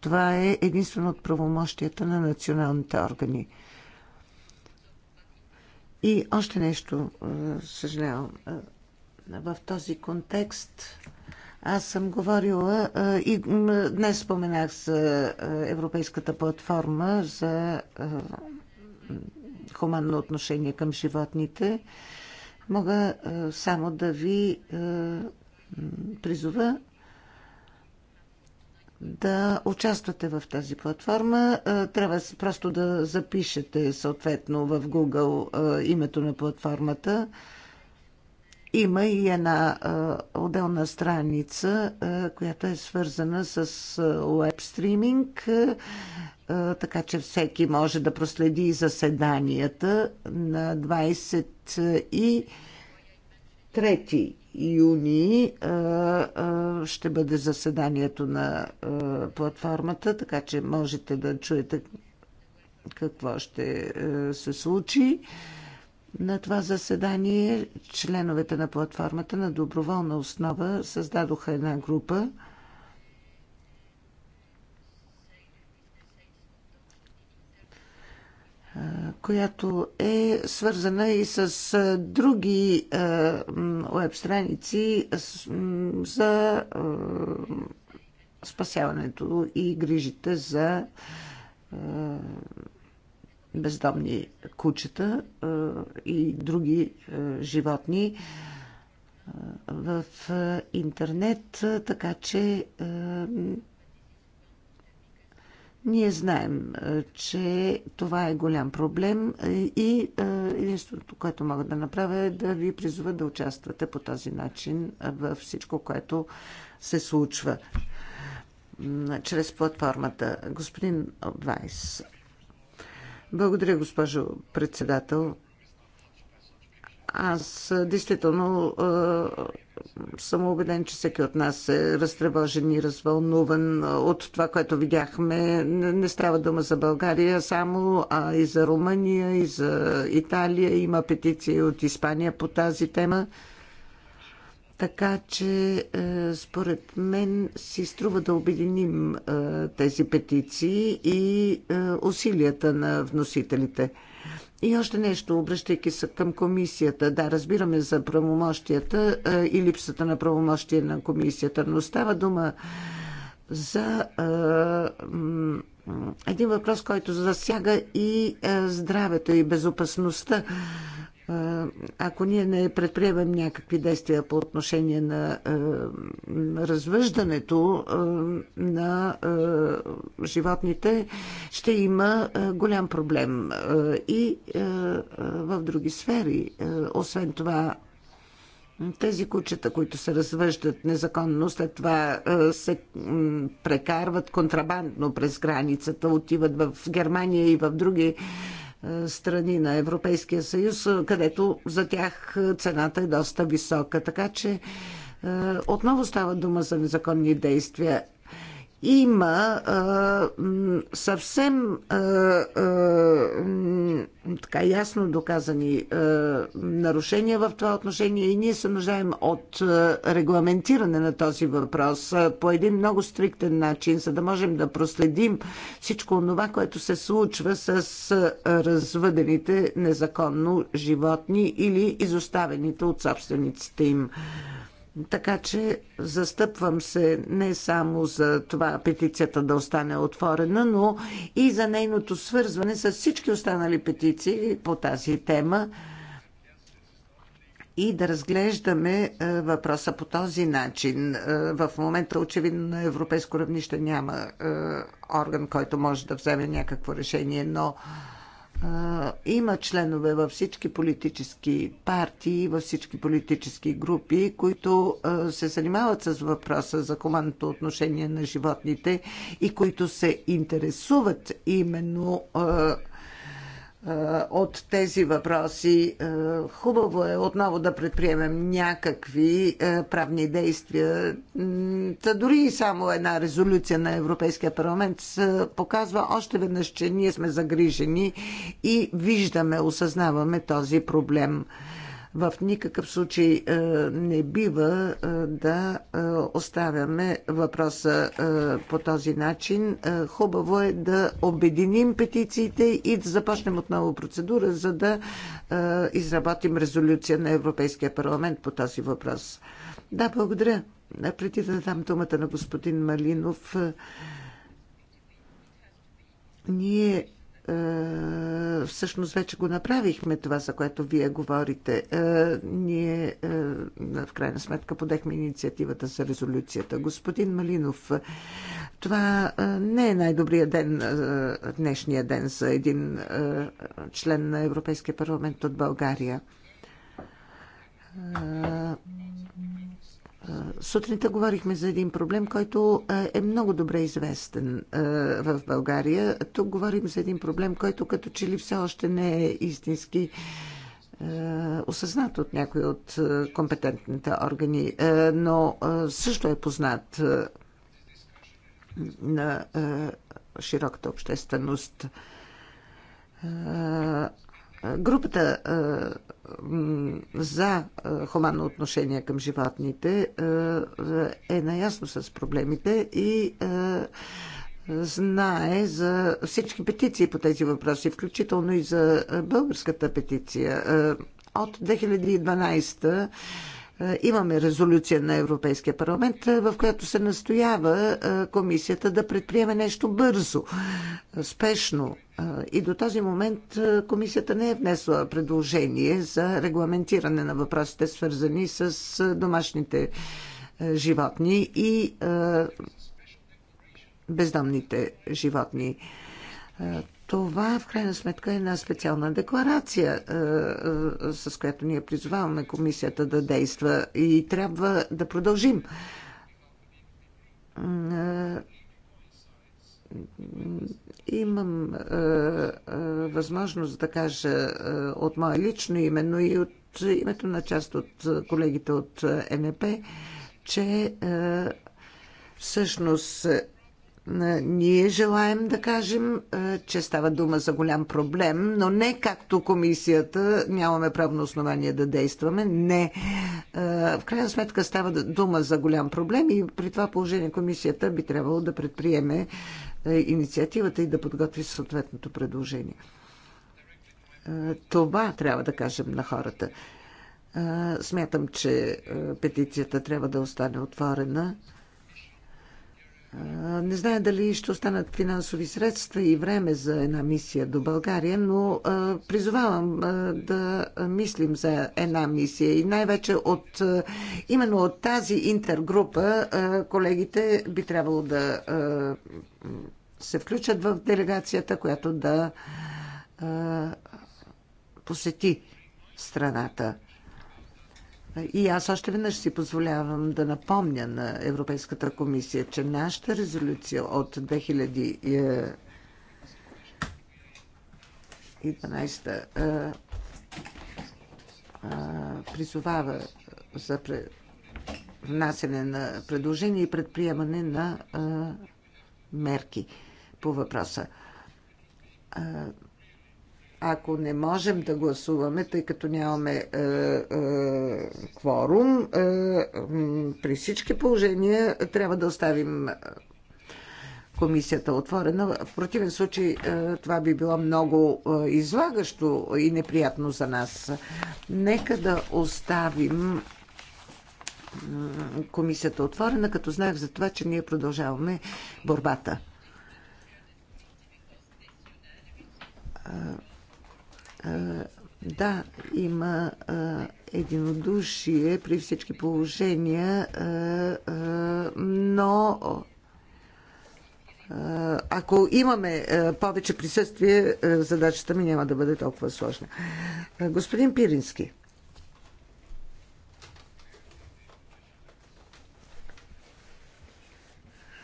S2: Това е единствено от правомощията на националните органи. И още нещо, е, съжалявам, е, в този контекст аз съм говорила и днес споменах за Европейската платформа за хуманно отношение към животните. Мога само да ви призова да участвате в тази платформа. Трябва просто да запишете съответно в Google името на платформата. Има и една отделна страница, която е свързана с веб стриминг, така че всеки може да проследи заседанията на 23 юни ще бъде заседанието на платформата, така че можете да чуете какво ще се случи. На това заседание членовете на платформата на доброволна основа създадоха една група, която е свързана и с други веб страници за спасяването и грижите за бездомни кучета и други животни в интернет, така че ние знаем, че това е голям проблем и единственото, което мога да направя е да ви призова да участвате по този начин във всичко, което се случва чрез платформата. Господин Вайс, благодаря, госпожо председател. Аз действително съм убеден, че всеки от нас е разтревожен и развълнуван от това, което видяхме. Не става дума за България само, а и за Румъния, и за Италия. Има петиции от Испания по тази тема. Така че, е, според мен, си струва да обединим е, тези петиции и е, усилията на вносителите. И още нещо, обръщайки се към комисията. Да, разбираме за правомощията и липсата на правомощия на комисията, но става дума за един въпрос, който засяга и здравето и безопасността ако ние не предприемем някакви действия по отношение на развъждането на животните, ще има голям проблем и в други сфери. Освен това, тези кучета, които се развъждат незаконно, след това се прекарват контрабандно през границата, отиват в Германия и в други е, страни на Европейския съюз, е, където за тях е, цената е доста висока. Така че отново става дума за незаконни действия има а, съвсем а, а, така ясно доказани а, нарушения в това отношение и ние се нуждаем от а, регламентиране на този въпрос а, по един много стриктен начин, за да можем да проследим всичко това, което се случва с а, развъдените незаконно животни или изоставените от собствениците им. А, така че застъпвам се не само за това петицията да остане отворена, но и за нейното свързване с всички останали петиции по тази тема и да разглеждаме е, въпроса по този начин. Е, в момента очевидно на европейско равнище няма е, орган, който може да вземе някакво решение, но има членове във всички политически партии, във всички политически групи, които се занимават с въпроса за хуманното отношение на животните и които се интересуват именно от тези въпроси. Хубаво е отново да предприемем някакви правни действия. Та дори и само една резолюция на Европейския парламент показва още веднъж, че ние сме загрижени и виждаме, осъзнаваме този проблем. В никакъв случай е, не бива е, да е, оставяме въпроса по този начин. Хубаво е да обединим петициите и да започнем отново процедура, за да изработим резолюция на Европейския парламент по този въпрос. Да, благодаря. Преди да дам думата на господин Малинов, ние е, всъщност вече го направихме това, за което вие говорите. Е, ние е, в крайна сметка подехме инициативата за резолюцията. Господин Малинов, това не е най-добрият ден, днешния ден за един член на Европейския парламент от България. Сутринта говорихме за един проблем, който е много добре известен в България. Тук говорим за един проблем, който като че ли все още не е истински осъзнат от някои от компетентните органи, но също е познат на широката общественост. Групата за хуманно отношение към животните е наясно с проблемите и знае за всички петиции по тези въпроси, включително и за българската петиция. От 2012 е, имаме резолюция на Европейския парламент, е, в която се настоява е, комисията да предприеме нещо бързо, спешно. И до този момент комисията не е внесла предложение за регламентиране на въпросите, свързани с домашните животни и бездомните животни. Това в крайна сметка е една специална декларация, е, е, с която ние призваваме комисията да действа и трябва да продължим е, имам е, е, възможност да кажа е, от мое лично име, но и от името на част от колегите от НП, че е, всъщност ние желаем да кажем, че става дума за голям проблем, но не както комисията нямаме правно основание да действаме. Не. В крайна сметка става дума за голям проблем и при това положение комисията би трябвало да предприеме инициативата и да подготви съответното предложение. Това трябва да кажем на хората. Смятам, че петицията трябва да остане отворена. Не зная дали ще останат финансови средства и време за една мисия до България, но призовавам да мислим за една мисия и най-вече от, именно от тази интергрупа колегите би трябвало да се включат в делегацията, която да посети страната. И аз още веднъж си позволявам да напомня на Европейската комисия, че нашата резолюция от 2012 е, е, е, призовава за внасене на предложение и предприемане на мерки по въпроса ако не можем да гласуваме, тъй като нямаме е, е, кворум, е, при всички положения трябва да оставим е, комисията отворена. В противен случай е, това би било много е, излагащо и неприятно за нас. Нека да оставим комисията отворена, като знаех за това, че ние продължаваме борбата. Да, има единодушие при всички положения, но ако имаме повече присъствие, задачата ми няма да бъде толкова сложна. Господин Пирински.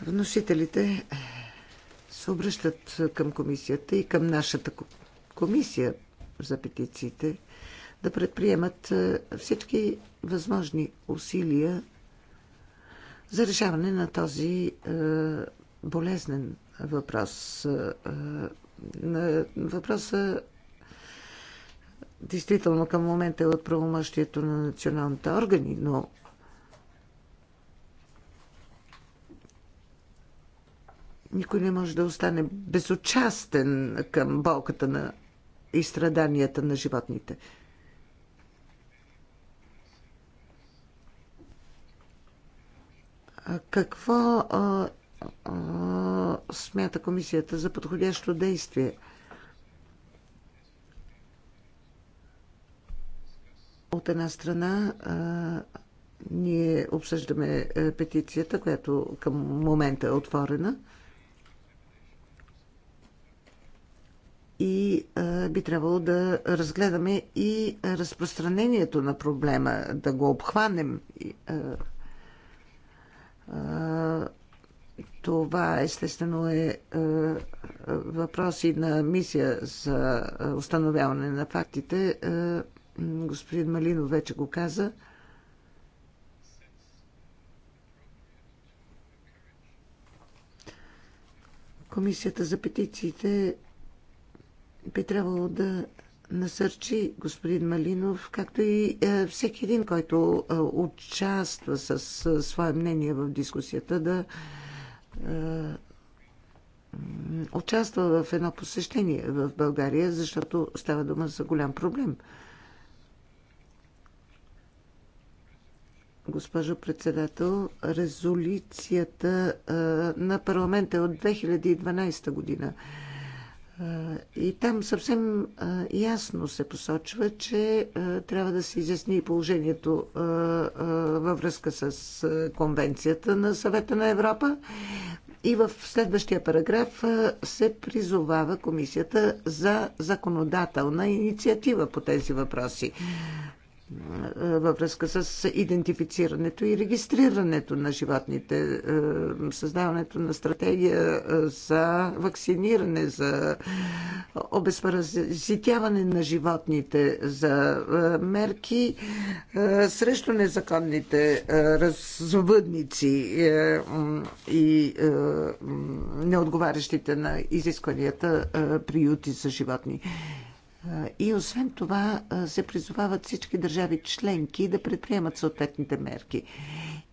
S2: Вносителите се обръщат към комисията и към нашата комисия за петициите да предприемат е, всички възможни усилия за решаване на този е, болезнен въпрос. Е, е въпроса действително към момента е от правомощието на националните органи, но никой не може да остане безучастен към болката на и страданията на животните. Какво а, а, смята комисията за подходящо действие? От една страна, а, ние обсъждаме е, петицията, която към момента е отворена – и а, би трябвало да разгледаме и разпространението на проблема, да го обхванем. А, а, това естествено е, а, въпрос и на мисия за установяване на фактите. А, господин Малинов вече го каза. Комисията за петициите би трябвало да насърчи господин Малинов, както и е, всеки един, който е, участва с е, свое мнение в дискусията, да участва в едно посещение в България, защото става дума за голям проблем. Госпожо председател, резолюцията на парламента от 2012 година. И там съвсем ясно се посочва, че трябва да се изясни положението във връзка с Конвенцията на Съвета на Европа. И в следващия параграф се призовава комисията за законодателна инициатива по тези въпроси във връзка с идентифицирането и регистрирането на животните, е, създаването на стратегия е, за вакциниране, за обезпаразитяване на животните, за е, мерки срещу незаконните развъдници и неотговарящите на изискванията приюти за животни. И освен това се призовават всички държави членки да предприемат съответните мерки.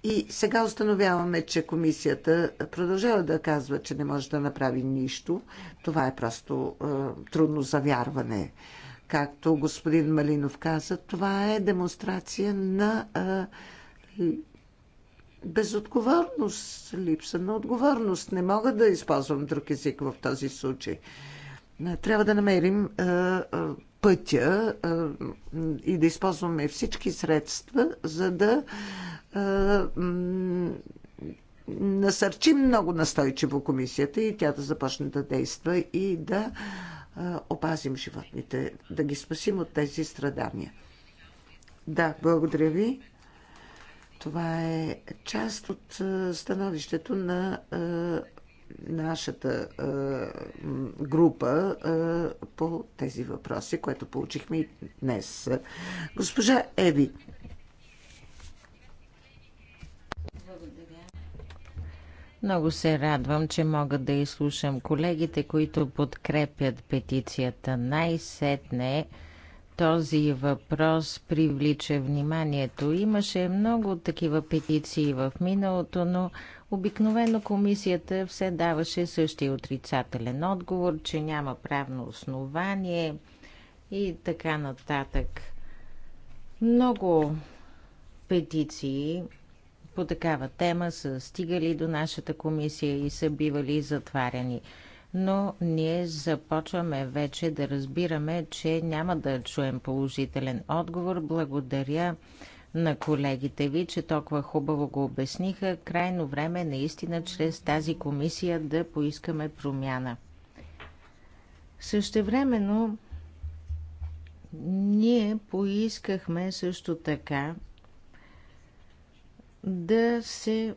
S2: И сега установяваме, че комисията продължава да казва, че не може да направи нищо. Това е просто е, трудно за вярване. Както господин Малинов каза, това е демонстрация на е, безотговорност, липса на отговорност. Не мога да използвам друг език в този случай. Е, е, трябва да намерим е, е, пътя и да използваме всички средства, за да насърчим много настойчиво комисията и тя да започне да действа и да опазим животните, да ги спасим от тези страдания. Да, благодаря ви. Това е част от становището на нашата група по тези въпроси, което получихме и
S1: днес. Госпожа Еви. Много се радвам, че мога да изслушам колегите, които подкрепят петицията. Най-сетне този въпрос привлича вниманието. Имаше много такива петиции в миналото, но Обикновено комисията все даваше същия отрицателен отговор, че няма правно основание и така нататък. Много петиции по такава тема са стигали до нашата комисия и са бивали затваряни. Но ние започваме вече да разбираме, че няма да чуем положителен отговор. Благодаря на колегите ви, че толкова хубаво го обясниха. Крайно време е наистина чрез тази комисия да поискаме промяна. Същевременно ние поискахме също така да се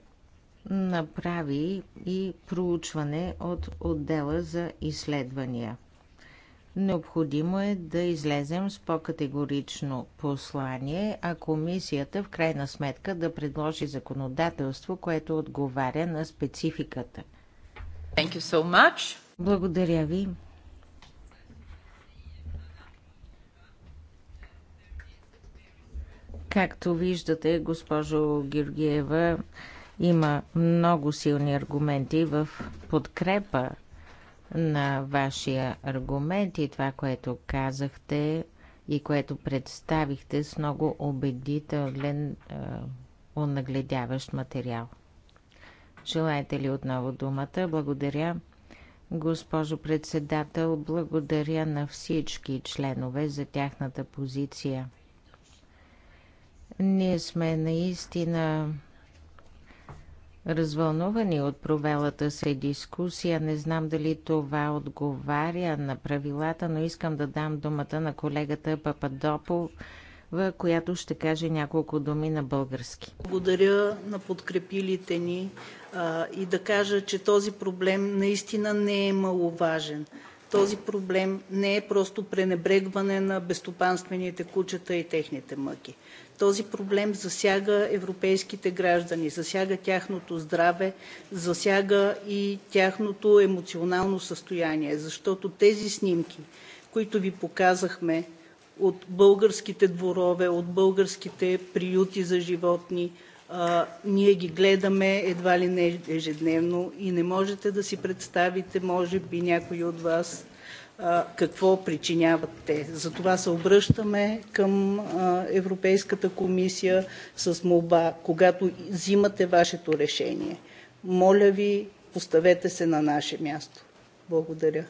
S1: направи и проучване от отдела за изследвания – Необходимо е да излезем с по-категорично послание, а комисията в крайна сметка да предложи законодателство, което отговаря на спецификата. Thank you so much. Благодаря ви. Както виждате, госпожо Георгиева, има много силни аргументи в подкрепа на вашия аргумент и това, което казахте и което представихте с много убедителен онагледяващ материал. Желаете ли отново думата? Благодаря. Госпожо председател, благодаря на всички членове за тяхната позиция. Ние сме наистина развълнувани от провелата се дискусия. Не знам дали това отговаря на правилата, но искам да дам думата на колегата Пападопов, която ще каже няколко думи на български.
S2: Благодаря на
S1: подкрепилите ни а, и да кажа, че този проблем наистина не е маловажен. Този проблем не е просто пренебрегване на безстопанствените кучета и техните мъки. Този проблем засяга европейските граждани, засяга тяхното здраве, засяга и тяхното емоционално състояние, защото тези снимки, които ви показахме от българските дворове, от българските приюти за животни, а, ние ги гледаме едва ли не ежедневно и не можете да си представите, може би някои от вас, какво причиняват те. Затова се обръщаме към Европейската комисия с молба, когато
S2: взимате вашето решение, моля ви, поставете се на наше място.
S1: Благодаря.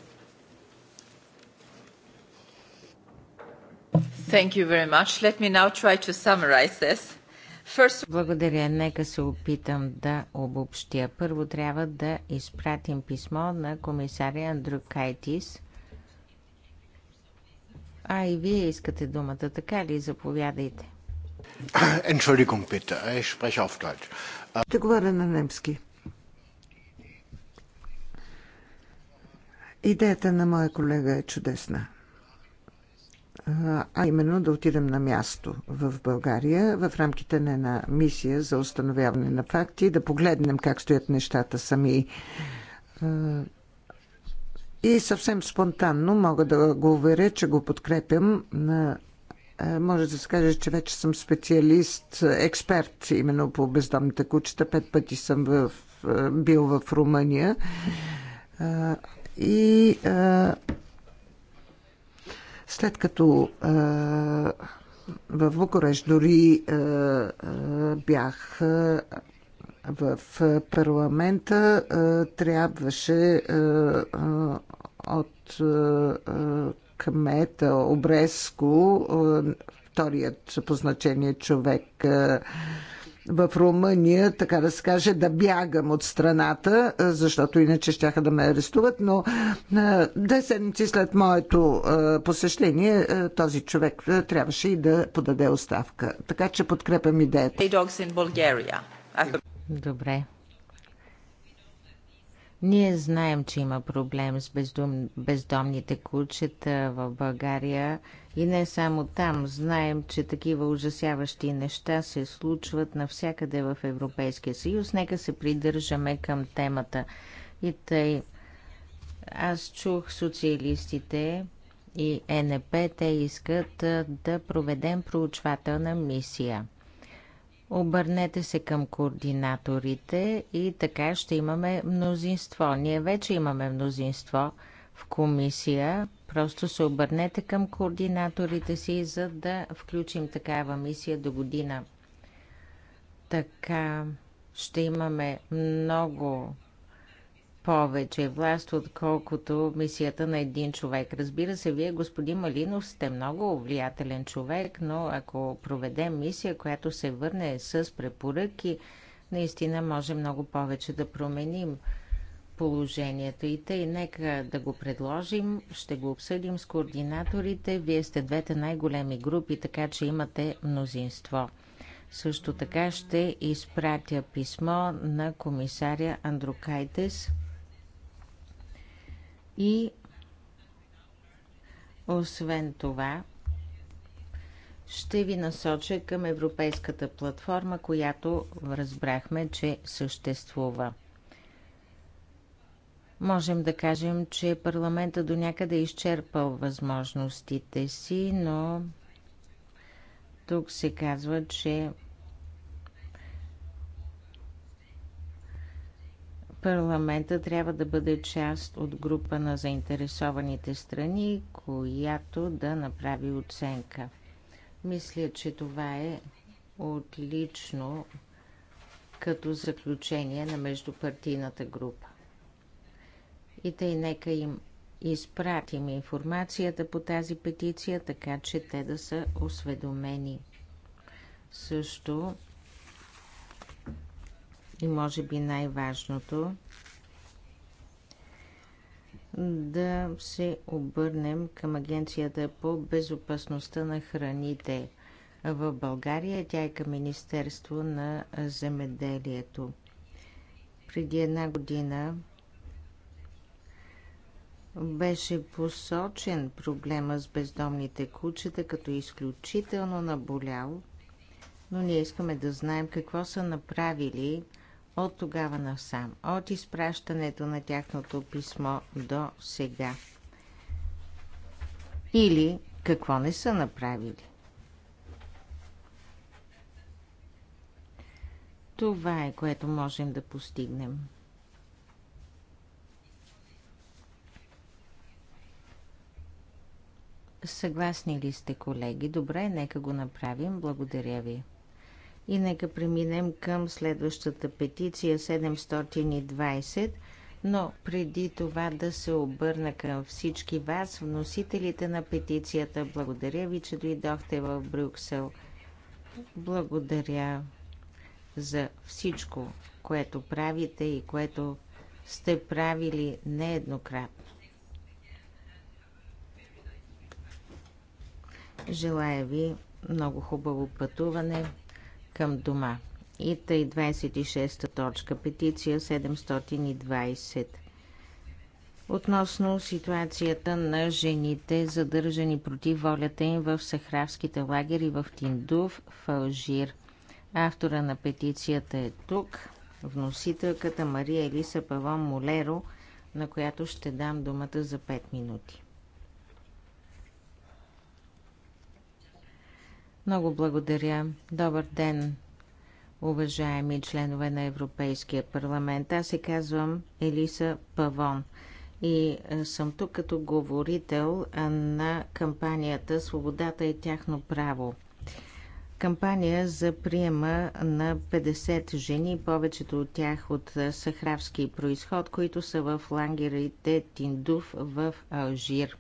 S3: Thank you very much. Let me now try to summarize this.
S1: First... Благодаря. Нека се опитам да обобщя. Първо трябва да изпратим писмо на комисаря Андрю Кайтис – а и вие искате думата, така ли? Заповядайте.
S3: Entschuldigung bitte, ich spreche auf Deutsch.
S1: Äh, Ще говоря на немски.
S2: Идеята на моя колега е чудесна. А именно да отидем на място в България в рамките на една мисия за установяване на факти, да погледнем как стоят нещата сами и съвсем спонтанно мога да го уверя, че го подкрепям. Може да се каже, че вече съм специалист, експерт именно по бездомните кучета. Пет пъти съм в, бил в Румъния. И след като в Букурещ дори бях в парламента трябваше от кмета Обреско, вторият по значение човек в Румъния, така да се каже, да бягам от страната, защото иначе щяха да ме арестуват, но две седмици след моето посещение този човек трябваше и да подаде оставка. Така че подкрепям идеята.
S1: Добре. Ние знаем, че има проблем с бездом... бездомните кучета в България и не само там. Знаем, че такива ужасяващи неща се случват навсякъде в Европейския съюз. Нека се придържаме към темата. И тъй, аз чух социалистите и НП, те искат да проведем проучвателна мисия – Обърнете се към координаторите и така ще имаме мнозинство. Ние вече имаме мнозинство в комисия. Просто се обърнете към координаторите си, за да включим такава мисия до година. Така ще имаме много повече власт, отколкото мисията на един човек. Разбира се, вие, господин Малинов, сте много влиятелен човек, но ако проведем мисия, която се върне с препоръки, наистина може много повече да променим положението. И тъй, нека да го предложим, ще го обсъдим с координаторите. Вие сте двете най-големи групи, така че имате мнозинство. Също така ще изпратя писмо на комисаря Андрукайтес – и освен това, ще ви насоча към Европейската платформа, която разбрахме, че съществува. Можем да кажем, че парламента до някъде е изчерпал възможностите си, но тук се казва, че Парламента трябва да бъде част от група на заинтересованите страни, която да направи оценка. Мисля, че това е отлично като заключение на междупартийната група. И тъй нека им изпратим информацията по тази петиция, така че те да са осведомени. Също и може би най-важното да се обърнем към Агенцията по безопасността на храните в България. Тя е към Министерство на земеделието. Преди една година беше посочен проблема с бездомните кучета като изключително наболял, но ние искаме да знаем какво са направили от тогава насам, от изпращането на тяхното писмо до сега. Или какво не са направили. Това е, което можем да постигнем. Съгласни ли сте, колеги? Добре, нека го направим. Благодаря ви. И нека преминем към следващата петиция 720, но преди това да се обърна към всички вас, вносителите на петицията, благодаря ви, че дойдохте в Брюксел. Благодаря за всичко, което правите и което сте правили нееднократно. Желая ви много хубаво пътуване към дома. И тъй 26-та точка, петиция 720. Относно ситуацията на жените, задържани против волята им в сахравските лагери в Тиндув, в Алжир. Автора на петицията е тук, вносителката Мария Елиса Павон Молеро, на която ще дам думата за 5 минути. Много благодаря. Добър ден, уважаеми членове на Европейския парламент. Аз се казвам Елиса Павон и е, съм тук като говорител е, на кампанията Свободата е тяхно право. Кампания за приема на 50 жени, повечето от тях от е, сахравски происход, които са в лагерите Тиндуф в Алжир.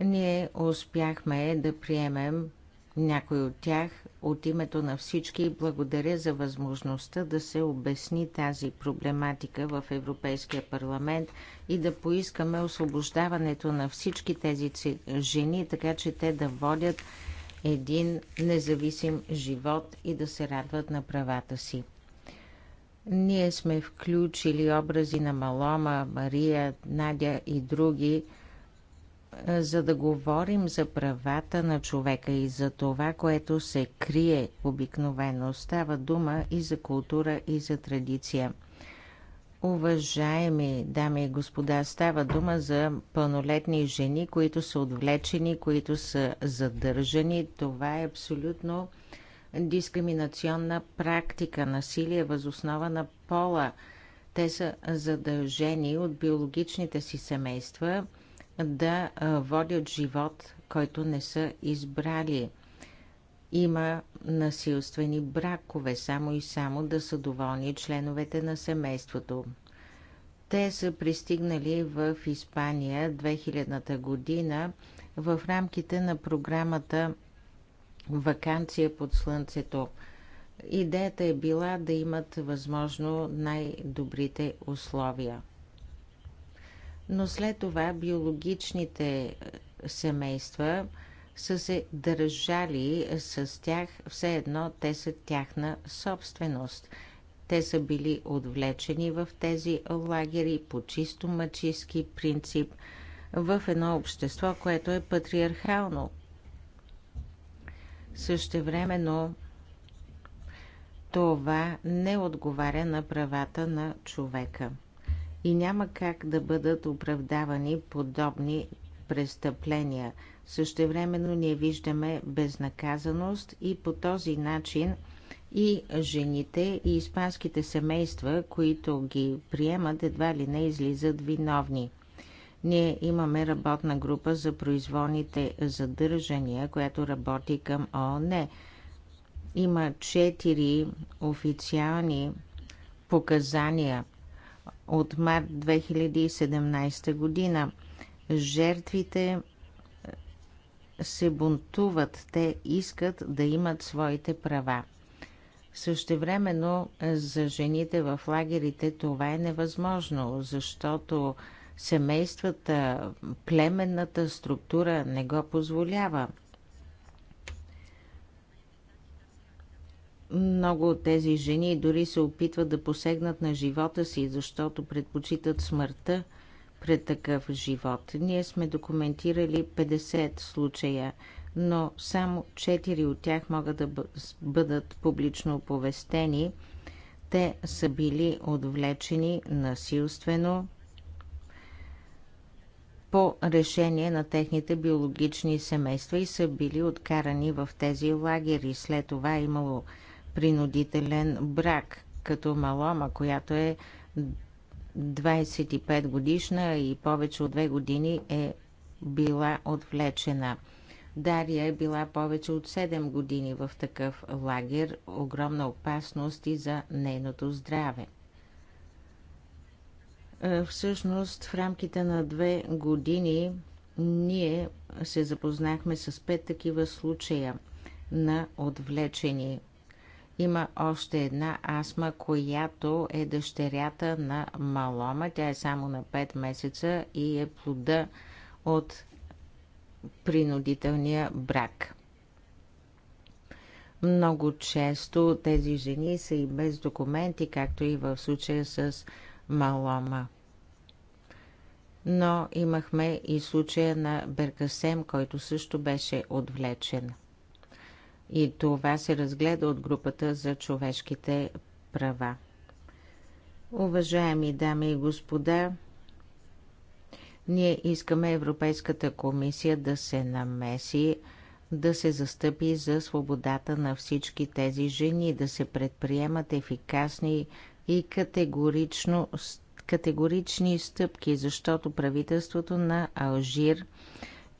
S1: ние успяхме да приемем някой от тях от името на всички. и Благодаря за възможността да се обясни тази проблематика в Европейския парламент и да поискаме освобождаването на всички тези жени, така че те да водят един независим живот и да се радват на правата си. Ние сме включили образи на Малома, Мария, Надя и други – за да говорим за правата на човека и за това, което се крие обикновено. Става дума и за култура, и за традиция. Уважаеми дами и господа, става дума за пълнолетни жени, които са отвлечени, които са задържани. Това е абсолютно дискриминационна практика, насилие възоснова на пола. Те са задължени от биологичните си семейства – да водят живот, който не са избрали. Има насилствени бракове, само и само да са доволни членовете на семейството. Те са пристигнали в Испания 2000-та година в рамките на програмата Ваканция под слънцето. Идеята е била да имат възможно най-добрите условия – но след това биологичните е, семейства са се държали е, с тях, все едно те са тяхна собственост. Те са били отвлечени в тези лагери по чисто мачистски принцип в едно общество, което е патриархално. Същевременно това не отговаря на правата на човека и няма как да бъдат оправдавани подобни престъпления. Същевременно ние виждаме безнаказаност и по този начин и жените и испанските семейства, които ги приемат, едва ли не излизат виновни. Ние имаме работна група за произволните задържания, която работи към ООН. Има четири официални показания – от март 2017 година. Жертвите е, се бунтуват, те искат да имат своите права. Същевременно е, за жените в лагерите това е невъзможно, защото семействата, племенната структура не го позволява. Много от тези жени дори се опитват да посегнат на живота си, защото предпочитат смъртта пред такъв живот. Ние сме документирали 50 случая, но само 4 от тях могат да бъдат публично оповестени. Те са били отвлечени насилствено по решение на техните биологични семейства и са били откарани в тези лагери. След това е имало принудителен брак, като Малома, която е 25 годишна и повече от две години е била отвлечена. Дария е била повече от 7 години в такъв лагер, огромна опасност и за нейното здраве. Е, всъщност, в рамките на две години ние се запознахме с пет такива случая на отвлечени има още една астма, която е дъщерята на малома. Тя е само на 5 месеца и е плода от принудителния брак. Много често тези жени са и без документи, както и в случая с малома. Но имахме и случая на Беркасем, който също беше отвлечен – и това се разгледа от групата за човешките права. Уважаеми дами и господа, ние искаме Европейската комисия да се намеси, да се застъпи за свободата на всички тези жени, да се предприемат ефикасни и категорично, категорични стъпки, защото правителството на Алжир –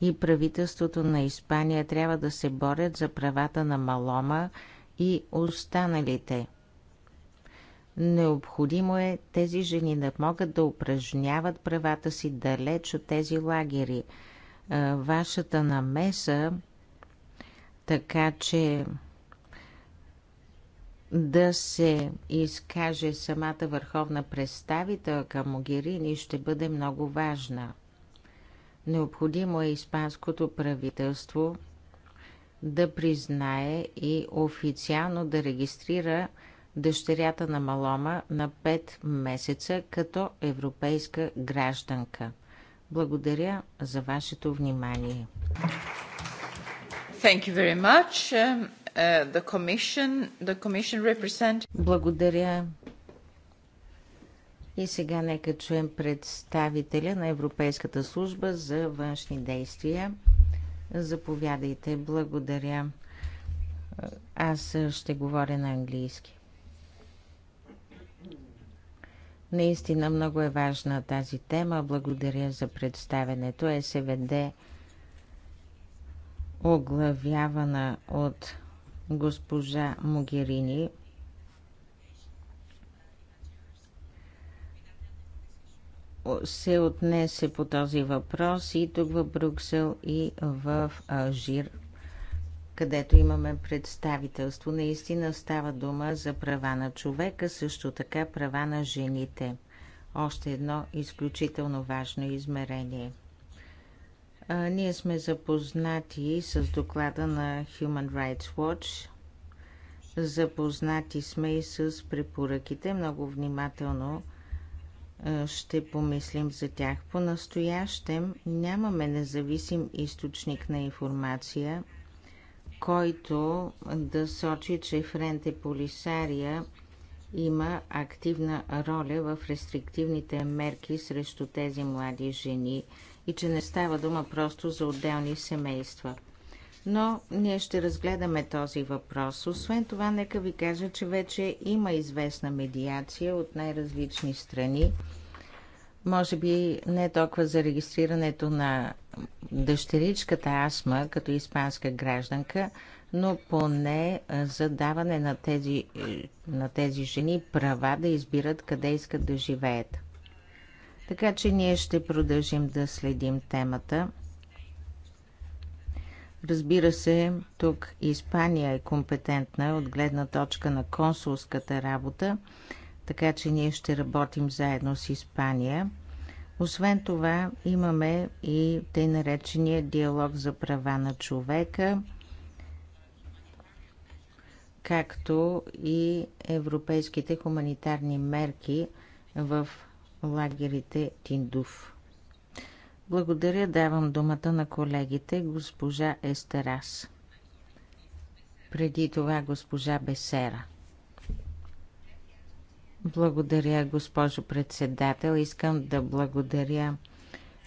S1: и правителството на Испания трябва да се борят за правата на Малома и останалите. Необходимо е тези жени да могат да упражняват правата си далеч от тези лагери. Вашата намеса, така че да се изкаже самата върховна представителка Могерини ще бъде много важна – Необходимо е испанското правителство да признае и официално да регистрира дъщерята на Малома на 5 месеца като европейска гражданка. Благодаря за вашето внимание.
S3: Thank you very much. Um, uh, The commission, the
S1: commission represent... Благодаря и сега нека чуем представителя на Европейската служба за външни действия. Заповядайте. Благодаря. Аз ще говоря на английски. Наистина много е важна тази тема. Благодаря за представенето. Е СВД оглавявана от госпожа Могерини се отнесе по този въпрос и тук в Брюксел, и в Алжир, където имаме представителство. Наистина става дума за права на човека, също така права на жените. Още едно изключително важно измерение. А, ние сме запознати с доклада на Human Rights Watch. Запознати сме и с препоръките. Много внимателно е, ще помислим за тях. По-настоящем нямаме независим източник на информация, който да сочи, че Френте Полисария има активна роля в рестриктивните мерки срещу тези млади жени и че не става дума просто за отделни семейства но ние ще разгледаме този въпрос. Освен това, нека ви кажа, че вече има известна медиация от най-различни страни. Може би не толкова за регистрирането на дъщеричката Асма като испанска гражданка, но поне за даване на тези, на тези жени права да избират къде искат да живеят. Така че ние ще продължим да следим темата. Разбира се, тук Испания е компетентна от гледна точка на консулската работа, така че ние ще работим заедно с Испания. Освен това, имаме и тъй наречения диалог за права на човека, както и европейските хуманитарни мерки в лагерите Тиндуф. Благодаря, давам думата на колегите, госпожа Естерас. Преди това госпожа Бесера. Благодаря, госпожо председател. Искам да благодаря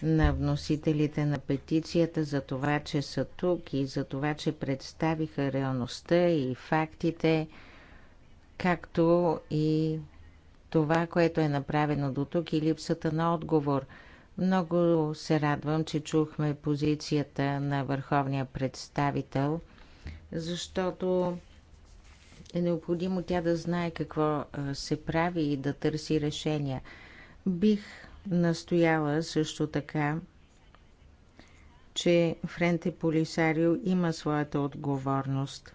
S1: на вносителите на петицията за това, че са тук и за това, че представиха реалността и фактите, както и това, което е направено до тук и липсата на отговор – много се радвам, че чухме позицията на върховния представител, защото е необходимо тя да знае какво се прави и да търси решения. Бих настояла също така, че Френте Полисарио има своята отговорност.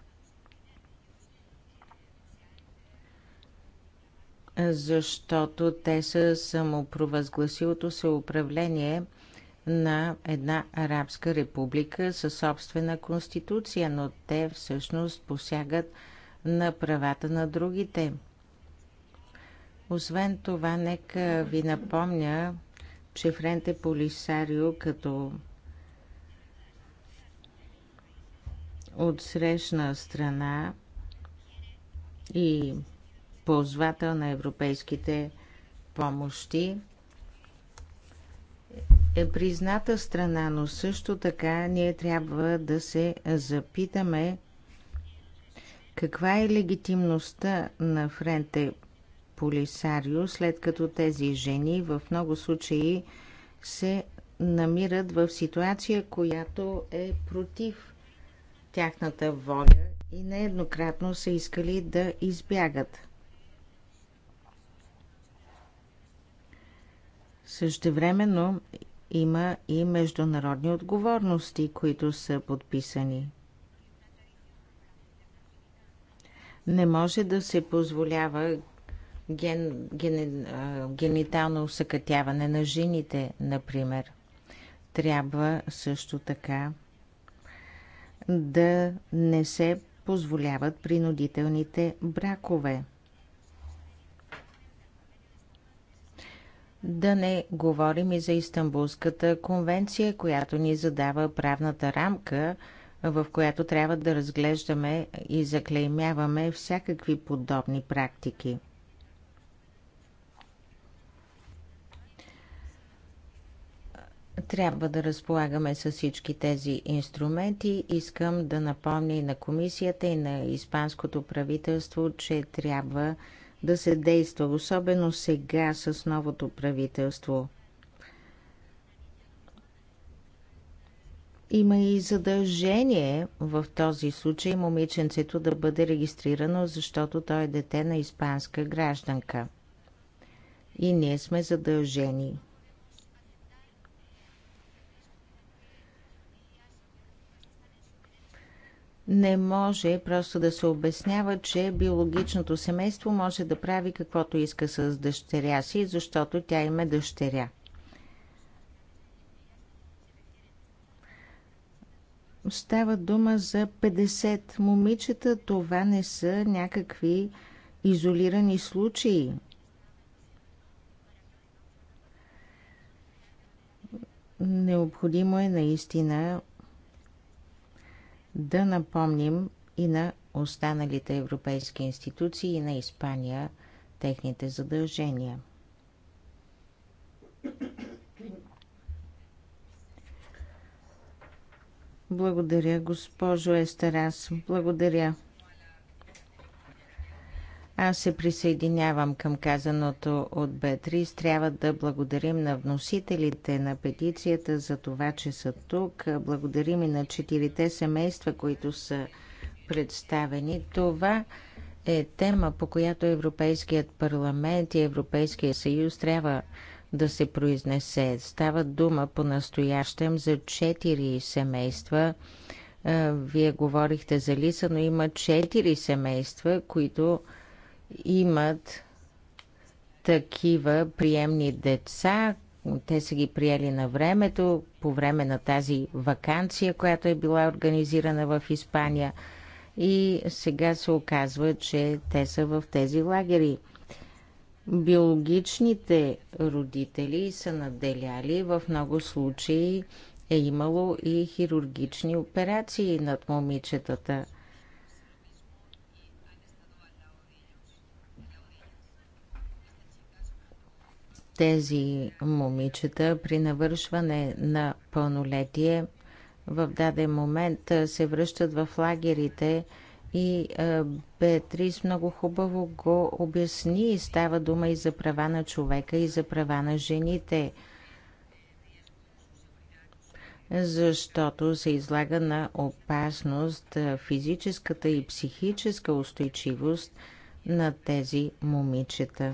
S1: защото те са самопровъзгласилото се управление на една арабска република със собствена конституция, но те всъщност посягат на правата на другите. Освен това, нека ви напомня, че Френте Полисарио като отсрещна страна и ползвател на европейските помощи е призната страна, но също така ние трябва да се запитаме каква е легитимността на Френте Полисарио, след като тези жени в много случаи се намират в ситуация, която е против тяхната воля и нееднократно са искали да избягат. Същевременно има и международни отговорности, които са подписани. Не може да се позволява ген, ген, генитално усъкътяване на жените, например. Трябва също така да не се позволяват принудителните бракове. Да не говорим и за Истанбулската конвенция, която ни задава правната рамка, в която трябва да разглеждаме и заклеймяваме всякакви подобни практики. Трябва да разполагаме с всички тези инструменти. Искам да напомня и на комисията, и на испанското правителство, че трябва да да се действа, особено сега с новото правителство. Има и задължение в този случай момиченцето да бъде регистрирано, защото той е дете на испанска гражданка. И ние сме задължени Не може просто да се обяснява, че биологичното семейство може да прави каквото иска с дъщеря си, защото тя има дъщеря. Става дума за 50 момичета. Това не са някакви изолирани случаи. Необходимо е наистина да напомним и на останалите европейски институции и на Испания техните задължения. Благодаря, госпожо Естерас. Благодаря. Аз се присъединявам към казаното от Беатрис. Трябва да благодарим на вносителите на петицията за това, че са тук. Благодарим и на четирите семейства, които са представени. Това е тема, по която Европейският парламент и Европейския съюз трябва да се произнесе. Става дума по настоящем за четири семейства. Е, вие говорихте за Лиса, но има четири семейства, които имат такива приемни деца. Те са ги приели на времето, по време на тази вакансия, която е била организирана в Испания. И сега се оказва, че те са в тези лагери. Биологичните родители са наделяли в много случаи е имало и хирургични операции над момичетата – тези момичета при навършване на пълнолетие в даден момент се връщат в лагерите и Беатрис много хубаво го обясни. Става дума и за права на човека, и за права на жените, защото се излага на опасност физическата и психическа устойчивост на тези момичета.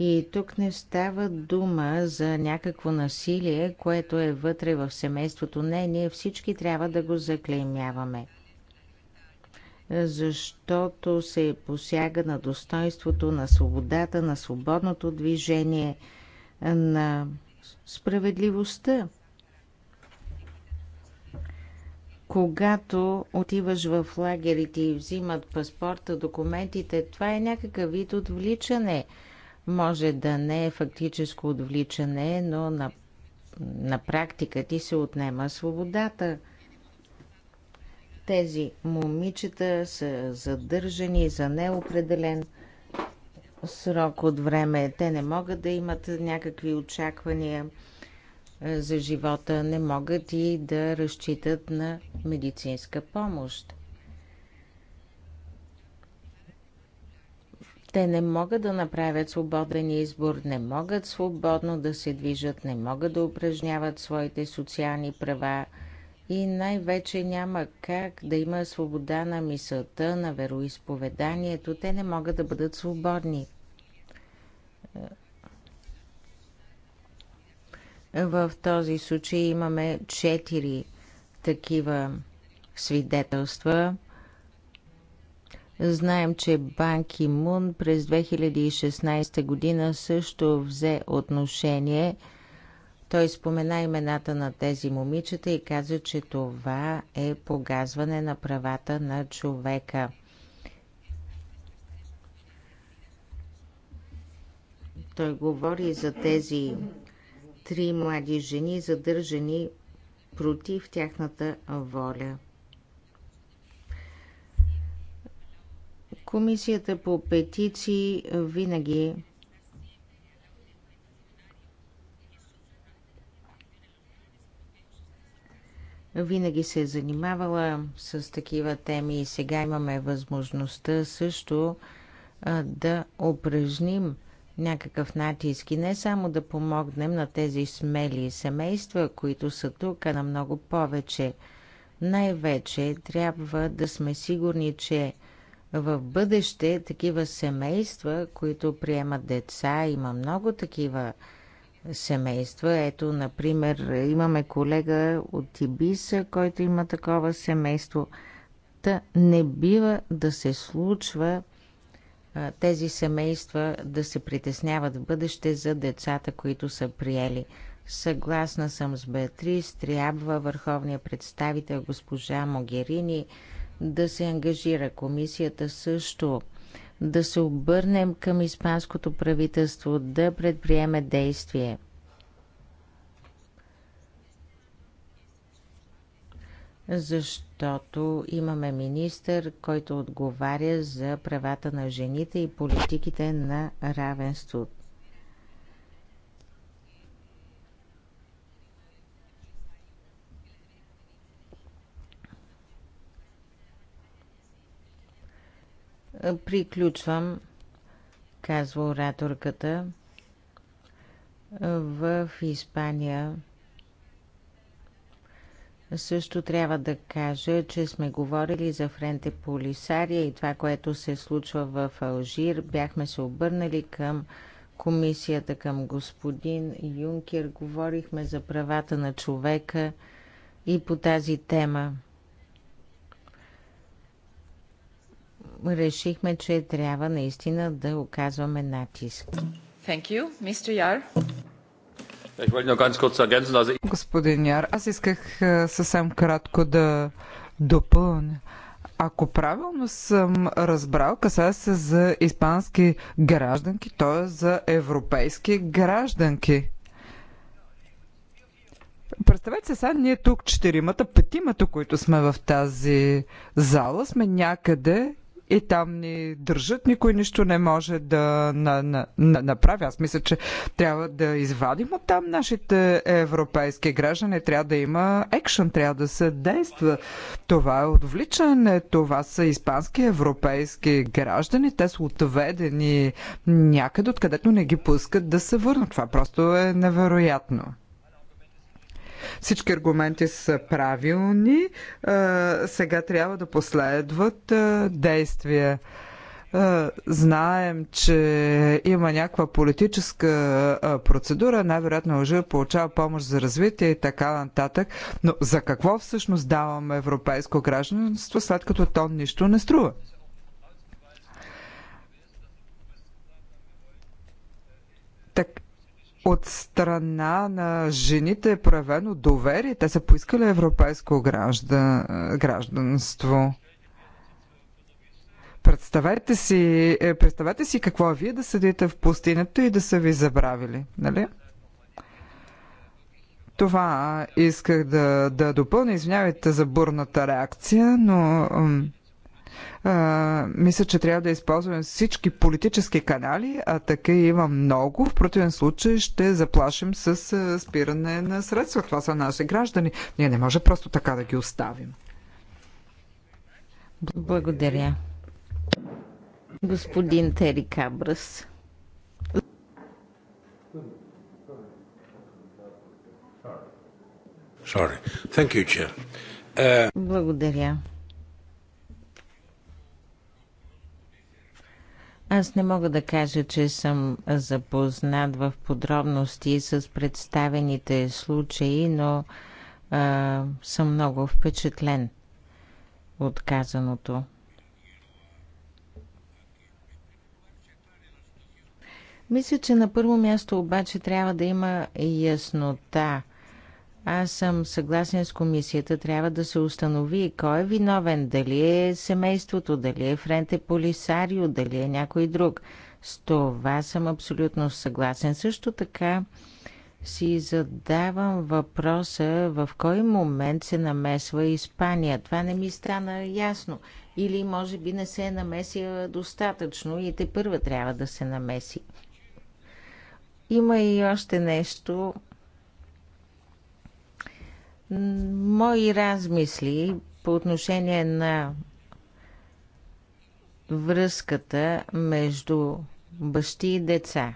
S1: И тук не става дума за някакво насилие, което е вътре в семейството. Не, ние всички трябва да го заклеймяваме. Защото се посяга на достоинството, на свободата, на свободното движение, на справедливостта. Когато отиваш в лагерите и взимат паспорта, документите, това е някакъв вид отвличане – може да не е фактическо отвличане, но на, на практика ти се отнема свободата. Тези момичета са задържани за неопределен срок от време. Те не могат да имат някакви очаквания за живота, не могат и да разчитат на медицинска помощ. Те не могат да направят свободен избор, не могат свободно да се движат, не могат да упражняват своите социални права и най-вече няма как да има свобода на мисълта, на вероисповеданието. Те не могат да бъдат свободни. В този случай имаме четири такива свидетелства – Знаем, че Банки Мун през 2016 година също взе отношение. Той спомена имената на тези момичета и каза, че това е погазване на правата на човека. Той говори за тези три млади жени, задържани против тяхната воля. Комисията по петиции винаги винаги се е занимавала с такива теми и сега имаме възможността също а, да упражним някакъв натиск и не само да помогнем на тези смели семейства, които са тук, а на много повече. Най-вече трябва да сме сигурни, че в бъдеще такива семейства, които приемат деца, има много такива семейства. Ето, например, имаме колега от Тибиса, който има такова семейство. Та не бива да се случва тези семейства да се притесняват в бъдеще за децата, които са приели. Съгласна съм с Беатрис, трябва върховния представител госпожа Могерини да се ангажира комисията също да се обърнем към испанското правителство да предприеме действие. Защото имаме министър, който отговаря за правата на жените и политиките на равенство. Е, приключвам, казва ораторката. Е, в Испания също трябва да кажа, че сме говорили за Френте Полисария и това, което се случва в Алжир. Бяхме се обърнали към комисията, към господин Юнкер. Говорихме за правата на човека и по тази тема. решихме, че трябва наистина да оказваме натиск. Thank
S3: you. Mr. Yar.
S1: Господин Яр, аз исках
S4: е, съвсем кратко да допълня. Ако правилно съм разбрал, касае се за испански гражданки, т.е. за европейски гражданки. Представете се сега, ние тук четиримата, петимата, които сме в тази зала, сме някъде и там ни държат, никой нищо не може да на, на, на, направи. Аз мисля, че трябва да извадим от там нашите европейски граждани, трябва да има екшен, трябва да се действа. Това е отвличане, това са испански европейски граждани, те са отведени някъде, откъдето не ги пускат да се върнат. Това просто е невероятно. Всички аргументи са правилни. Сега трябва да последват действия. Знаем, че има някаква политическа процедура, най-вероятно уже получава помощ за развитие и така нататък, но за какво всъщност даваме европейско гражданство, след като то нищо не струва? Так, от страна на жените е проявено доверие. Те са поискали европейско граждан, гражданство. Представете си, е, представете си какво е вие да седите в пустинята и да са ви забравили, нали? Това исках да, да допълня. Извинявайте за бурната реакция, но мисля, че трябва да използваме всички политически канали, а така има много. В противен случай ще заплашим с спиране на средства. Това са наши граждани. Ние не може просто така да ги оставим.
S1: Благодаря. Господин Тери Кабръс. Sorry. Thank you, Chair. Uh... Благодаря. Аз не мога да кажа, че съм запознат в подробности с представените случаи, но а, съм много впечатлен от казаното. Мисля, че на първо място обаче трябва да има яснота аз съм съгласен с комисията. Трябва да се установи кой е виновен. Дали е семейството, дали е Френте Полисарио, дали е някой друг. С това съм абсолютно съгласен. Също така си задавам въпроса в кой момент се намесва Испания. Това не ми стана ясно. Или може би не се е намесила достатъчно и те първа трябва да се намеси. Има и още нещо, мои размисли по отношение на връзката между бащи и деца.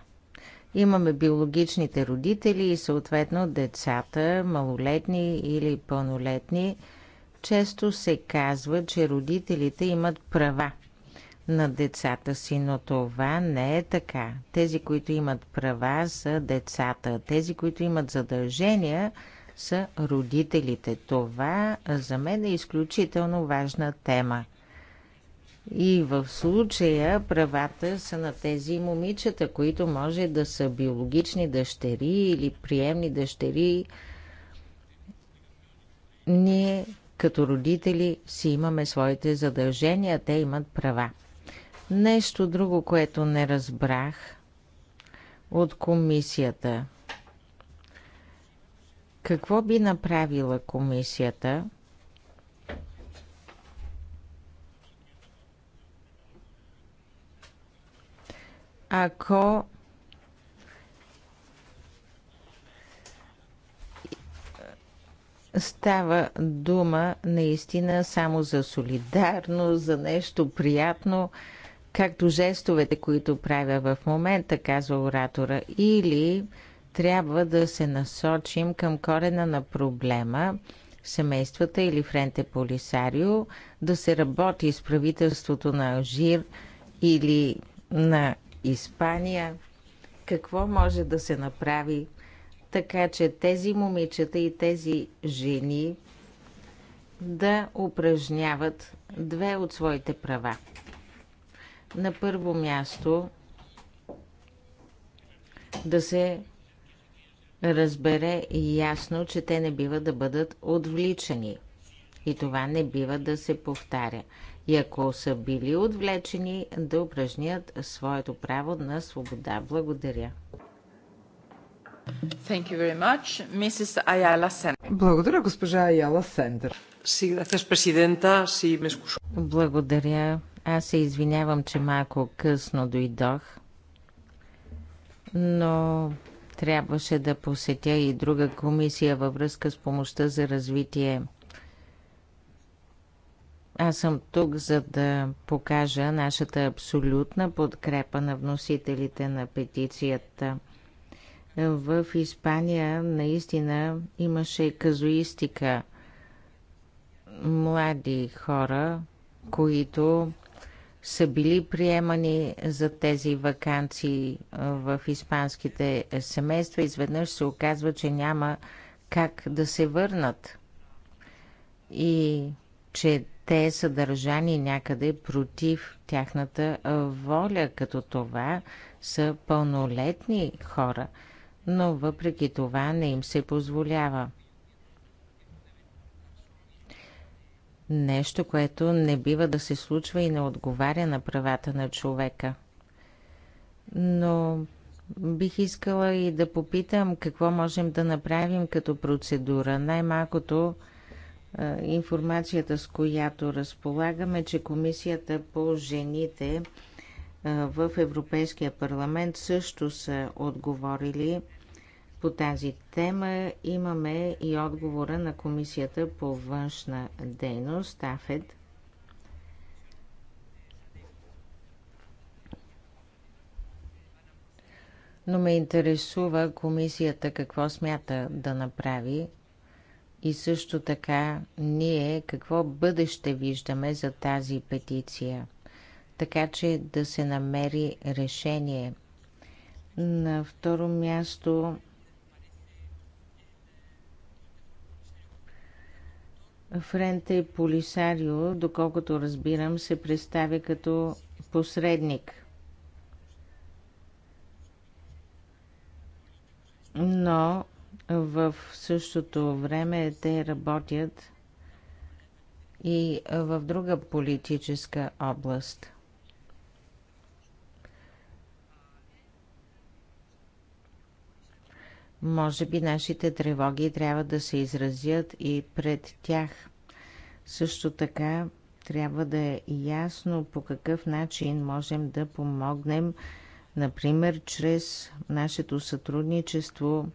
S1: Имаме биологичните родители и съответно децата, малолетни или пълнолетни. Често се казва, че родителите имат права на децата си, но това не е така. Тези, които имат права са децата. Тези, които имат задължения са родителите. Това за мен е изключително важна тема. И в случая правата са на тези момичета, които може да са биологични дъщери или приемни дъщери. Ние като родители си имаме своите задължения, те имат права. Нещо друго, което не разбрах от комисията – какво би направила комисията, ако става дума наистина само за солидарно, за нещо приятно, както жестовете, които правя в момента, казва оратора, или трябва да се насочим към корена на проблема семействата или Френте Полисарио, да се работи с правителството на Алжир или на Испания. Какво може да се направи така, че тези момичета и тези жени да упражняват две от своите права? На първо място да се разбере ясно, че те не бива да бъдат отвличани. И това не бива да се повтаря. И ако са били отвлечени, да упражнят своето право на свобода. Благодаря.
S3: Thank you very much. Mrs. Ayala Sender.
S1: Благодаря, госпожа Аяла Сендер.
S3: Sí, gracias, presidenta. Sí, me
S1: Благодаря. Аз се извинявам, че малко късно дойдох, но трябваше да посетя и друга комисия във връзка с помощта за развитие. Аз съм тук, за да покажа нашата абсолютна подкрепа на вносителите на петицията. В Испания наистина имаше казуистика. Млади хора, които са били приемани за тези вакансии в испанските семейства, изведнъж се оказва, че няма как да се върнат и че те са държани някъде против тяхната воля, като това са пълнолетни хора, но въпреки това не им се позволява. нещо, което не бива да се случва и не отговаря на правата на човека. Но бих искала и да попитам какво можем да направим като процедура. Най-малкото информацията, с която разполагаме, че комисията по жените в Европейския парламент също са отговорили по тази тема имаме и отговора на Комисията по външна дейност, АФЕД. Но ме интересува комисията какво смята да направи и също така ние какво бъдеще виждаме за тази петиция, така че да се намери решение. На второ място Френте Полисарио, доколкото разбирам, се представя като посредник. Но в същото време те работят и в друга политическа област. Може би нашите тревоги трябва да се изразят и пред тях. Също така трябва да е ясно по какъв начин можем да помогнем, например, чрез нашето сътрудничество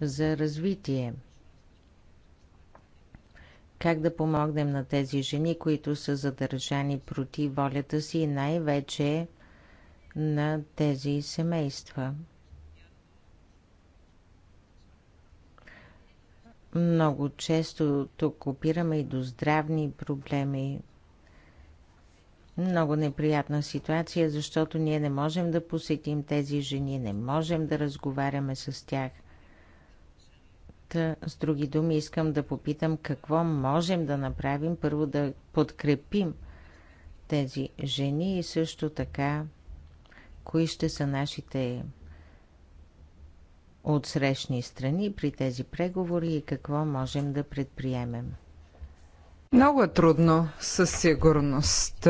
S1: за развитие. Как да помогнем на тези жени, които са задържани против волята си и най-вече на тези семейства. Много често тук опираме и до здравни проблеми. Много неприятна ситуация, защото ние не можем да посетим тези жени, не можем да разговаряме с тях. Та, с други думи, искам да попитам какво можем да направим. Първо да подкрепим тези жени и също така кои ще са нашите от срещни страни при тези преговори и какво можем да предприемем?
S4: Много е трудно, със сигурност.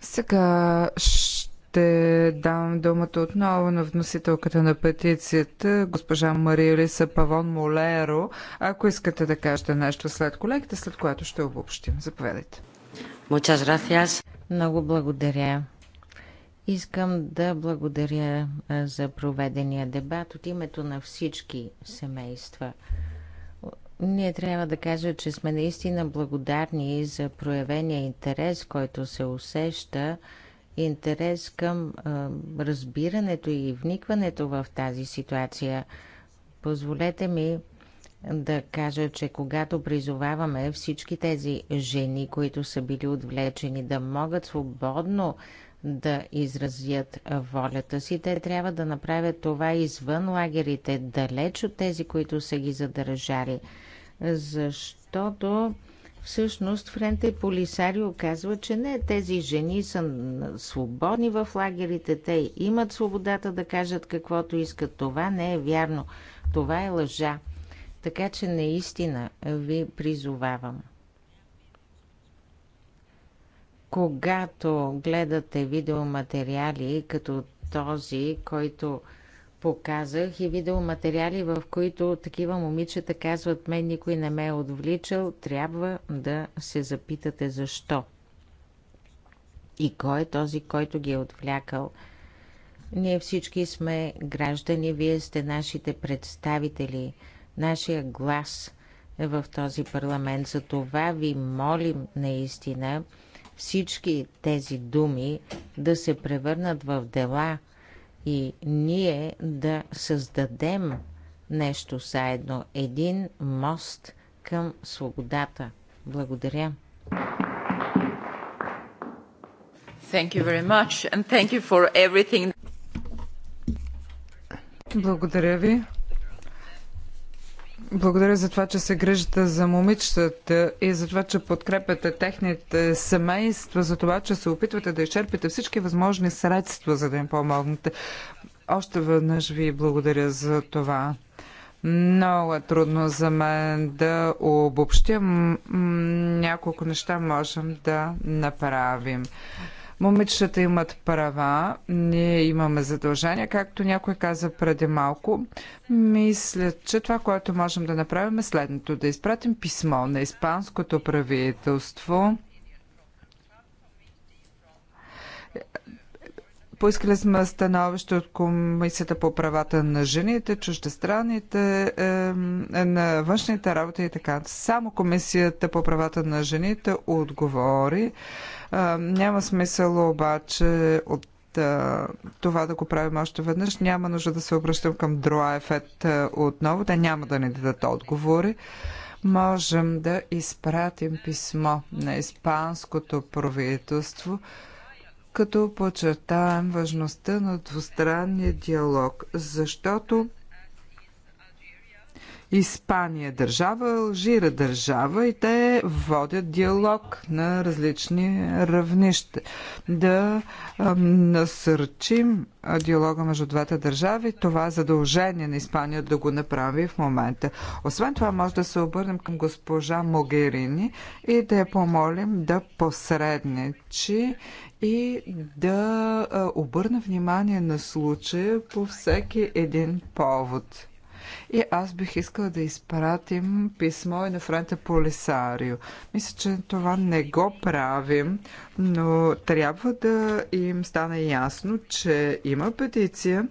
S4: Сега ще дам думата отново на вносителката на петицията, госпожа Мария Лиса Павон Молеро. Ако
S1: искате да кажете нещо след колегите, след което ще обобщим. Заповядайте. Много благодаря. Искам да благодаря за проведения дебат от името на всички семейства. Ние трябва да кажа, че сме наистина благодарни за проявения интерес, който се усеща, интерес към разбирането и вникването в тази ситуация. Позволете ми да кажа, че когато призоваваме всички тези жени, които са били отвлечени, да могат свободно да изразят волята си. Те трябва да направят това извън лагерите, далеч от тези, които са ги задържали. Защото всъщност Френте Полисарио казва, че не, тези жени са свободни в лагерите, те имат свободата да кажат каквото искат. Това не е вярно. Това е лъжа. Така че наистина ви призовавам – когато гледате видеоматериали като този, който показах и видеоматериали, в които такива момичета казват мен никой не ме е отвличал, трябва да се запитате защо. И кой е този, който ги е отвлякал? Ние всички сме граждани, вие сте нашите представители, нашия глас е в този парламент. За това ви молим наистина всички тези думи да се превърнат в дела и ние да създадем нещо заедно, един мост към свободата. Благодаря.
S3: Thank you very much and thank you for everything.
S4: Благодаря ви. Благодаря за това, че се грижите за момичетата и за това, че подкрепяте техните семейства, за това, че се опитвате да изчерпите всички възможни средства, за да им помогнете. Още веднъж ви благодаря за това. Много е трудно за мен да обобщя. Няколко неща можем да направим. Момичетата имат права, ние имаме задължения, както някой каза преди малко. Мисля, че това, което можем да направим е следното. Да изпратим писмо на испанското правителство. Поискали сме становище от Комисията по правата на жените, чуждестранните, е, на външните работи и така. Само Комисията по правата на жените отговори. Няма смисъл обаче от това да го правим още веднъж. Няма нужда да се обръщам към Ефет отново. Те няма да ни дадат отговори. Можем да изпратим писмо на испанското правителство, като подчертаем важността на двустранния диалог, защото Испания държава, Алжира държава и те водят диалог на различни равнища. Да насърчим диалога между двете държави, това е задължение на Испания да го направи в момента. Освен това, може да се обърнем към госпожа Могерини и да я помолим да посредничи и да обърна внимание на случая по всеки един повод. И аз бих искала да изпратим писмо и на Франта Полисарио. Мисля, че това не го правим, но трябва да им стане ясно, че има петиция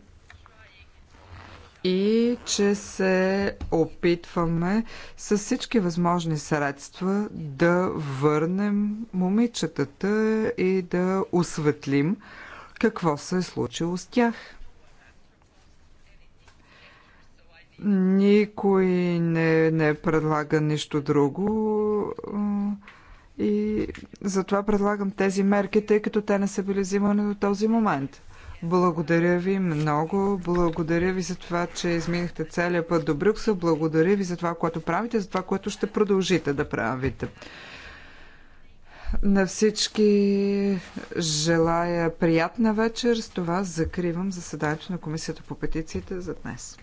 S4: и че се опитваме с всички възможни средства да върнем момичетата и да осветлим какво се е случило с тях. Никой не, не предлага нищо друго. И затова предлагам тези мерки, тъй като те не са били взимани до този момент. Благодаря ви много. Благодаря ви за това, че изминахте целият път до Брюксел. Благодаря ви за това, което правите, за това, което ще продължите да правите. На всички желая приятна вечер. С това закривам заседанието на Комисията по петициите за днес.